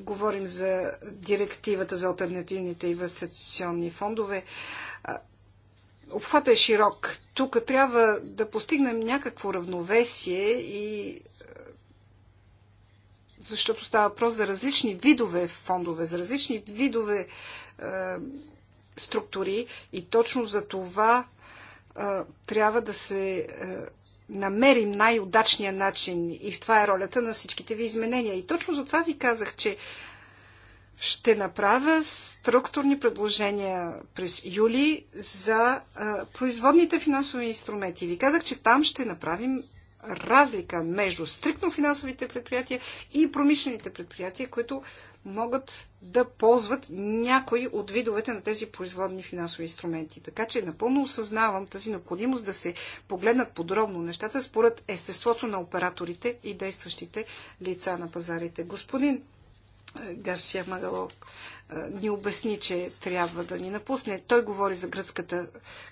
говорим за директивата за альтернативните инвестиционни фондове, обхватът е широк. Тук трябва да постигнем някакво равновесие и защото става въпрос за различни видове фондове, за различни видове е, структури и точно за това е, трябва да се е, намерим най-удачния начин и в това е ролята на всичките ви изменения. И точно за това ви казах, че ще направя структурни предложения през юли за а, производните финансови инструменти. Ви казах, че там ще направим разлика между стрикно финансовите предприятия и промишлените предприятия, които могат да ползват някои от видовете на тези производни финансови инструменти. Така че напълно осъзнавам тази необходимост да се погледнат подробно нещата според естеството на операторите и действащите лица на пазарите. Господин е, Гарсия Магалок е, ни обясни, че трябва да ни напусне. Той говори за гръцката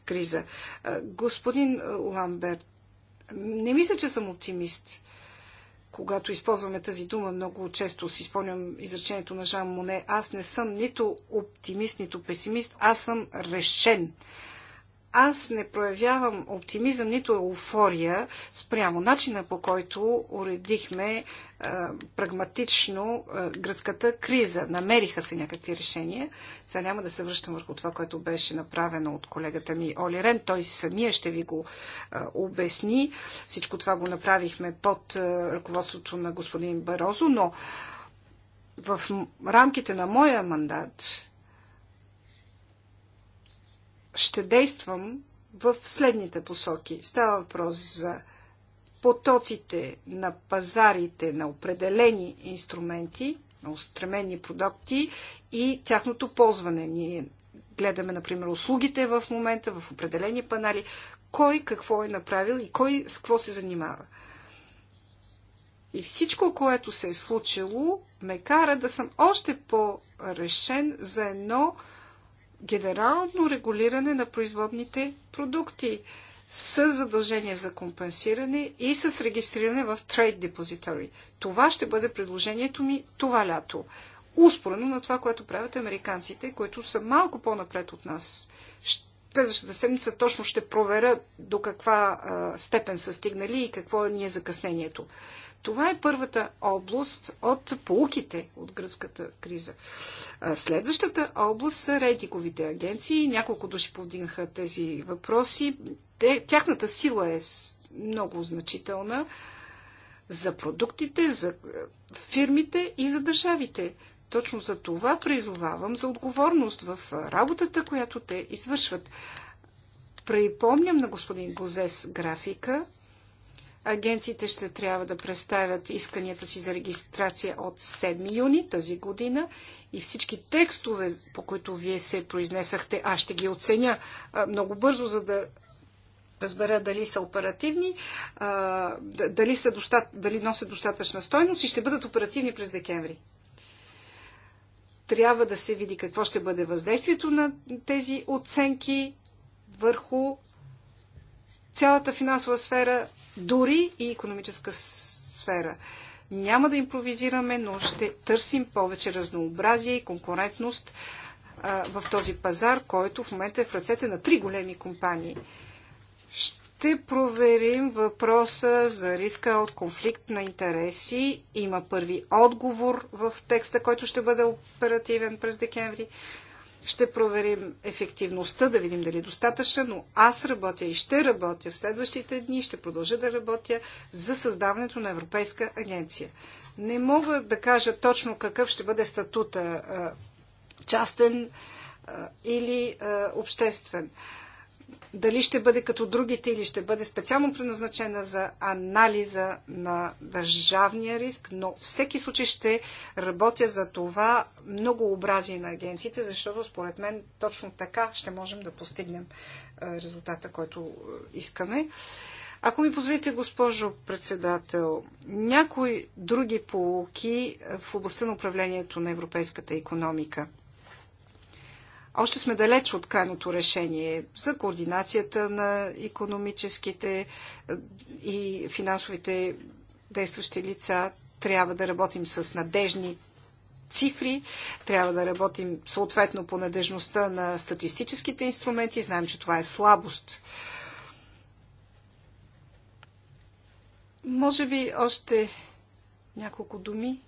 криза. Е, господин Ламберт не мисля, че съм оптимист. Когато използваме тази дума, много често си спомням изречението на Жан Моне. Аз не съм нито оптимист, нито песимист. Аз съм решен аз не проявявам оптимизъм, нито еуфория спрямо начина по който уредихме а, е, прагматично а, е, гръцката криза. Намериха се някакви решения. Сега няма да се връщам върху това, което беше направено от колегата ми Оли Рен. Той самия ще ви го а, е, обясни. Всичко това го направихме под а, ръководството на господин Барозо, но в рамките на моя мандат ще действам в следните посоки. Става въпрос за потоците на пазарите на определени инструменти, на устремени продукти и тяхното ползване. Ние гледаме, например, услугите в момента в определени панали, кой какво е направил и кой с какво се занимава. И всичко, което се е случило, ме кара да съм още по-решен за едно генерално регулиране на производните продукти с задължение за компенсиране и с регистриране в Trade Depository. Това ще бъде предложението ми това лято. Успорено на това, което правят американците, които са малко по-напред от нас. Следващата седмица точно ще проверя до каква а, степен са стигнали и какво ни е закъснението. Това е първата област от полуките от гръцката криза. Следващата област са рейтинговите агенции. Няколко души повдигнаха тези въпроси. Тяхната сила е много значителна за продуктите, за фирмите и за държавите. Точно за това призовавам за отговорност в работата, която те извършват. Припомням на господин Гозес графика, Агенциите ще трябва да представят исканията си за регистрация от 7 юни тази година и всички текстове, по които вие се произнесахте, аз ще ги оценя много бързо, за да разбера дали са оперативни, дали, са достат... дали носят достатъчна стойност и ще бъдат оперативни през декември. Трябва да се види какво ще бъде въздействието на тези оценки върху цялата финансова сфера дори и економическа сфера. Няма да импровизираме, но ще търсим повече разнообразие и конкурентност в този пазар, който в момента е в ръцете на три големи компании. Ще проверим въпроса за риска от конфликт на интереси. Има първи отговор в текста, който ще бъде оперативен през декември. Ще проверим ефективността, да видим дали е достатъчна, но аз работя и ще работя в следващите дни, ще продължа да работя за създаването на Европейска агенция. Не мога да кажа точно какъв ще бъде статута частен или обществен дали ще бъде като другите или ще бъде специално предназначена за анализа на държавния риск, но всеки случай ще работя за това многообразие на агенциите, защото според мен точно така ще можем да постигнем е, резултата, който е, искаме. Ако ми позволите, госпожо председател, някои други полуки в областта на управлението на европейската економика – още сме далеч от крайното решение за координацията на економическите е, и финансовите действащи лица. Трябва да работим с надежни цифри, трябва да работим съответно по надежността на статистическите инструменти. Знаем, че това е слабост. Може би още няколко думи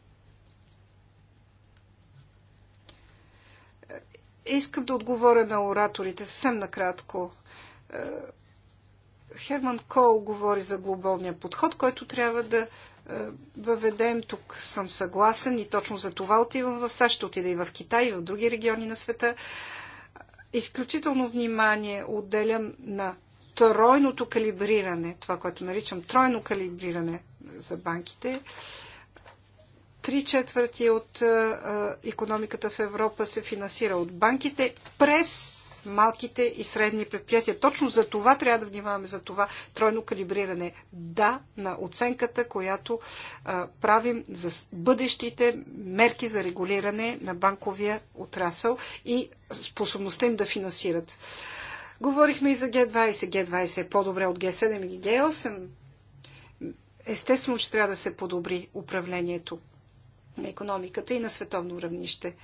Искам да отговоря на ораторите съвсем накратко. Е, Херман Кол говори за глобалния подход, който трябва да е, въведем. Тук съм съгласен и точно за това отивам в САЩ, ще отида и в Китай, и в други региони на света. Изключително внимание отделям на тройното калибриране, това, което наричам тройно калибриране за банките. Три четвърти от економиката в Европа се финансира от банките през малките и средни предприятия. Точно за това трябва да внимаваме, за това тройно калибриране. Да, на оценката, която а, правим за бъдещите мерки за регулиране на банковия отрасъл и способността им да финансират. Говорихме и за Г20. Г20 е по-добре от Г7 и Г8. Естествено, че трябва да се подобри управлението на економиката и на световно равнище.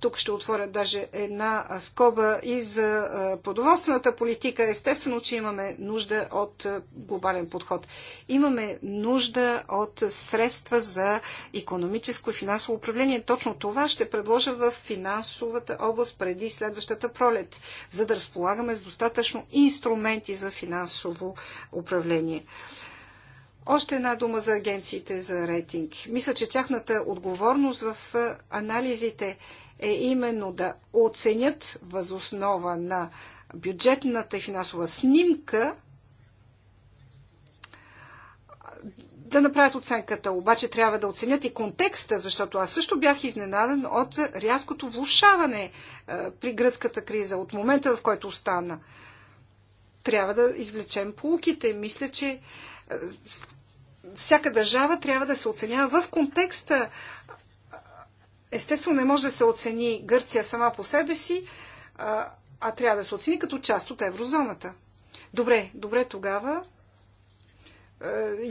Тук ще отворя даже една скоба и за продоволствената политика. Естествено, че имаме нужда от глобален подход. Имаме нужда от средства за економическо и финансово управление. Точно това ще предложа в финансовата област преди следващата пролет, за да разполагаме с достатъчно инструменти за финансово управление. Още една дума за агенциите за рейтинг. Мисля, че тяхната отговорност в анализите е именно да оценят възоснова на бюджетната и финансова снимка да направят оценката. Обаче трябва да оценят и контекста, защото аз също бях изненадан от рязкото влушаване при гръцката криза, от момента в който остана. Трябва да извлечем полуките. Мисля, че всяка държава трябва да се оценява в контекста. Естествено, не може да се оцени Гърция сама по себе си, а, трябва да се оцени като част от еврозоната. Добре, добре тогава.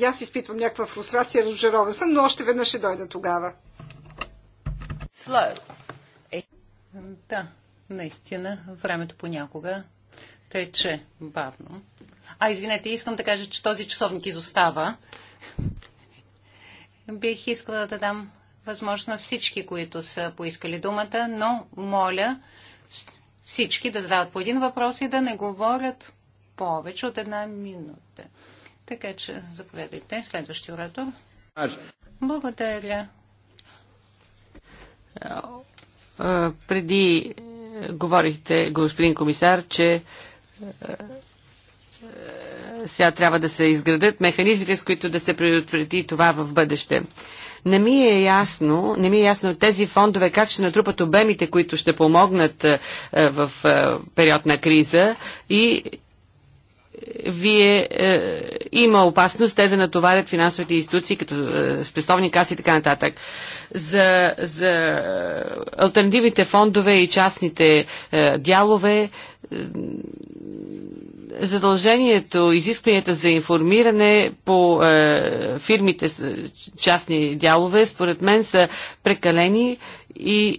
аз изпитвам някаква фрустрация, разжарова съм, но още веднъж ще дойда тогава. Slow. Е, да, наистина, времето понякога тече бавно. А, извинете, искам да кажа, че този часовник изостава. Бих искала да дам възможност на всички, които са поискали думата, но моля всички да задават по един въпрос и да не говорят повече от една минута. Така че заповядайте, следващия оратор. Благодаря. Преди е, говорихте, господин комисар, че е, сега трябва да се изградат механизмите, с които да се предотврати това в бъдеще. Не ми е ясно, не ми е ясно тези фондове как ще натрупат обемите, които ще помогнат е, в е, период на криза и е, вие е, има опасност те да натоварят финансовите институции, като е, спестовни каси и така нататък. За, за альтернативните фондове и частните е, дялове е, задължението, изискванията за информиране по е, фирмите частни дялове, според мен са прекалени и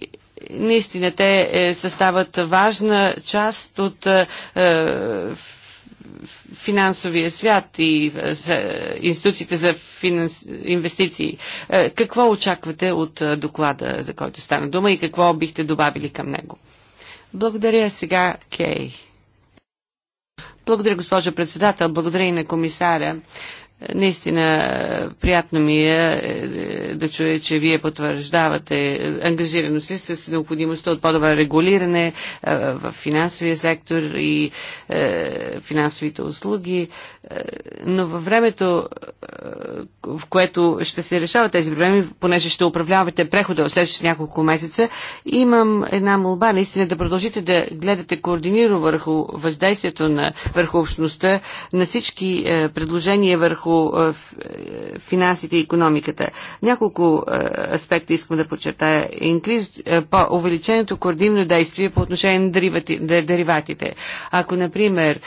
наистина те е, състават важна част от е, е финансовия свят и е, институциите за финанс... инвестиции. Е, какво очаквате от доклада, за който стана дума и какво бихте добавили към него? Благодаря сега, Кей. Благодаря, госпожо председател. Благодаря и на комисаря. Наистина приятно ми е, е да чуя, че вие потвърждавате ангажирано си с необходимостта от по добра регулиране е, в финансовия сектор и е, финансовите услуги. Е, но във времето, е, в което ще се решават тези проблеми, понеже ще управлявате прехода в следващите няколко месеца, имам една молба наистина да продължите да гледате координиро върху въздействието на върху общността, на всички е, предложения върху финансите и економиката. Няколко аспекта искам да подчертая. Инкриз, по увеличеното координирано действие по отношение на дериватите. Ако, например,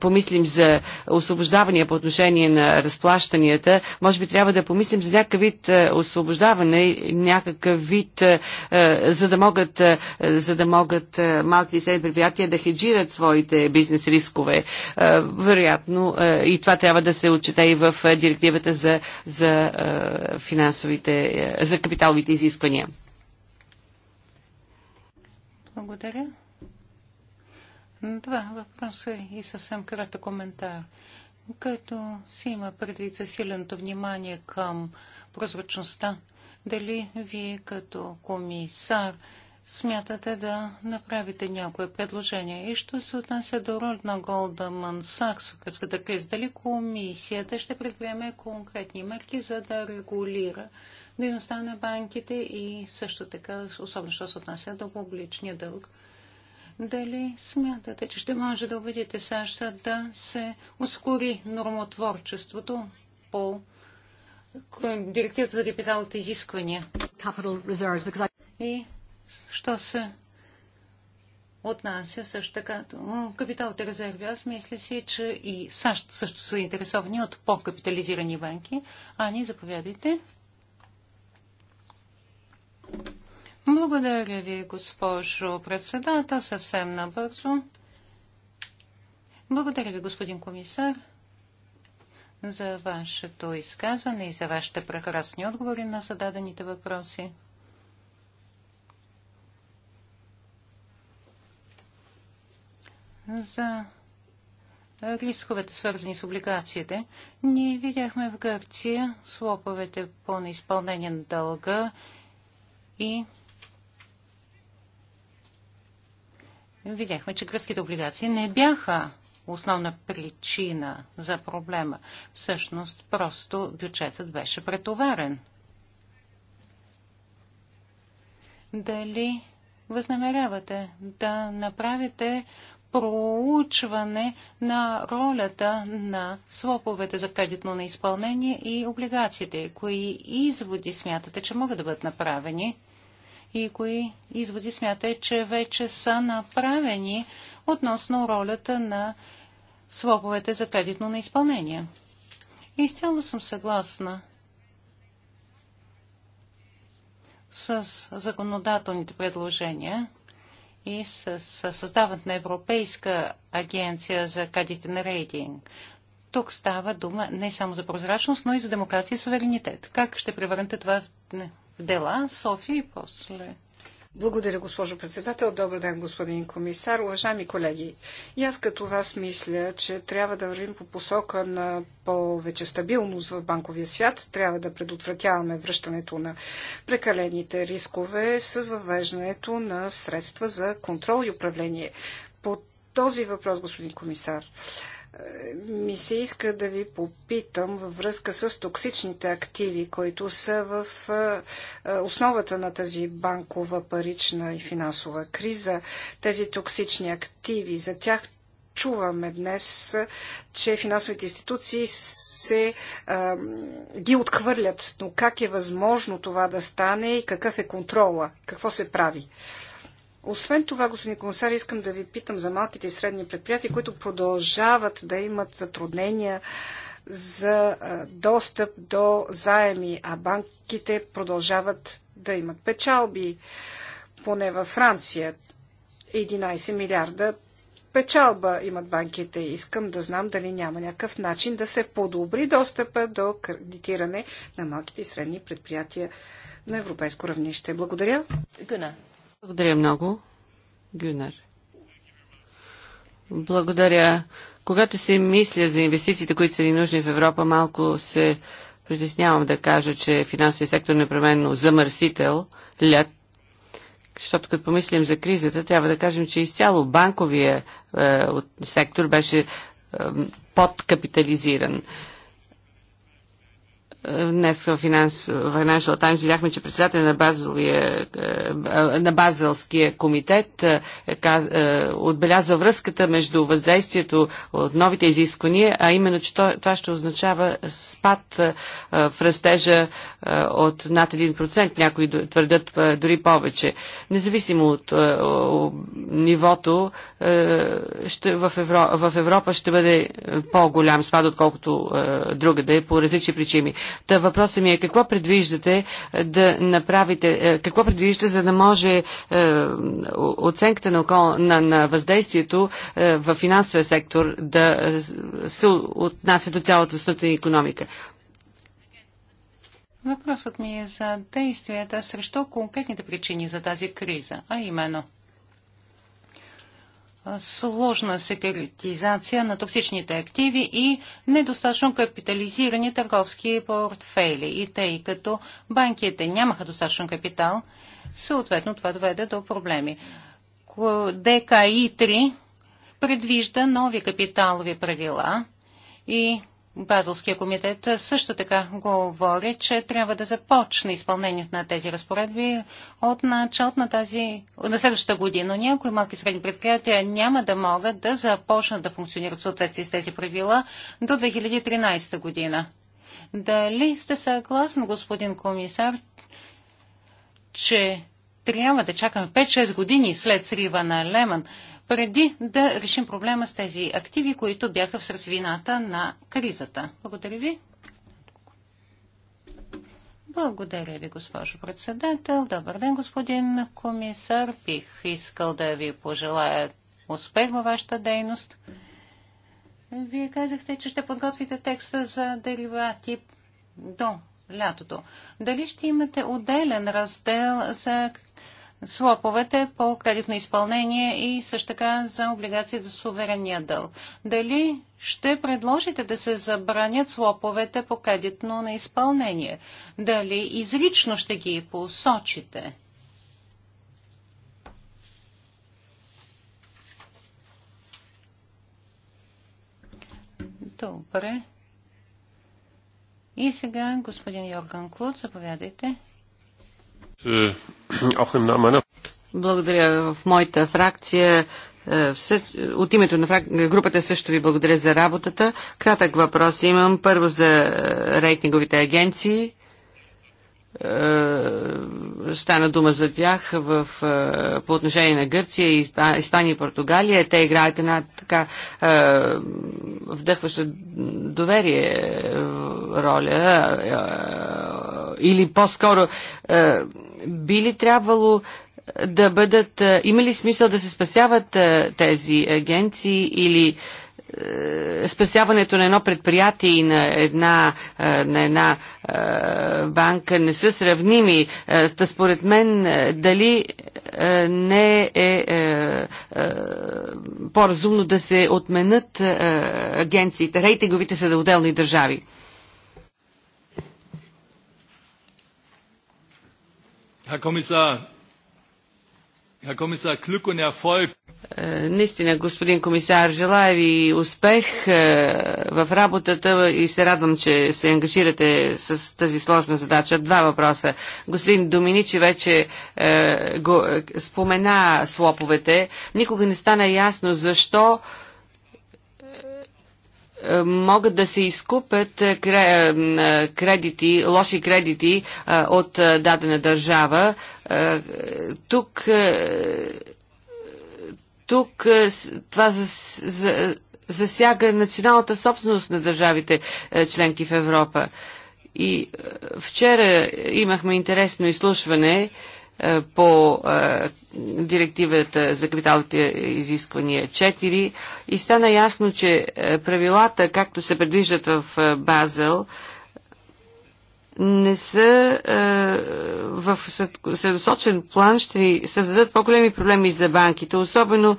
помислим за освобождавания по отношение на разплащанията, може би трябва да помислим за някакъв вид е, освобождаване, някакъв вид, е, е, за да могат, за да могат малки и средни предприятия да хеджират своите бизнес рискове. Вероятно и това трябва да се отчете и в директивата за, за финансовите, за капиталовите изисквания. Благодаря. Два въпроса е и съвсем кратък коментар. който си има предвид засиленото внимание към прозрачността, дали вие като комисар смятате да направите някое предложение? И що се отнася до роль на Голдаман Сакс в гръцката криза? Дали комисията ще предприеме конкретни мерки, за да регулира дейността на банките и също така, особено що се отнася до публичния дълг? Дали смятате, че ще може да убедите САЩ да се ускори нормотворчеството по директивата за капиталните изисквания? И що се отнася също така до капиталните резерви. Аз мисля си, че и САЩ също са интересовани от по-капитализирани банки. Ани, заповядайте. Благодаря ви, госпожо председател, съвсем набързо. Благодаря ви, господин комисар, за вашето изказване и за вашите прекрасни отговори на зададените въпроси. За рисковете, свързани с облигациите, ние видяхме в Гърция слоповете по неизпълнение на дълга и видяхме, че гръцките облигации не бяха основна причина за проблема. Всъщност, просто бюджетът беше претоварен. Дали възнамерявате да направите проучване на ролята на слоповете за кредитно на изпълнение и облигациите? Кои изводи смятате, че могат да бъдат направени? и кои изводи смятате, че вече са направени относно ролята на слоповете за кредитно на изпълнение. Изцяло съм съгласна с законодателните предложения и с, с създаването на Европейска агенция за кредитен рейтинг. Тук става дума не само за прозрачност, но и за демокрация и суверенитет. Как ще превърнете това в дела. София и после. Благодаря, госпожо председател. Добър ден, господин комисар. Уважаеми колеги, и аз като вас мисля, че трябва да вървим по посока на повече стабилност в банковия свят. Трябва да предотвратяваме връщането на прекалените рискове с въвеждането на средства за контрол и управление. По този въпрос, господин комисар, ми се иска да ви попитам във връзка с токсичните активи, които са в основата на тази банкова, парична и финансова криза. Тези токсични активи, за тях чуваме днес, че финансовите институции се а, ги отхвърлят. Но как е възможно това да стане и какъв е контрола? Какво се прави? Освен това, господин комисар, искам да ви питам за малките и средни предприятия, които продължават да имат затруднения за достъп до заеми, а банките продължават да имат печалби. Поне във Франция 11 милиарда печалба имат банките. Искам да знам дали няма някакъв начин да се подобри достъпа до кредитиране на малките и средни предприятия на европейско равнище. Благодаря. Гъна. Благодаря много, Гюнер. Благодаря. Когато се мисля за инвестициите, които са ни нужни в Европа, малко се притеснявам да кажа, че финансовия сектор е непременно замърсител, лед, защото като помислим за кризата, трябва да кажем, че изцяло банковия е, сектор беше е, подкапитализиран. Днес в Financial Times видяхме, че председателя на, Базовия, е, на Базелския комитет е, каз, е, отбелязва връзката между въздействието от новите изисквания, а именно, че това ще означава спад в растежа от над 1%, някои твърдят дори повече. Независимо от нивото, ще, в, в Европа ще бъде по-голям спад, отколкото другаде, по различни причини. Та въпросът ми е какво предвиждате е, да направите, е, какво предвиждате, за да може е, оценката на, окол, на, на въздействието в финансовия сектор да се отнася до цялата съдна економика? Въпросът ми е за действията срещу конкретните причини за тази криза, а именно – сложна секретизация на токсичните активи и недостатъчно капитализирани търговски портфели. И тъй като банките нямаха достатъчно капитал, съответно това доведе до проблеми. ДКИ-3 предвижда нови капиталови правила и Базълския комитет също така говори, че трябва да започне изпълнението на тези разпоредби от началото на тази, на следващата година. Но някои малки и средни предприятия няма да могат да започнат да функционират в съответствие с тези правила до 2013 година. Дали сте съгласни, господин комисар, че трябва да чакаме 5-6 години след срива на Леман преди да решим проблема с тези активи, които бяха в сърцевината на кризата. Благодаря ви. Благодаря ви, госпожо председател. Добър ден, господин комисар. Бих искал да ви пожелая успех във вашата дейност. Вие казахте, че ще подготвите текста за деривати до лятото. Дали ще имате отделен раздел за слоповете по кредитно изпълнение и също така за облигации за суверенния дъл. Дали ще предложите да се забранят слоповете по кредитно на изпълнение? Дали изрично ще ги посочите? Добре. И сега господин Йорган Клуд, заповядайте. Е, благодаря в моята фракция. Е, от името на групата също ви благодаря за работата. Кратък въпрос имам. Първо за е, рейтинговите агенции стана дума за тях в, по отношение на Гърция, Испания и Португалия. Те играят една така вдъхваща доверие роля или по-скоро би ли трябвало е, да бъдат, е, има ли смисъл да се спасяват е, тези агенции или спасяването на едно предприятие и на една, на една банка не са сравними. Та според мен дали не е по-разумно да се отменят агенциите, рейтинговите са да отделни държави. Herr Kommissar, Herr Kommissar, Glück und Erfolg. Е, наистина, господин комисар, желая ви успех е, в работата и се радвам, че се ангажирате с тази сложна задача. Два въпроса. Господин Доминичи вече е, го, спомена слоповете. Никога не стана ясно защо е, могат да се изкупят е, е, кредити, лоши кредити от дадена държава. Тук, тук това засяга националната собственост на държавите членки в Европа. И вчера имахме интересно изслушване е, по е, директивата за капиталните изисквания 4 и стана ясно, че е, правилата, както се предвиждат в Базел, не са в средосочен план, ще ни създадат по-големи проблеми за банките, особено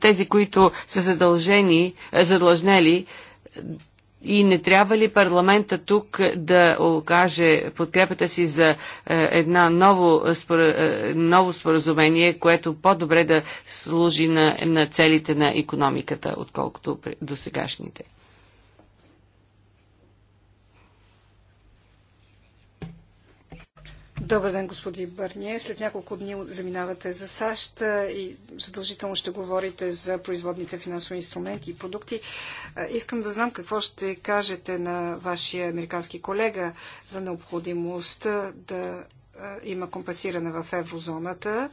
тези, които са задължени, задлъжнели и не трябва ли парламента тук да окаже подкрепата си за е, едно ново, е, ново споразумение, което по-добре да служи на, на целите на економиката, отколкото до сегашните? Добър ден, господин Бърние. След няколко дни заминавате за САЩ и задължително ще говорите за производните финансови инструменти и продукти. Искам да знам какво ще кажете на вашия американски колега за необходимостта да има компенсиране в еврозоната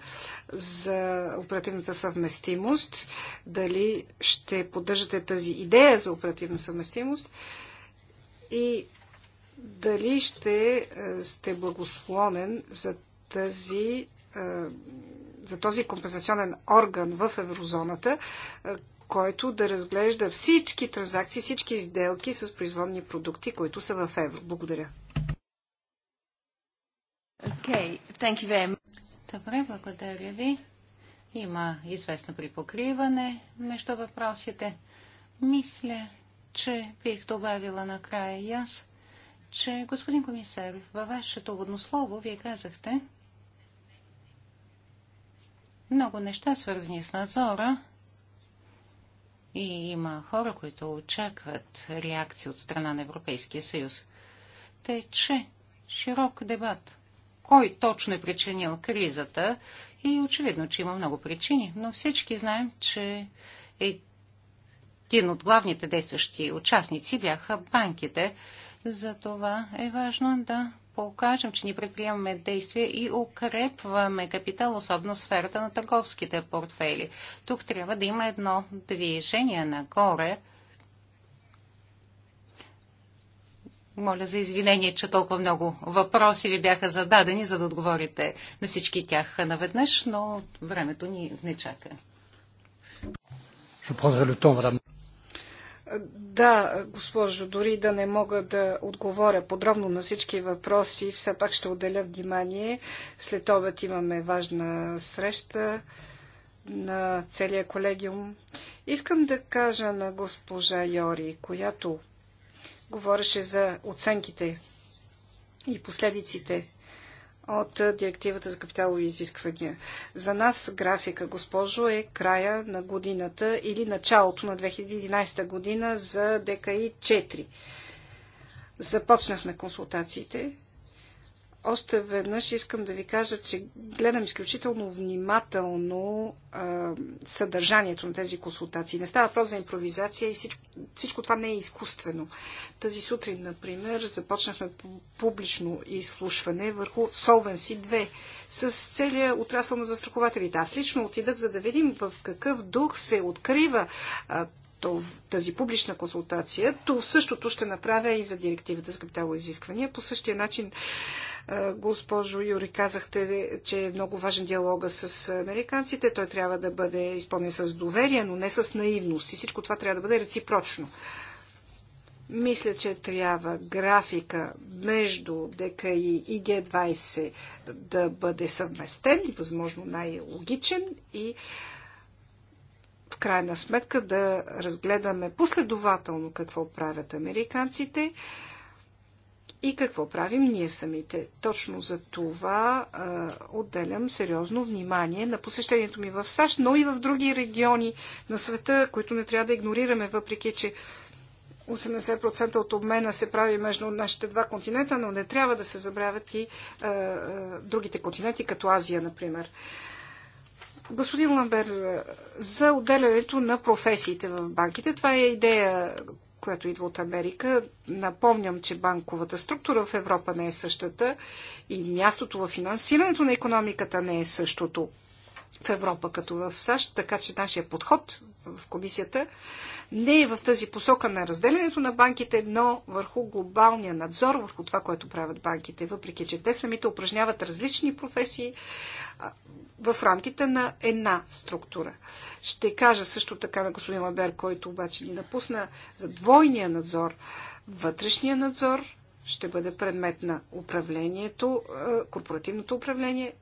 за оперативната съвместимост. Дали ще поддържате тази идея за оперативна съвместимост? И дали ще е, сте благословен за тази е, за този компенсационен орган в еврозоната, е, който да разглежда всички транзакции, всички изделки с производни продукти, които са в евро. Благодаря. Okay, thank you very much. Добре, благодаря ви. Има известно припокриване между въпросите. Мисля, че бих добавила накрая и аз че, господин комисар, във вашето слово вие казахте много неща, свързани с надзора, и има хора, които очакват реакции от страна на Европейския съюз. че широк дебат. Кой точно е причинил кризата? И очевидно, че има много причини, но всички знаем, че един от главните действащи участници бяха банките – затова е важно да покажем, че ни предприемаме действия и укрепваме капитал, особено в сферата на търговските портфели. Тук трябва да има едно движение нагоре. Моля за извинение, че толкова много въпроси ви бяха зададени, за да отговорите на всички тях наведнъж, но времето ни не чака. Да, госпожо, дори да не мога да отговоря подробно на всички въпроси, все пак ще отделя внимание. След обед имаме важна среща на целия колегиум. Искам да кажа на госпожа Йори, която говореше за оценките и последиците от директивата за капиталови изисквания. За нас графика, госпожо, е края на годината или началото на 2011 година за ДКИ 4. Започнахме консултациите още веднъж искам да ви кажа, че гледам изключително внимателно а, съдържанието на тези консултации. Не става въпрос за импровизация и всичко, всичко това не е изкуствено. Тази сутрин, например, започнахме публично изслушване върху Solvency 2 с целия отрасъл на застрахователите. Аз лично отидах, за да видим в какъв дух се открива а, тази публична консултация, то същото ще направя и за директивата с капитало изисквания. По същия начин, е, госпожо Юри, казахте, че е много важен диалога с американците. Той трябва да бъде изпълнен с доверие, но не с наивност. И всичко това трябва да бъде реципрочно. Мисля, че трябва графика между ДКИ и Г20 да бъде съвместен, възможно най-логичен и крайна сметка да разгледаме последователно какво правят американците и какво правим ние самите. Точно за това а, отделям сериозно внимание на посещението ми в САЩ, но и в други региони на света, които не трябва да игнорираме, въпреки че 80% от обмена се прави между нашите два континента, но не трябва да се забравят и а, а, другите континенти, като Азия, например. Господин Ламбер, за отделянето на професиите в банките, това е идея, която идва от Америка. Напомням, че банковата структура в Европа не е същата и мястото в финансирането на економиката не е същото в Европа, като в САЩ, така че нашия подход в комисията не е в тази посока на разделянето на банките, но върху глобалния надзор, върху това, което правят банките, въпреки че те самите упражняват различни професии в рамките на една структура. Ще кажа също така на господин Лабер, който обаче ни напусна за двойния надзор, вътрешния надзор ще бъде предмет на управлението, корпоративното управление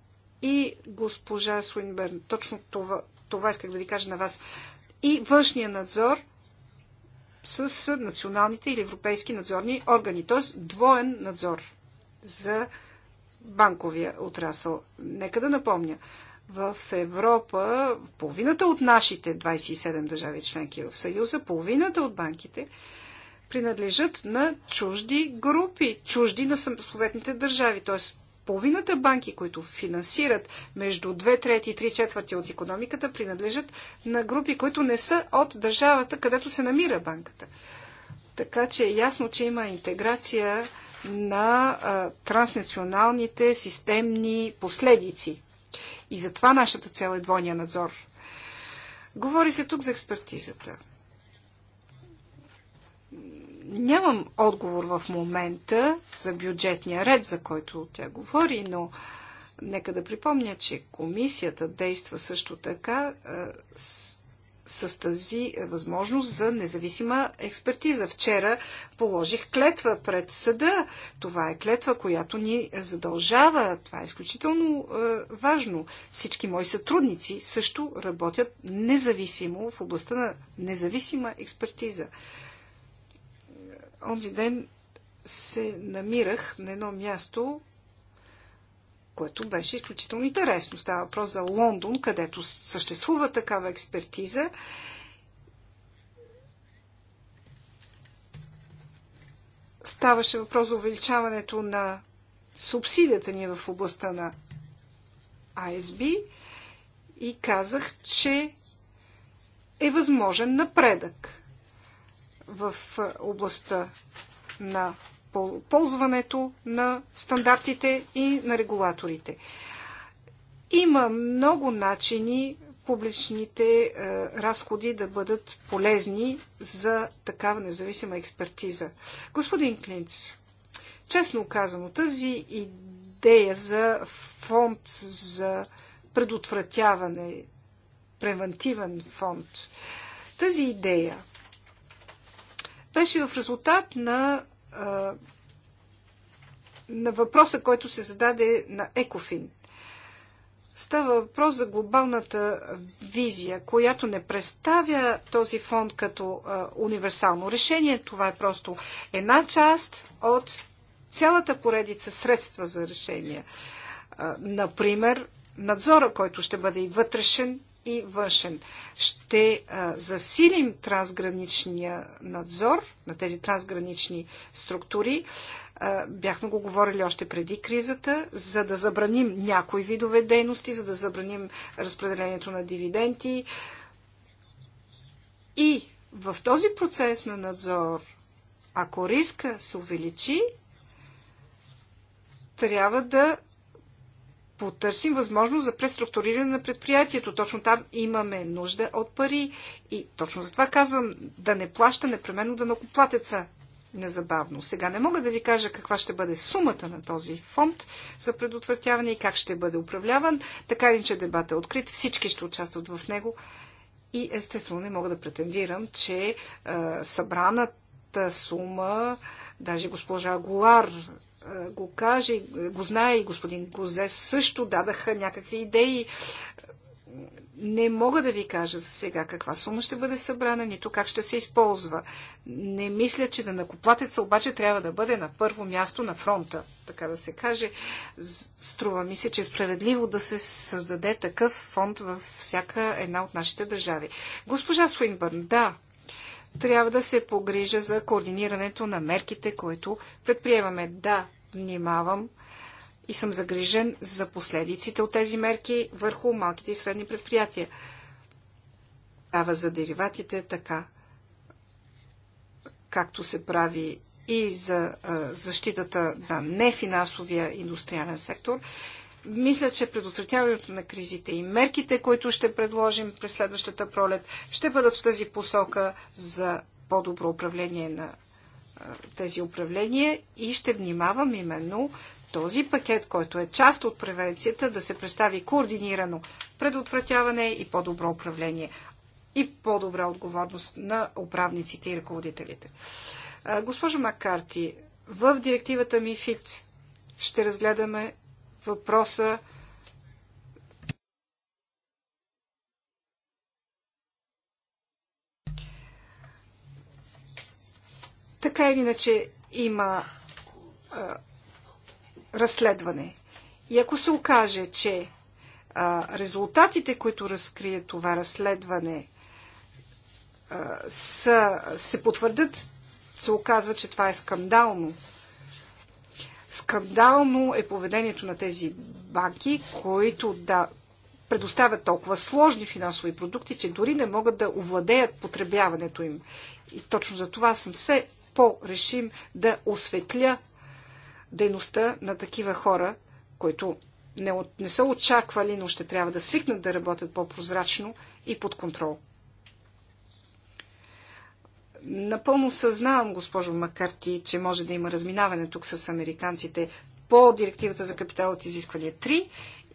и госпожа Суинберн. Точно това, това исках да ви кажа на вас. И външния надзор с националните или европейски надзорни органи, т.е. двоен надзор за банковия отрасъл. Нека да напомня, в Европа половината от нашите 27 държави членки в Съюза, половината от банките принадлежат на чужди групи, чужди на съответните държави. Т.е половината банки, които финансират между 2 трети и 3 четвърти от економиката, принадлежат на групи, които не са от държавата, където се намира банката. Така че е ясно, че има интеграция на а, транснационалните системни последици. И затова нашата цел е двойния надзор. Говори се тук за експертизата. Нямам отговор в момента за бюджетния ред, за който тя говори, но нека да припомня, че комисията действа също така е, с, с тази възможност за независима експертиза. Вчера положих клетва пред съда. Това е клетва, която ни задължава. Това е изключително е, важно. Всички мои сътрудници също работят независимо в областта на независима експертиза онзи ден се намирах на едно място, което беше изключително интересно. Става въпрос за Лондон, където съществува такава експертиза. Ставаше въпрос за увеличаването на субсидията ни в областта на АСБ и казах, че е възможен напредък в областта на ползването на стандартите и на регулаторите. Има много начини публичните разходи да бъдат полезни за такава независима експертиза. Господин Клинц, честно казано, тази идея за фонд за предотвратяване, превентивен фонд, тази идея беше в резултат на, а, на въпроса, който се зададе на Екофин. Става въпрос за глобалната визия, която не представя този фонд като а, универсално решение. Това е просто една част от цялата поредица средства за решения. А, например, надзора, който ще бъде и вътрешен, и външен. Ще засилим трансграничния надзор на тези трансгранични структури. Бяхме го говорили още преди кризата, за да забраним някои видове дейности, за да забраним разпределението на дивиденти. И в този процес на надзор, ако риска се увеличи, трябва да потърсим възможност за преструктуриране на предприятието. Точно там имаме нужда от пари и точно за това казвам да не плаща непременно да накоплатеца незабавно. Сега не мога да ви кажа каква ще бъде сумата на този фонд за предотвратяване и как ще бъде управляван. Така или че дебата е открит, всички ще участват в него и естествено не мога да претендирам, че е, събраната сума, даже госпожа Голар го каже, го знае и господин Козе също дадаха някакви идеи. Не мога да ви кажа за сега каква сума ще бъде събрана, нито как ще се използва. Не мисля, че да накоплатеца обаче трябва да бъде на първо място на фронта, така да се каже. Струва ми се, че е справедливо да се създаде такъв фонд във всяка една от нашите държави. Госпожа Суинбърн, да, трябва да се погрижа за координирането на мерките, които предприемаме. Да, внимавам и съм загрижен за последиците от тези мерки върху малките и средни предприятия. Трябва за дериватите така, както се прави и за защитата на нефинансовия индустриален сектор мисля, че предотвратяването на кризите и мерките, които ще предложим през следващата пролет, ще бъдат в тази посока за по-добро управление на тези управления и ще внимавам именно този пакет, който е част от превенцията, да се представи координирано предотвратяване и по-добро управление и по-добра отговорност на управниците и ръководителите. Госпожо Маккарти, в директивата МИФИТ ще разгледаме въпроса така или иначе има а, разследване. И ако се окаже, че а, резултатите, които разкрие това разследване, а, са, се потвърдят, се оказва, че това е скандално, Скандално е поведението на тези банки, които да предоставят толкова сложни финансови продукти, че дори не могат да овладеят потребяването им. И точно за това съм все по-решим да осветля дейността на такива хора, които не, от, не са очаквали, но ще трябва да свикнат да работят по-прозрачно и под контрол. Напълно съзнавам, госпожо Макарти, че може да има разминаване тук с американците по директивата за капитал от изисквания 3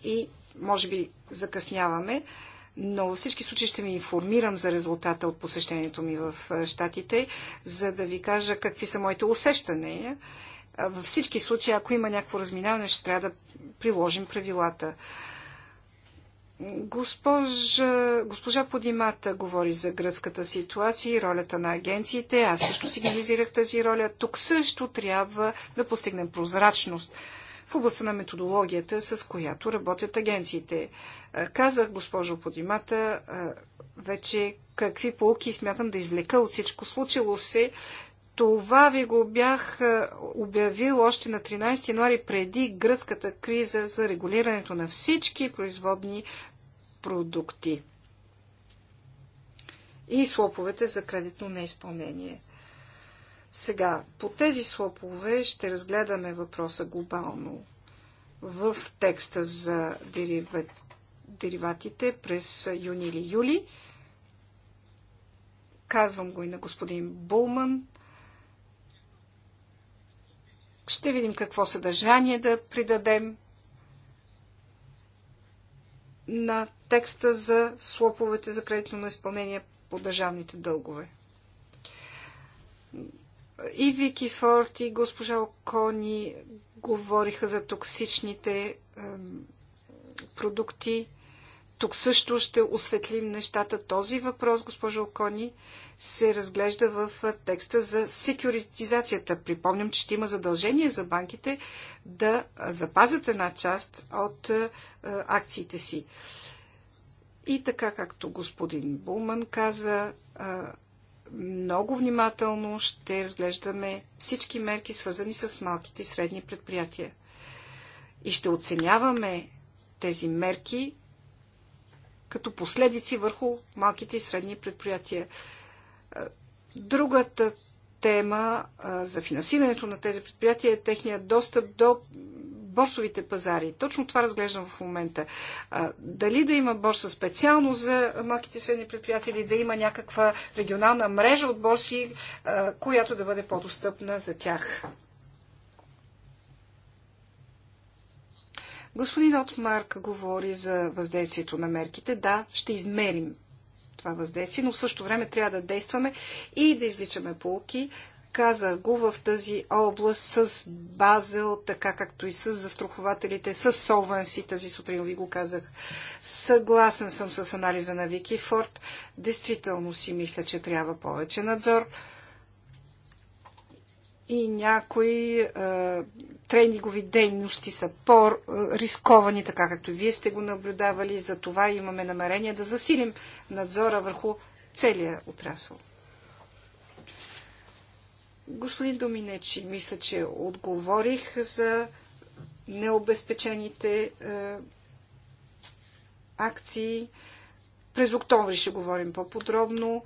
и може би закъсняваме, но във всички случаи ще ви информирам за резултата от посещението ми в Штатите, за да ви кажа какви са моите усещания. Във всички случаи, ако има някакво разминаване, ще трябва да приложим правилата. Госпожа, госпожа Подимата говори за гръцката ситуация и ролята на агенциите. Аз също сигнализирах тази роля. Тук също трябва да постигнем прозрачност в областта на методологията, с която работят агенциите. Казах, госпожо Подимата, вече какви полки смятам да извлека от всичко случило се това ви го бях е, обявил още на 13 януари преди гръцката криза за регулирането на всички производни продукти и слоповете за кредитно неизпълнение. Сега, по тези слопове ще разгледаме въпроса глобално в текста за дериватите през юни или юли. Казвам го и на господин Булман, ще видим какво съдържание да придадем на текста за слоповете за кредитно изпълнение по държавните дългове. И Вики Форд, и госпожа Окони говориха за токсичните продукти. Тук също ще осветлим нещата. Този въпрос, госпожо Окони, се разглежда в текста за секюритизацията. Припомням, че ще има задължение за банките да запазят една част от е, акциите си. И така, както господин Булман каза, е, много внимателно ще разглеждаме всички мерки, свързани с малките и средни предприятия. И ще оценяваме тези мерки като последици върху малките и средни предприятия. Е, другата тема е, за финансирането на тези предприятия е техният достъп до борсовите пазари. Точно това разглеждам в момента. Е, дали да има борса специално за малките и средни предприятия или да има някаква регионална мрежа от борси, която да бъде по-достъпна за тях. Господин Отмарк говори за въздействието на мерките. Да, ще измерим това въздействие, но в същото време трябва да действаме и да изличаме полки. Каза го в тази област с Базел, така както и с застрахователите, с Солванси, тази сутрин ви го казах. Съгласен съм с анализа на Вики Форд. Действително си мисля, че трябва повече надзор и някои е, тренингови дейности са по-рисковани, така както вие сте го наблюдавали. За това имаме намерение да засилим надзора върху целия отрасъл. Господин Доминечи, мисля, че отговорих за необезпечените е, акции. През октомври ще говорим по-подробно.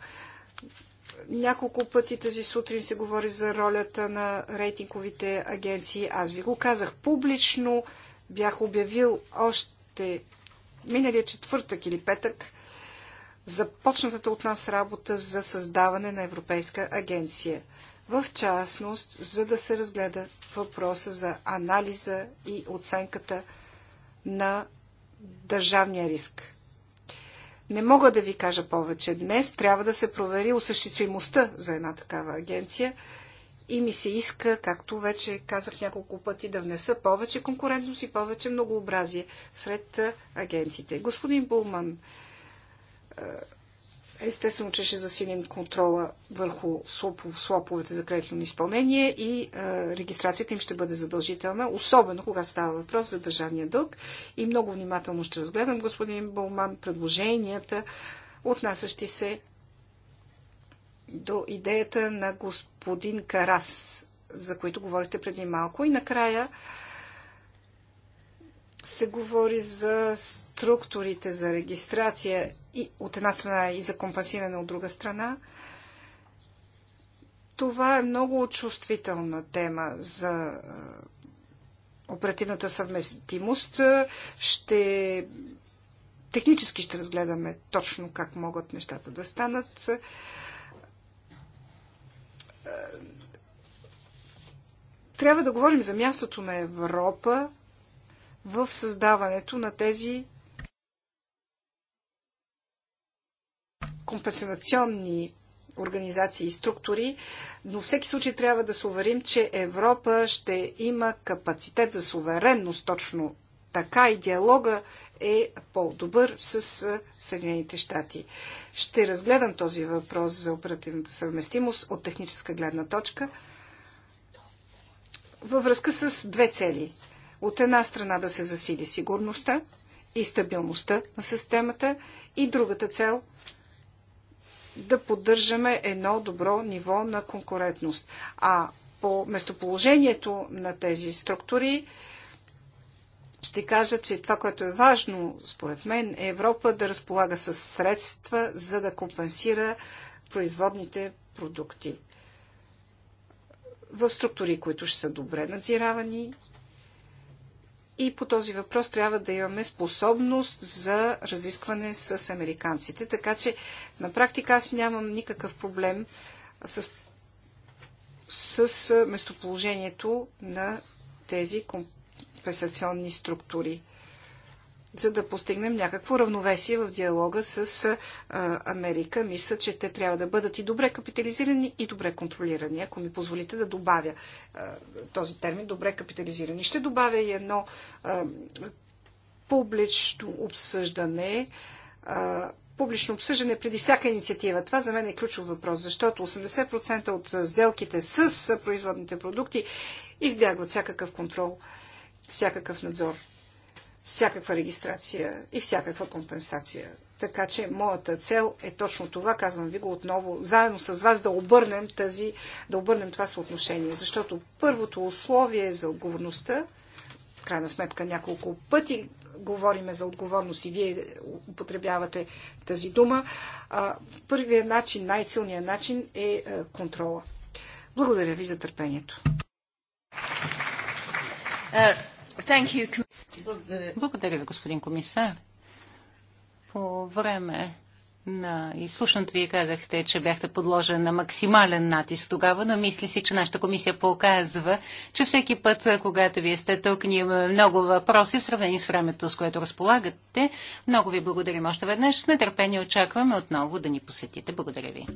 Няколко пъти тази сутрин се говори за ролята на рейтинговите агенции. Аз ви го казах публично, бях обявил още миналия четвъртък или петък започнатата от нас работа за създаване на Европейска агенция. В частност, за да се разгледа въпроса за анализа и оценката на държавния риск. Не мога да ви кажа повече днес. Трябва да се провери осъществимостта за една такава агенция и ми се иска, както вече казах няколко пъти, да внеса повече конкурентност и повече многообразие сред агенциите. Господин Булман, Естествено, че ще засилим контрола върху слоповете за кредитно изпълнение и е, регистрацията им ще бъде задължителна, особено когато става въпрос за държавния дълг. И много внимателно ще разгледам, господин Балман, предложенията, отнасящи се до идеята на господин Карас, за които говорите преди малко. И накрая се говори за структурите за регистрация и, от една страна и за компенсиране от друга страна. Това е много чувствителна тема за оперативната съвместимост. Ще технически ще разгледаме точно как могат нещата да станат. Трябва да говорим за мястото на Европа в създаването на тези компенсационни организации и структури, но всеки случай трябва да се уверим, че Европа ще има капацитет за суверенност точно така и диалога е по-добър с Съединените щати. Ще разгледам този въпрос за оперативната съвместимост от техническа гледна точка във връзка с две цели – от една страна да се засили сигурността и стабилността на системата и другата цел да поддържаме едно добро ниво на конкурентност. А по местоположението на тези структури ще кажа, че това, което е важно, според мен, е Европа да разполага с средства, за да компенсира производните продукти в структури, които ще са добре надзиравани и по този въпрос трябва да имаме способност за разискване с американците. Така че на практика аз нямам никакъв проблем с, с местоположението на тези компенсационни структури за да постигнем някакво равновесие в диалога с Америка. Мисля, че те трябва да бъдат и добре капитализирани, и добре контролирани. Ако ми позволите да добавя този термин, добре капитализирани. Ще добавя и едно публично обсъждане публично обсъждане преди всяка инициатива. Това за мен е ключов въпрос, защото 80% от сделките с производните продукти избягват всякакъв контрол, всякакъв надзор всякаква регистрация и всякаква компенсация. Така че моята цел е точно това, казвам ви го отново, заедно с вас да обърнем, тази, да обърнем това съотношение. Защото първото условие е за отговорността, в крайна сметка няколко пъти говориме за отговорност и вие употребявате тази дума, първият начин, най-силният начин е, е контрола. Благодаря ви за търпението. Uh, благодаря. ви, господин комисар. По време на изслушането вие казахте, че бяхте подложен на максимален натиск тогава, но мисли си, че нашата комисия показва, че всеки път, когато вие сте тук, ние имаме много въпроси в сравнение с времето, с което разполагате. Много ви благодарим още веднъж. С нетърпение очакваме отново да ни посетите. Благодаря ви.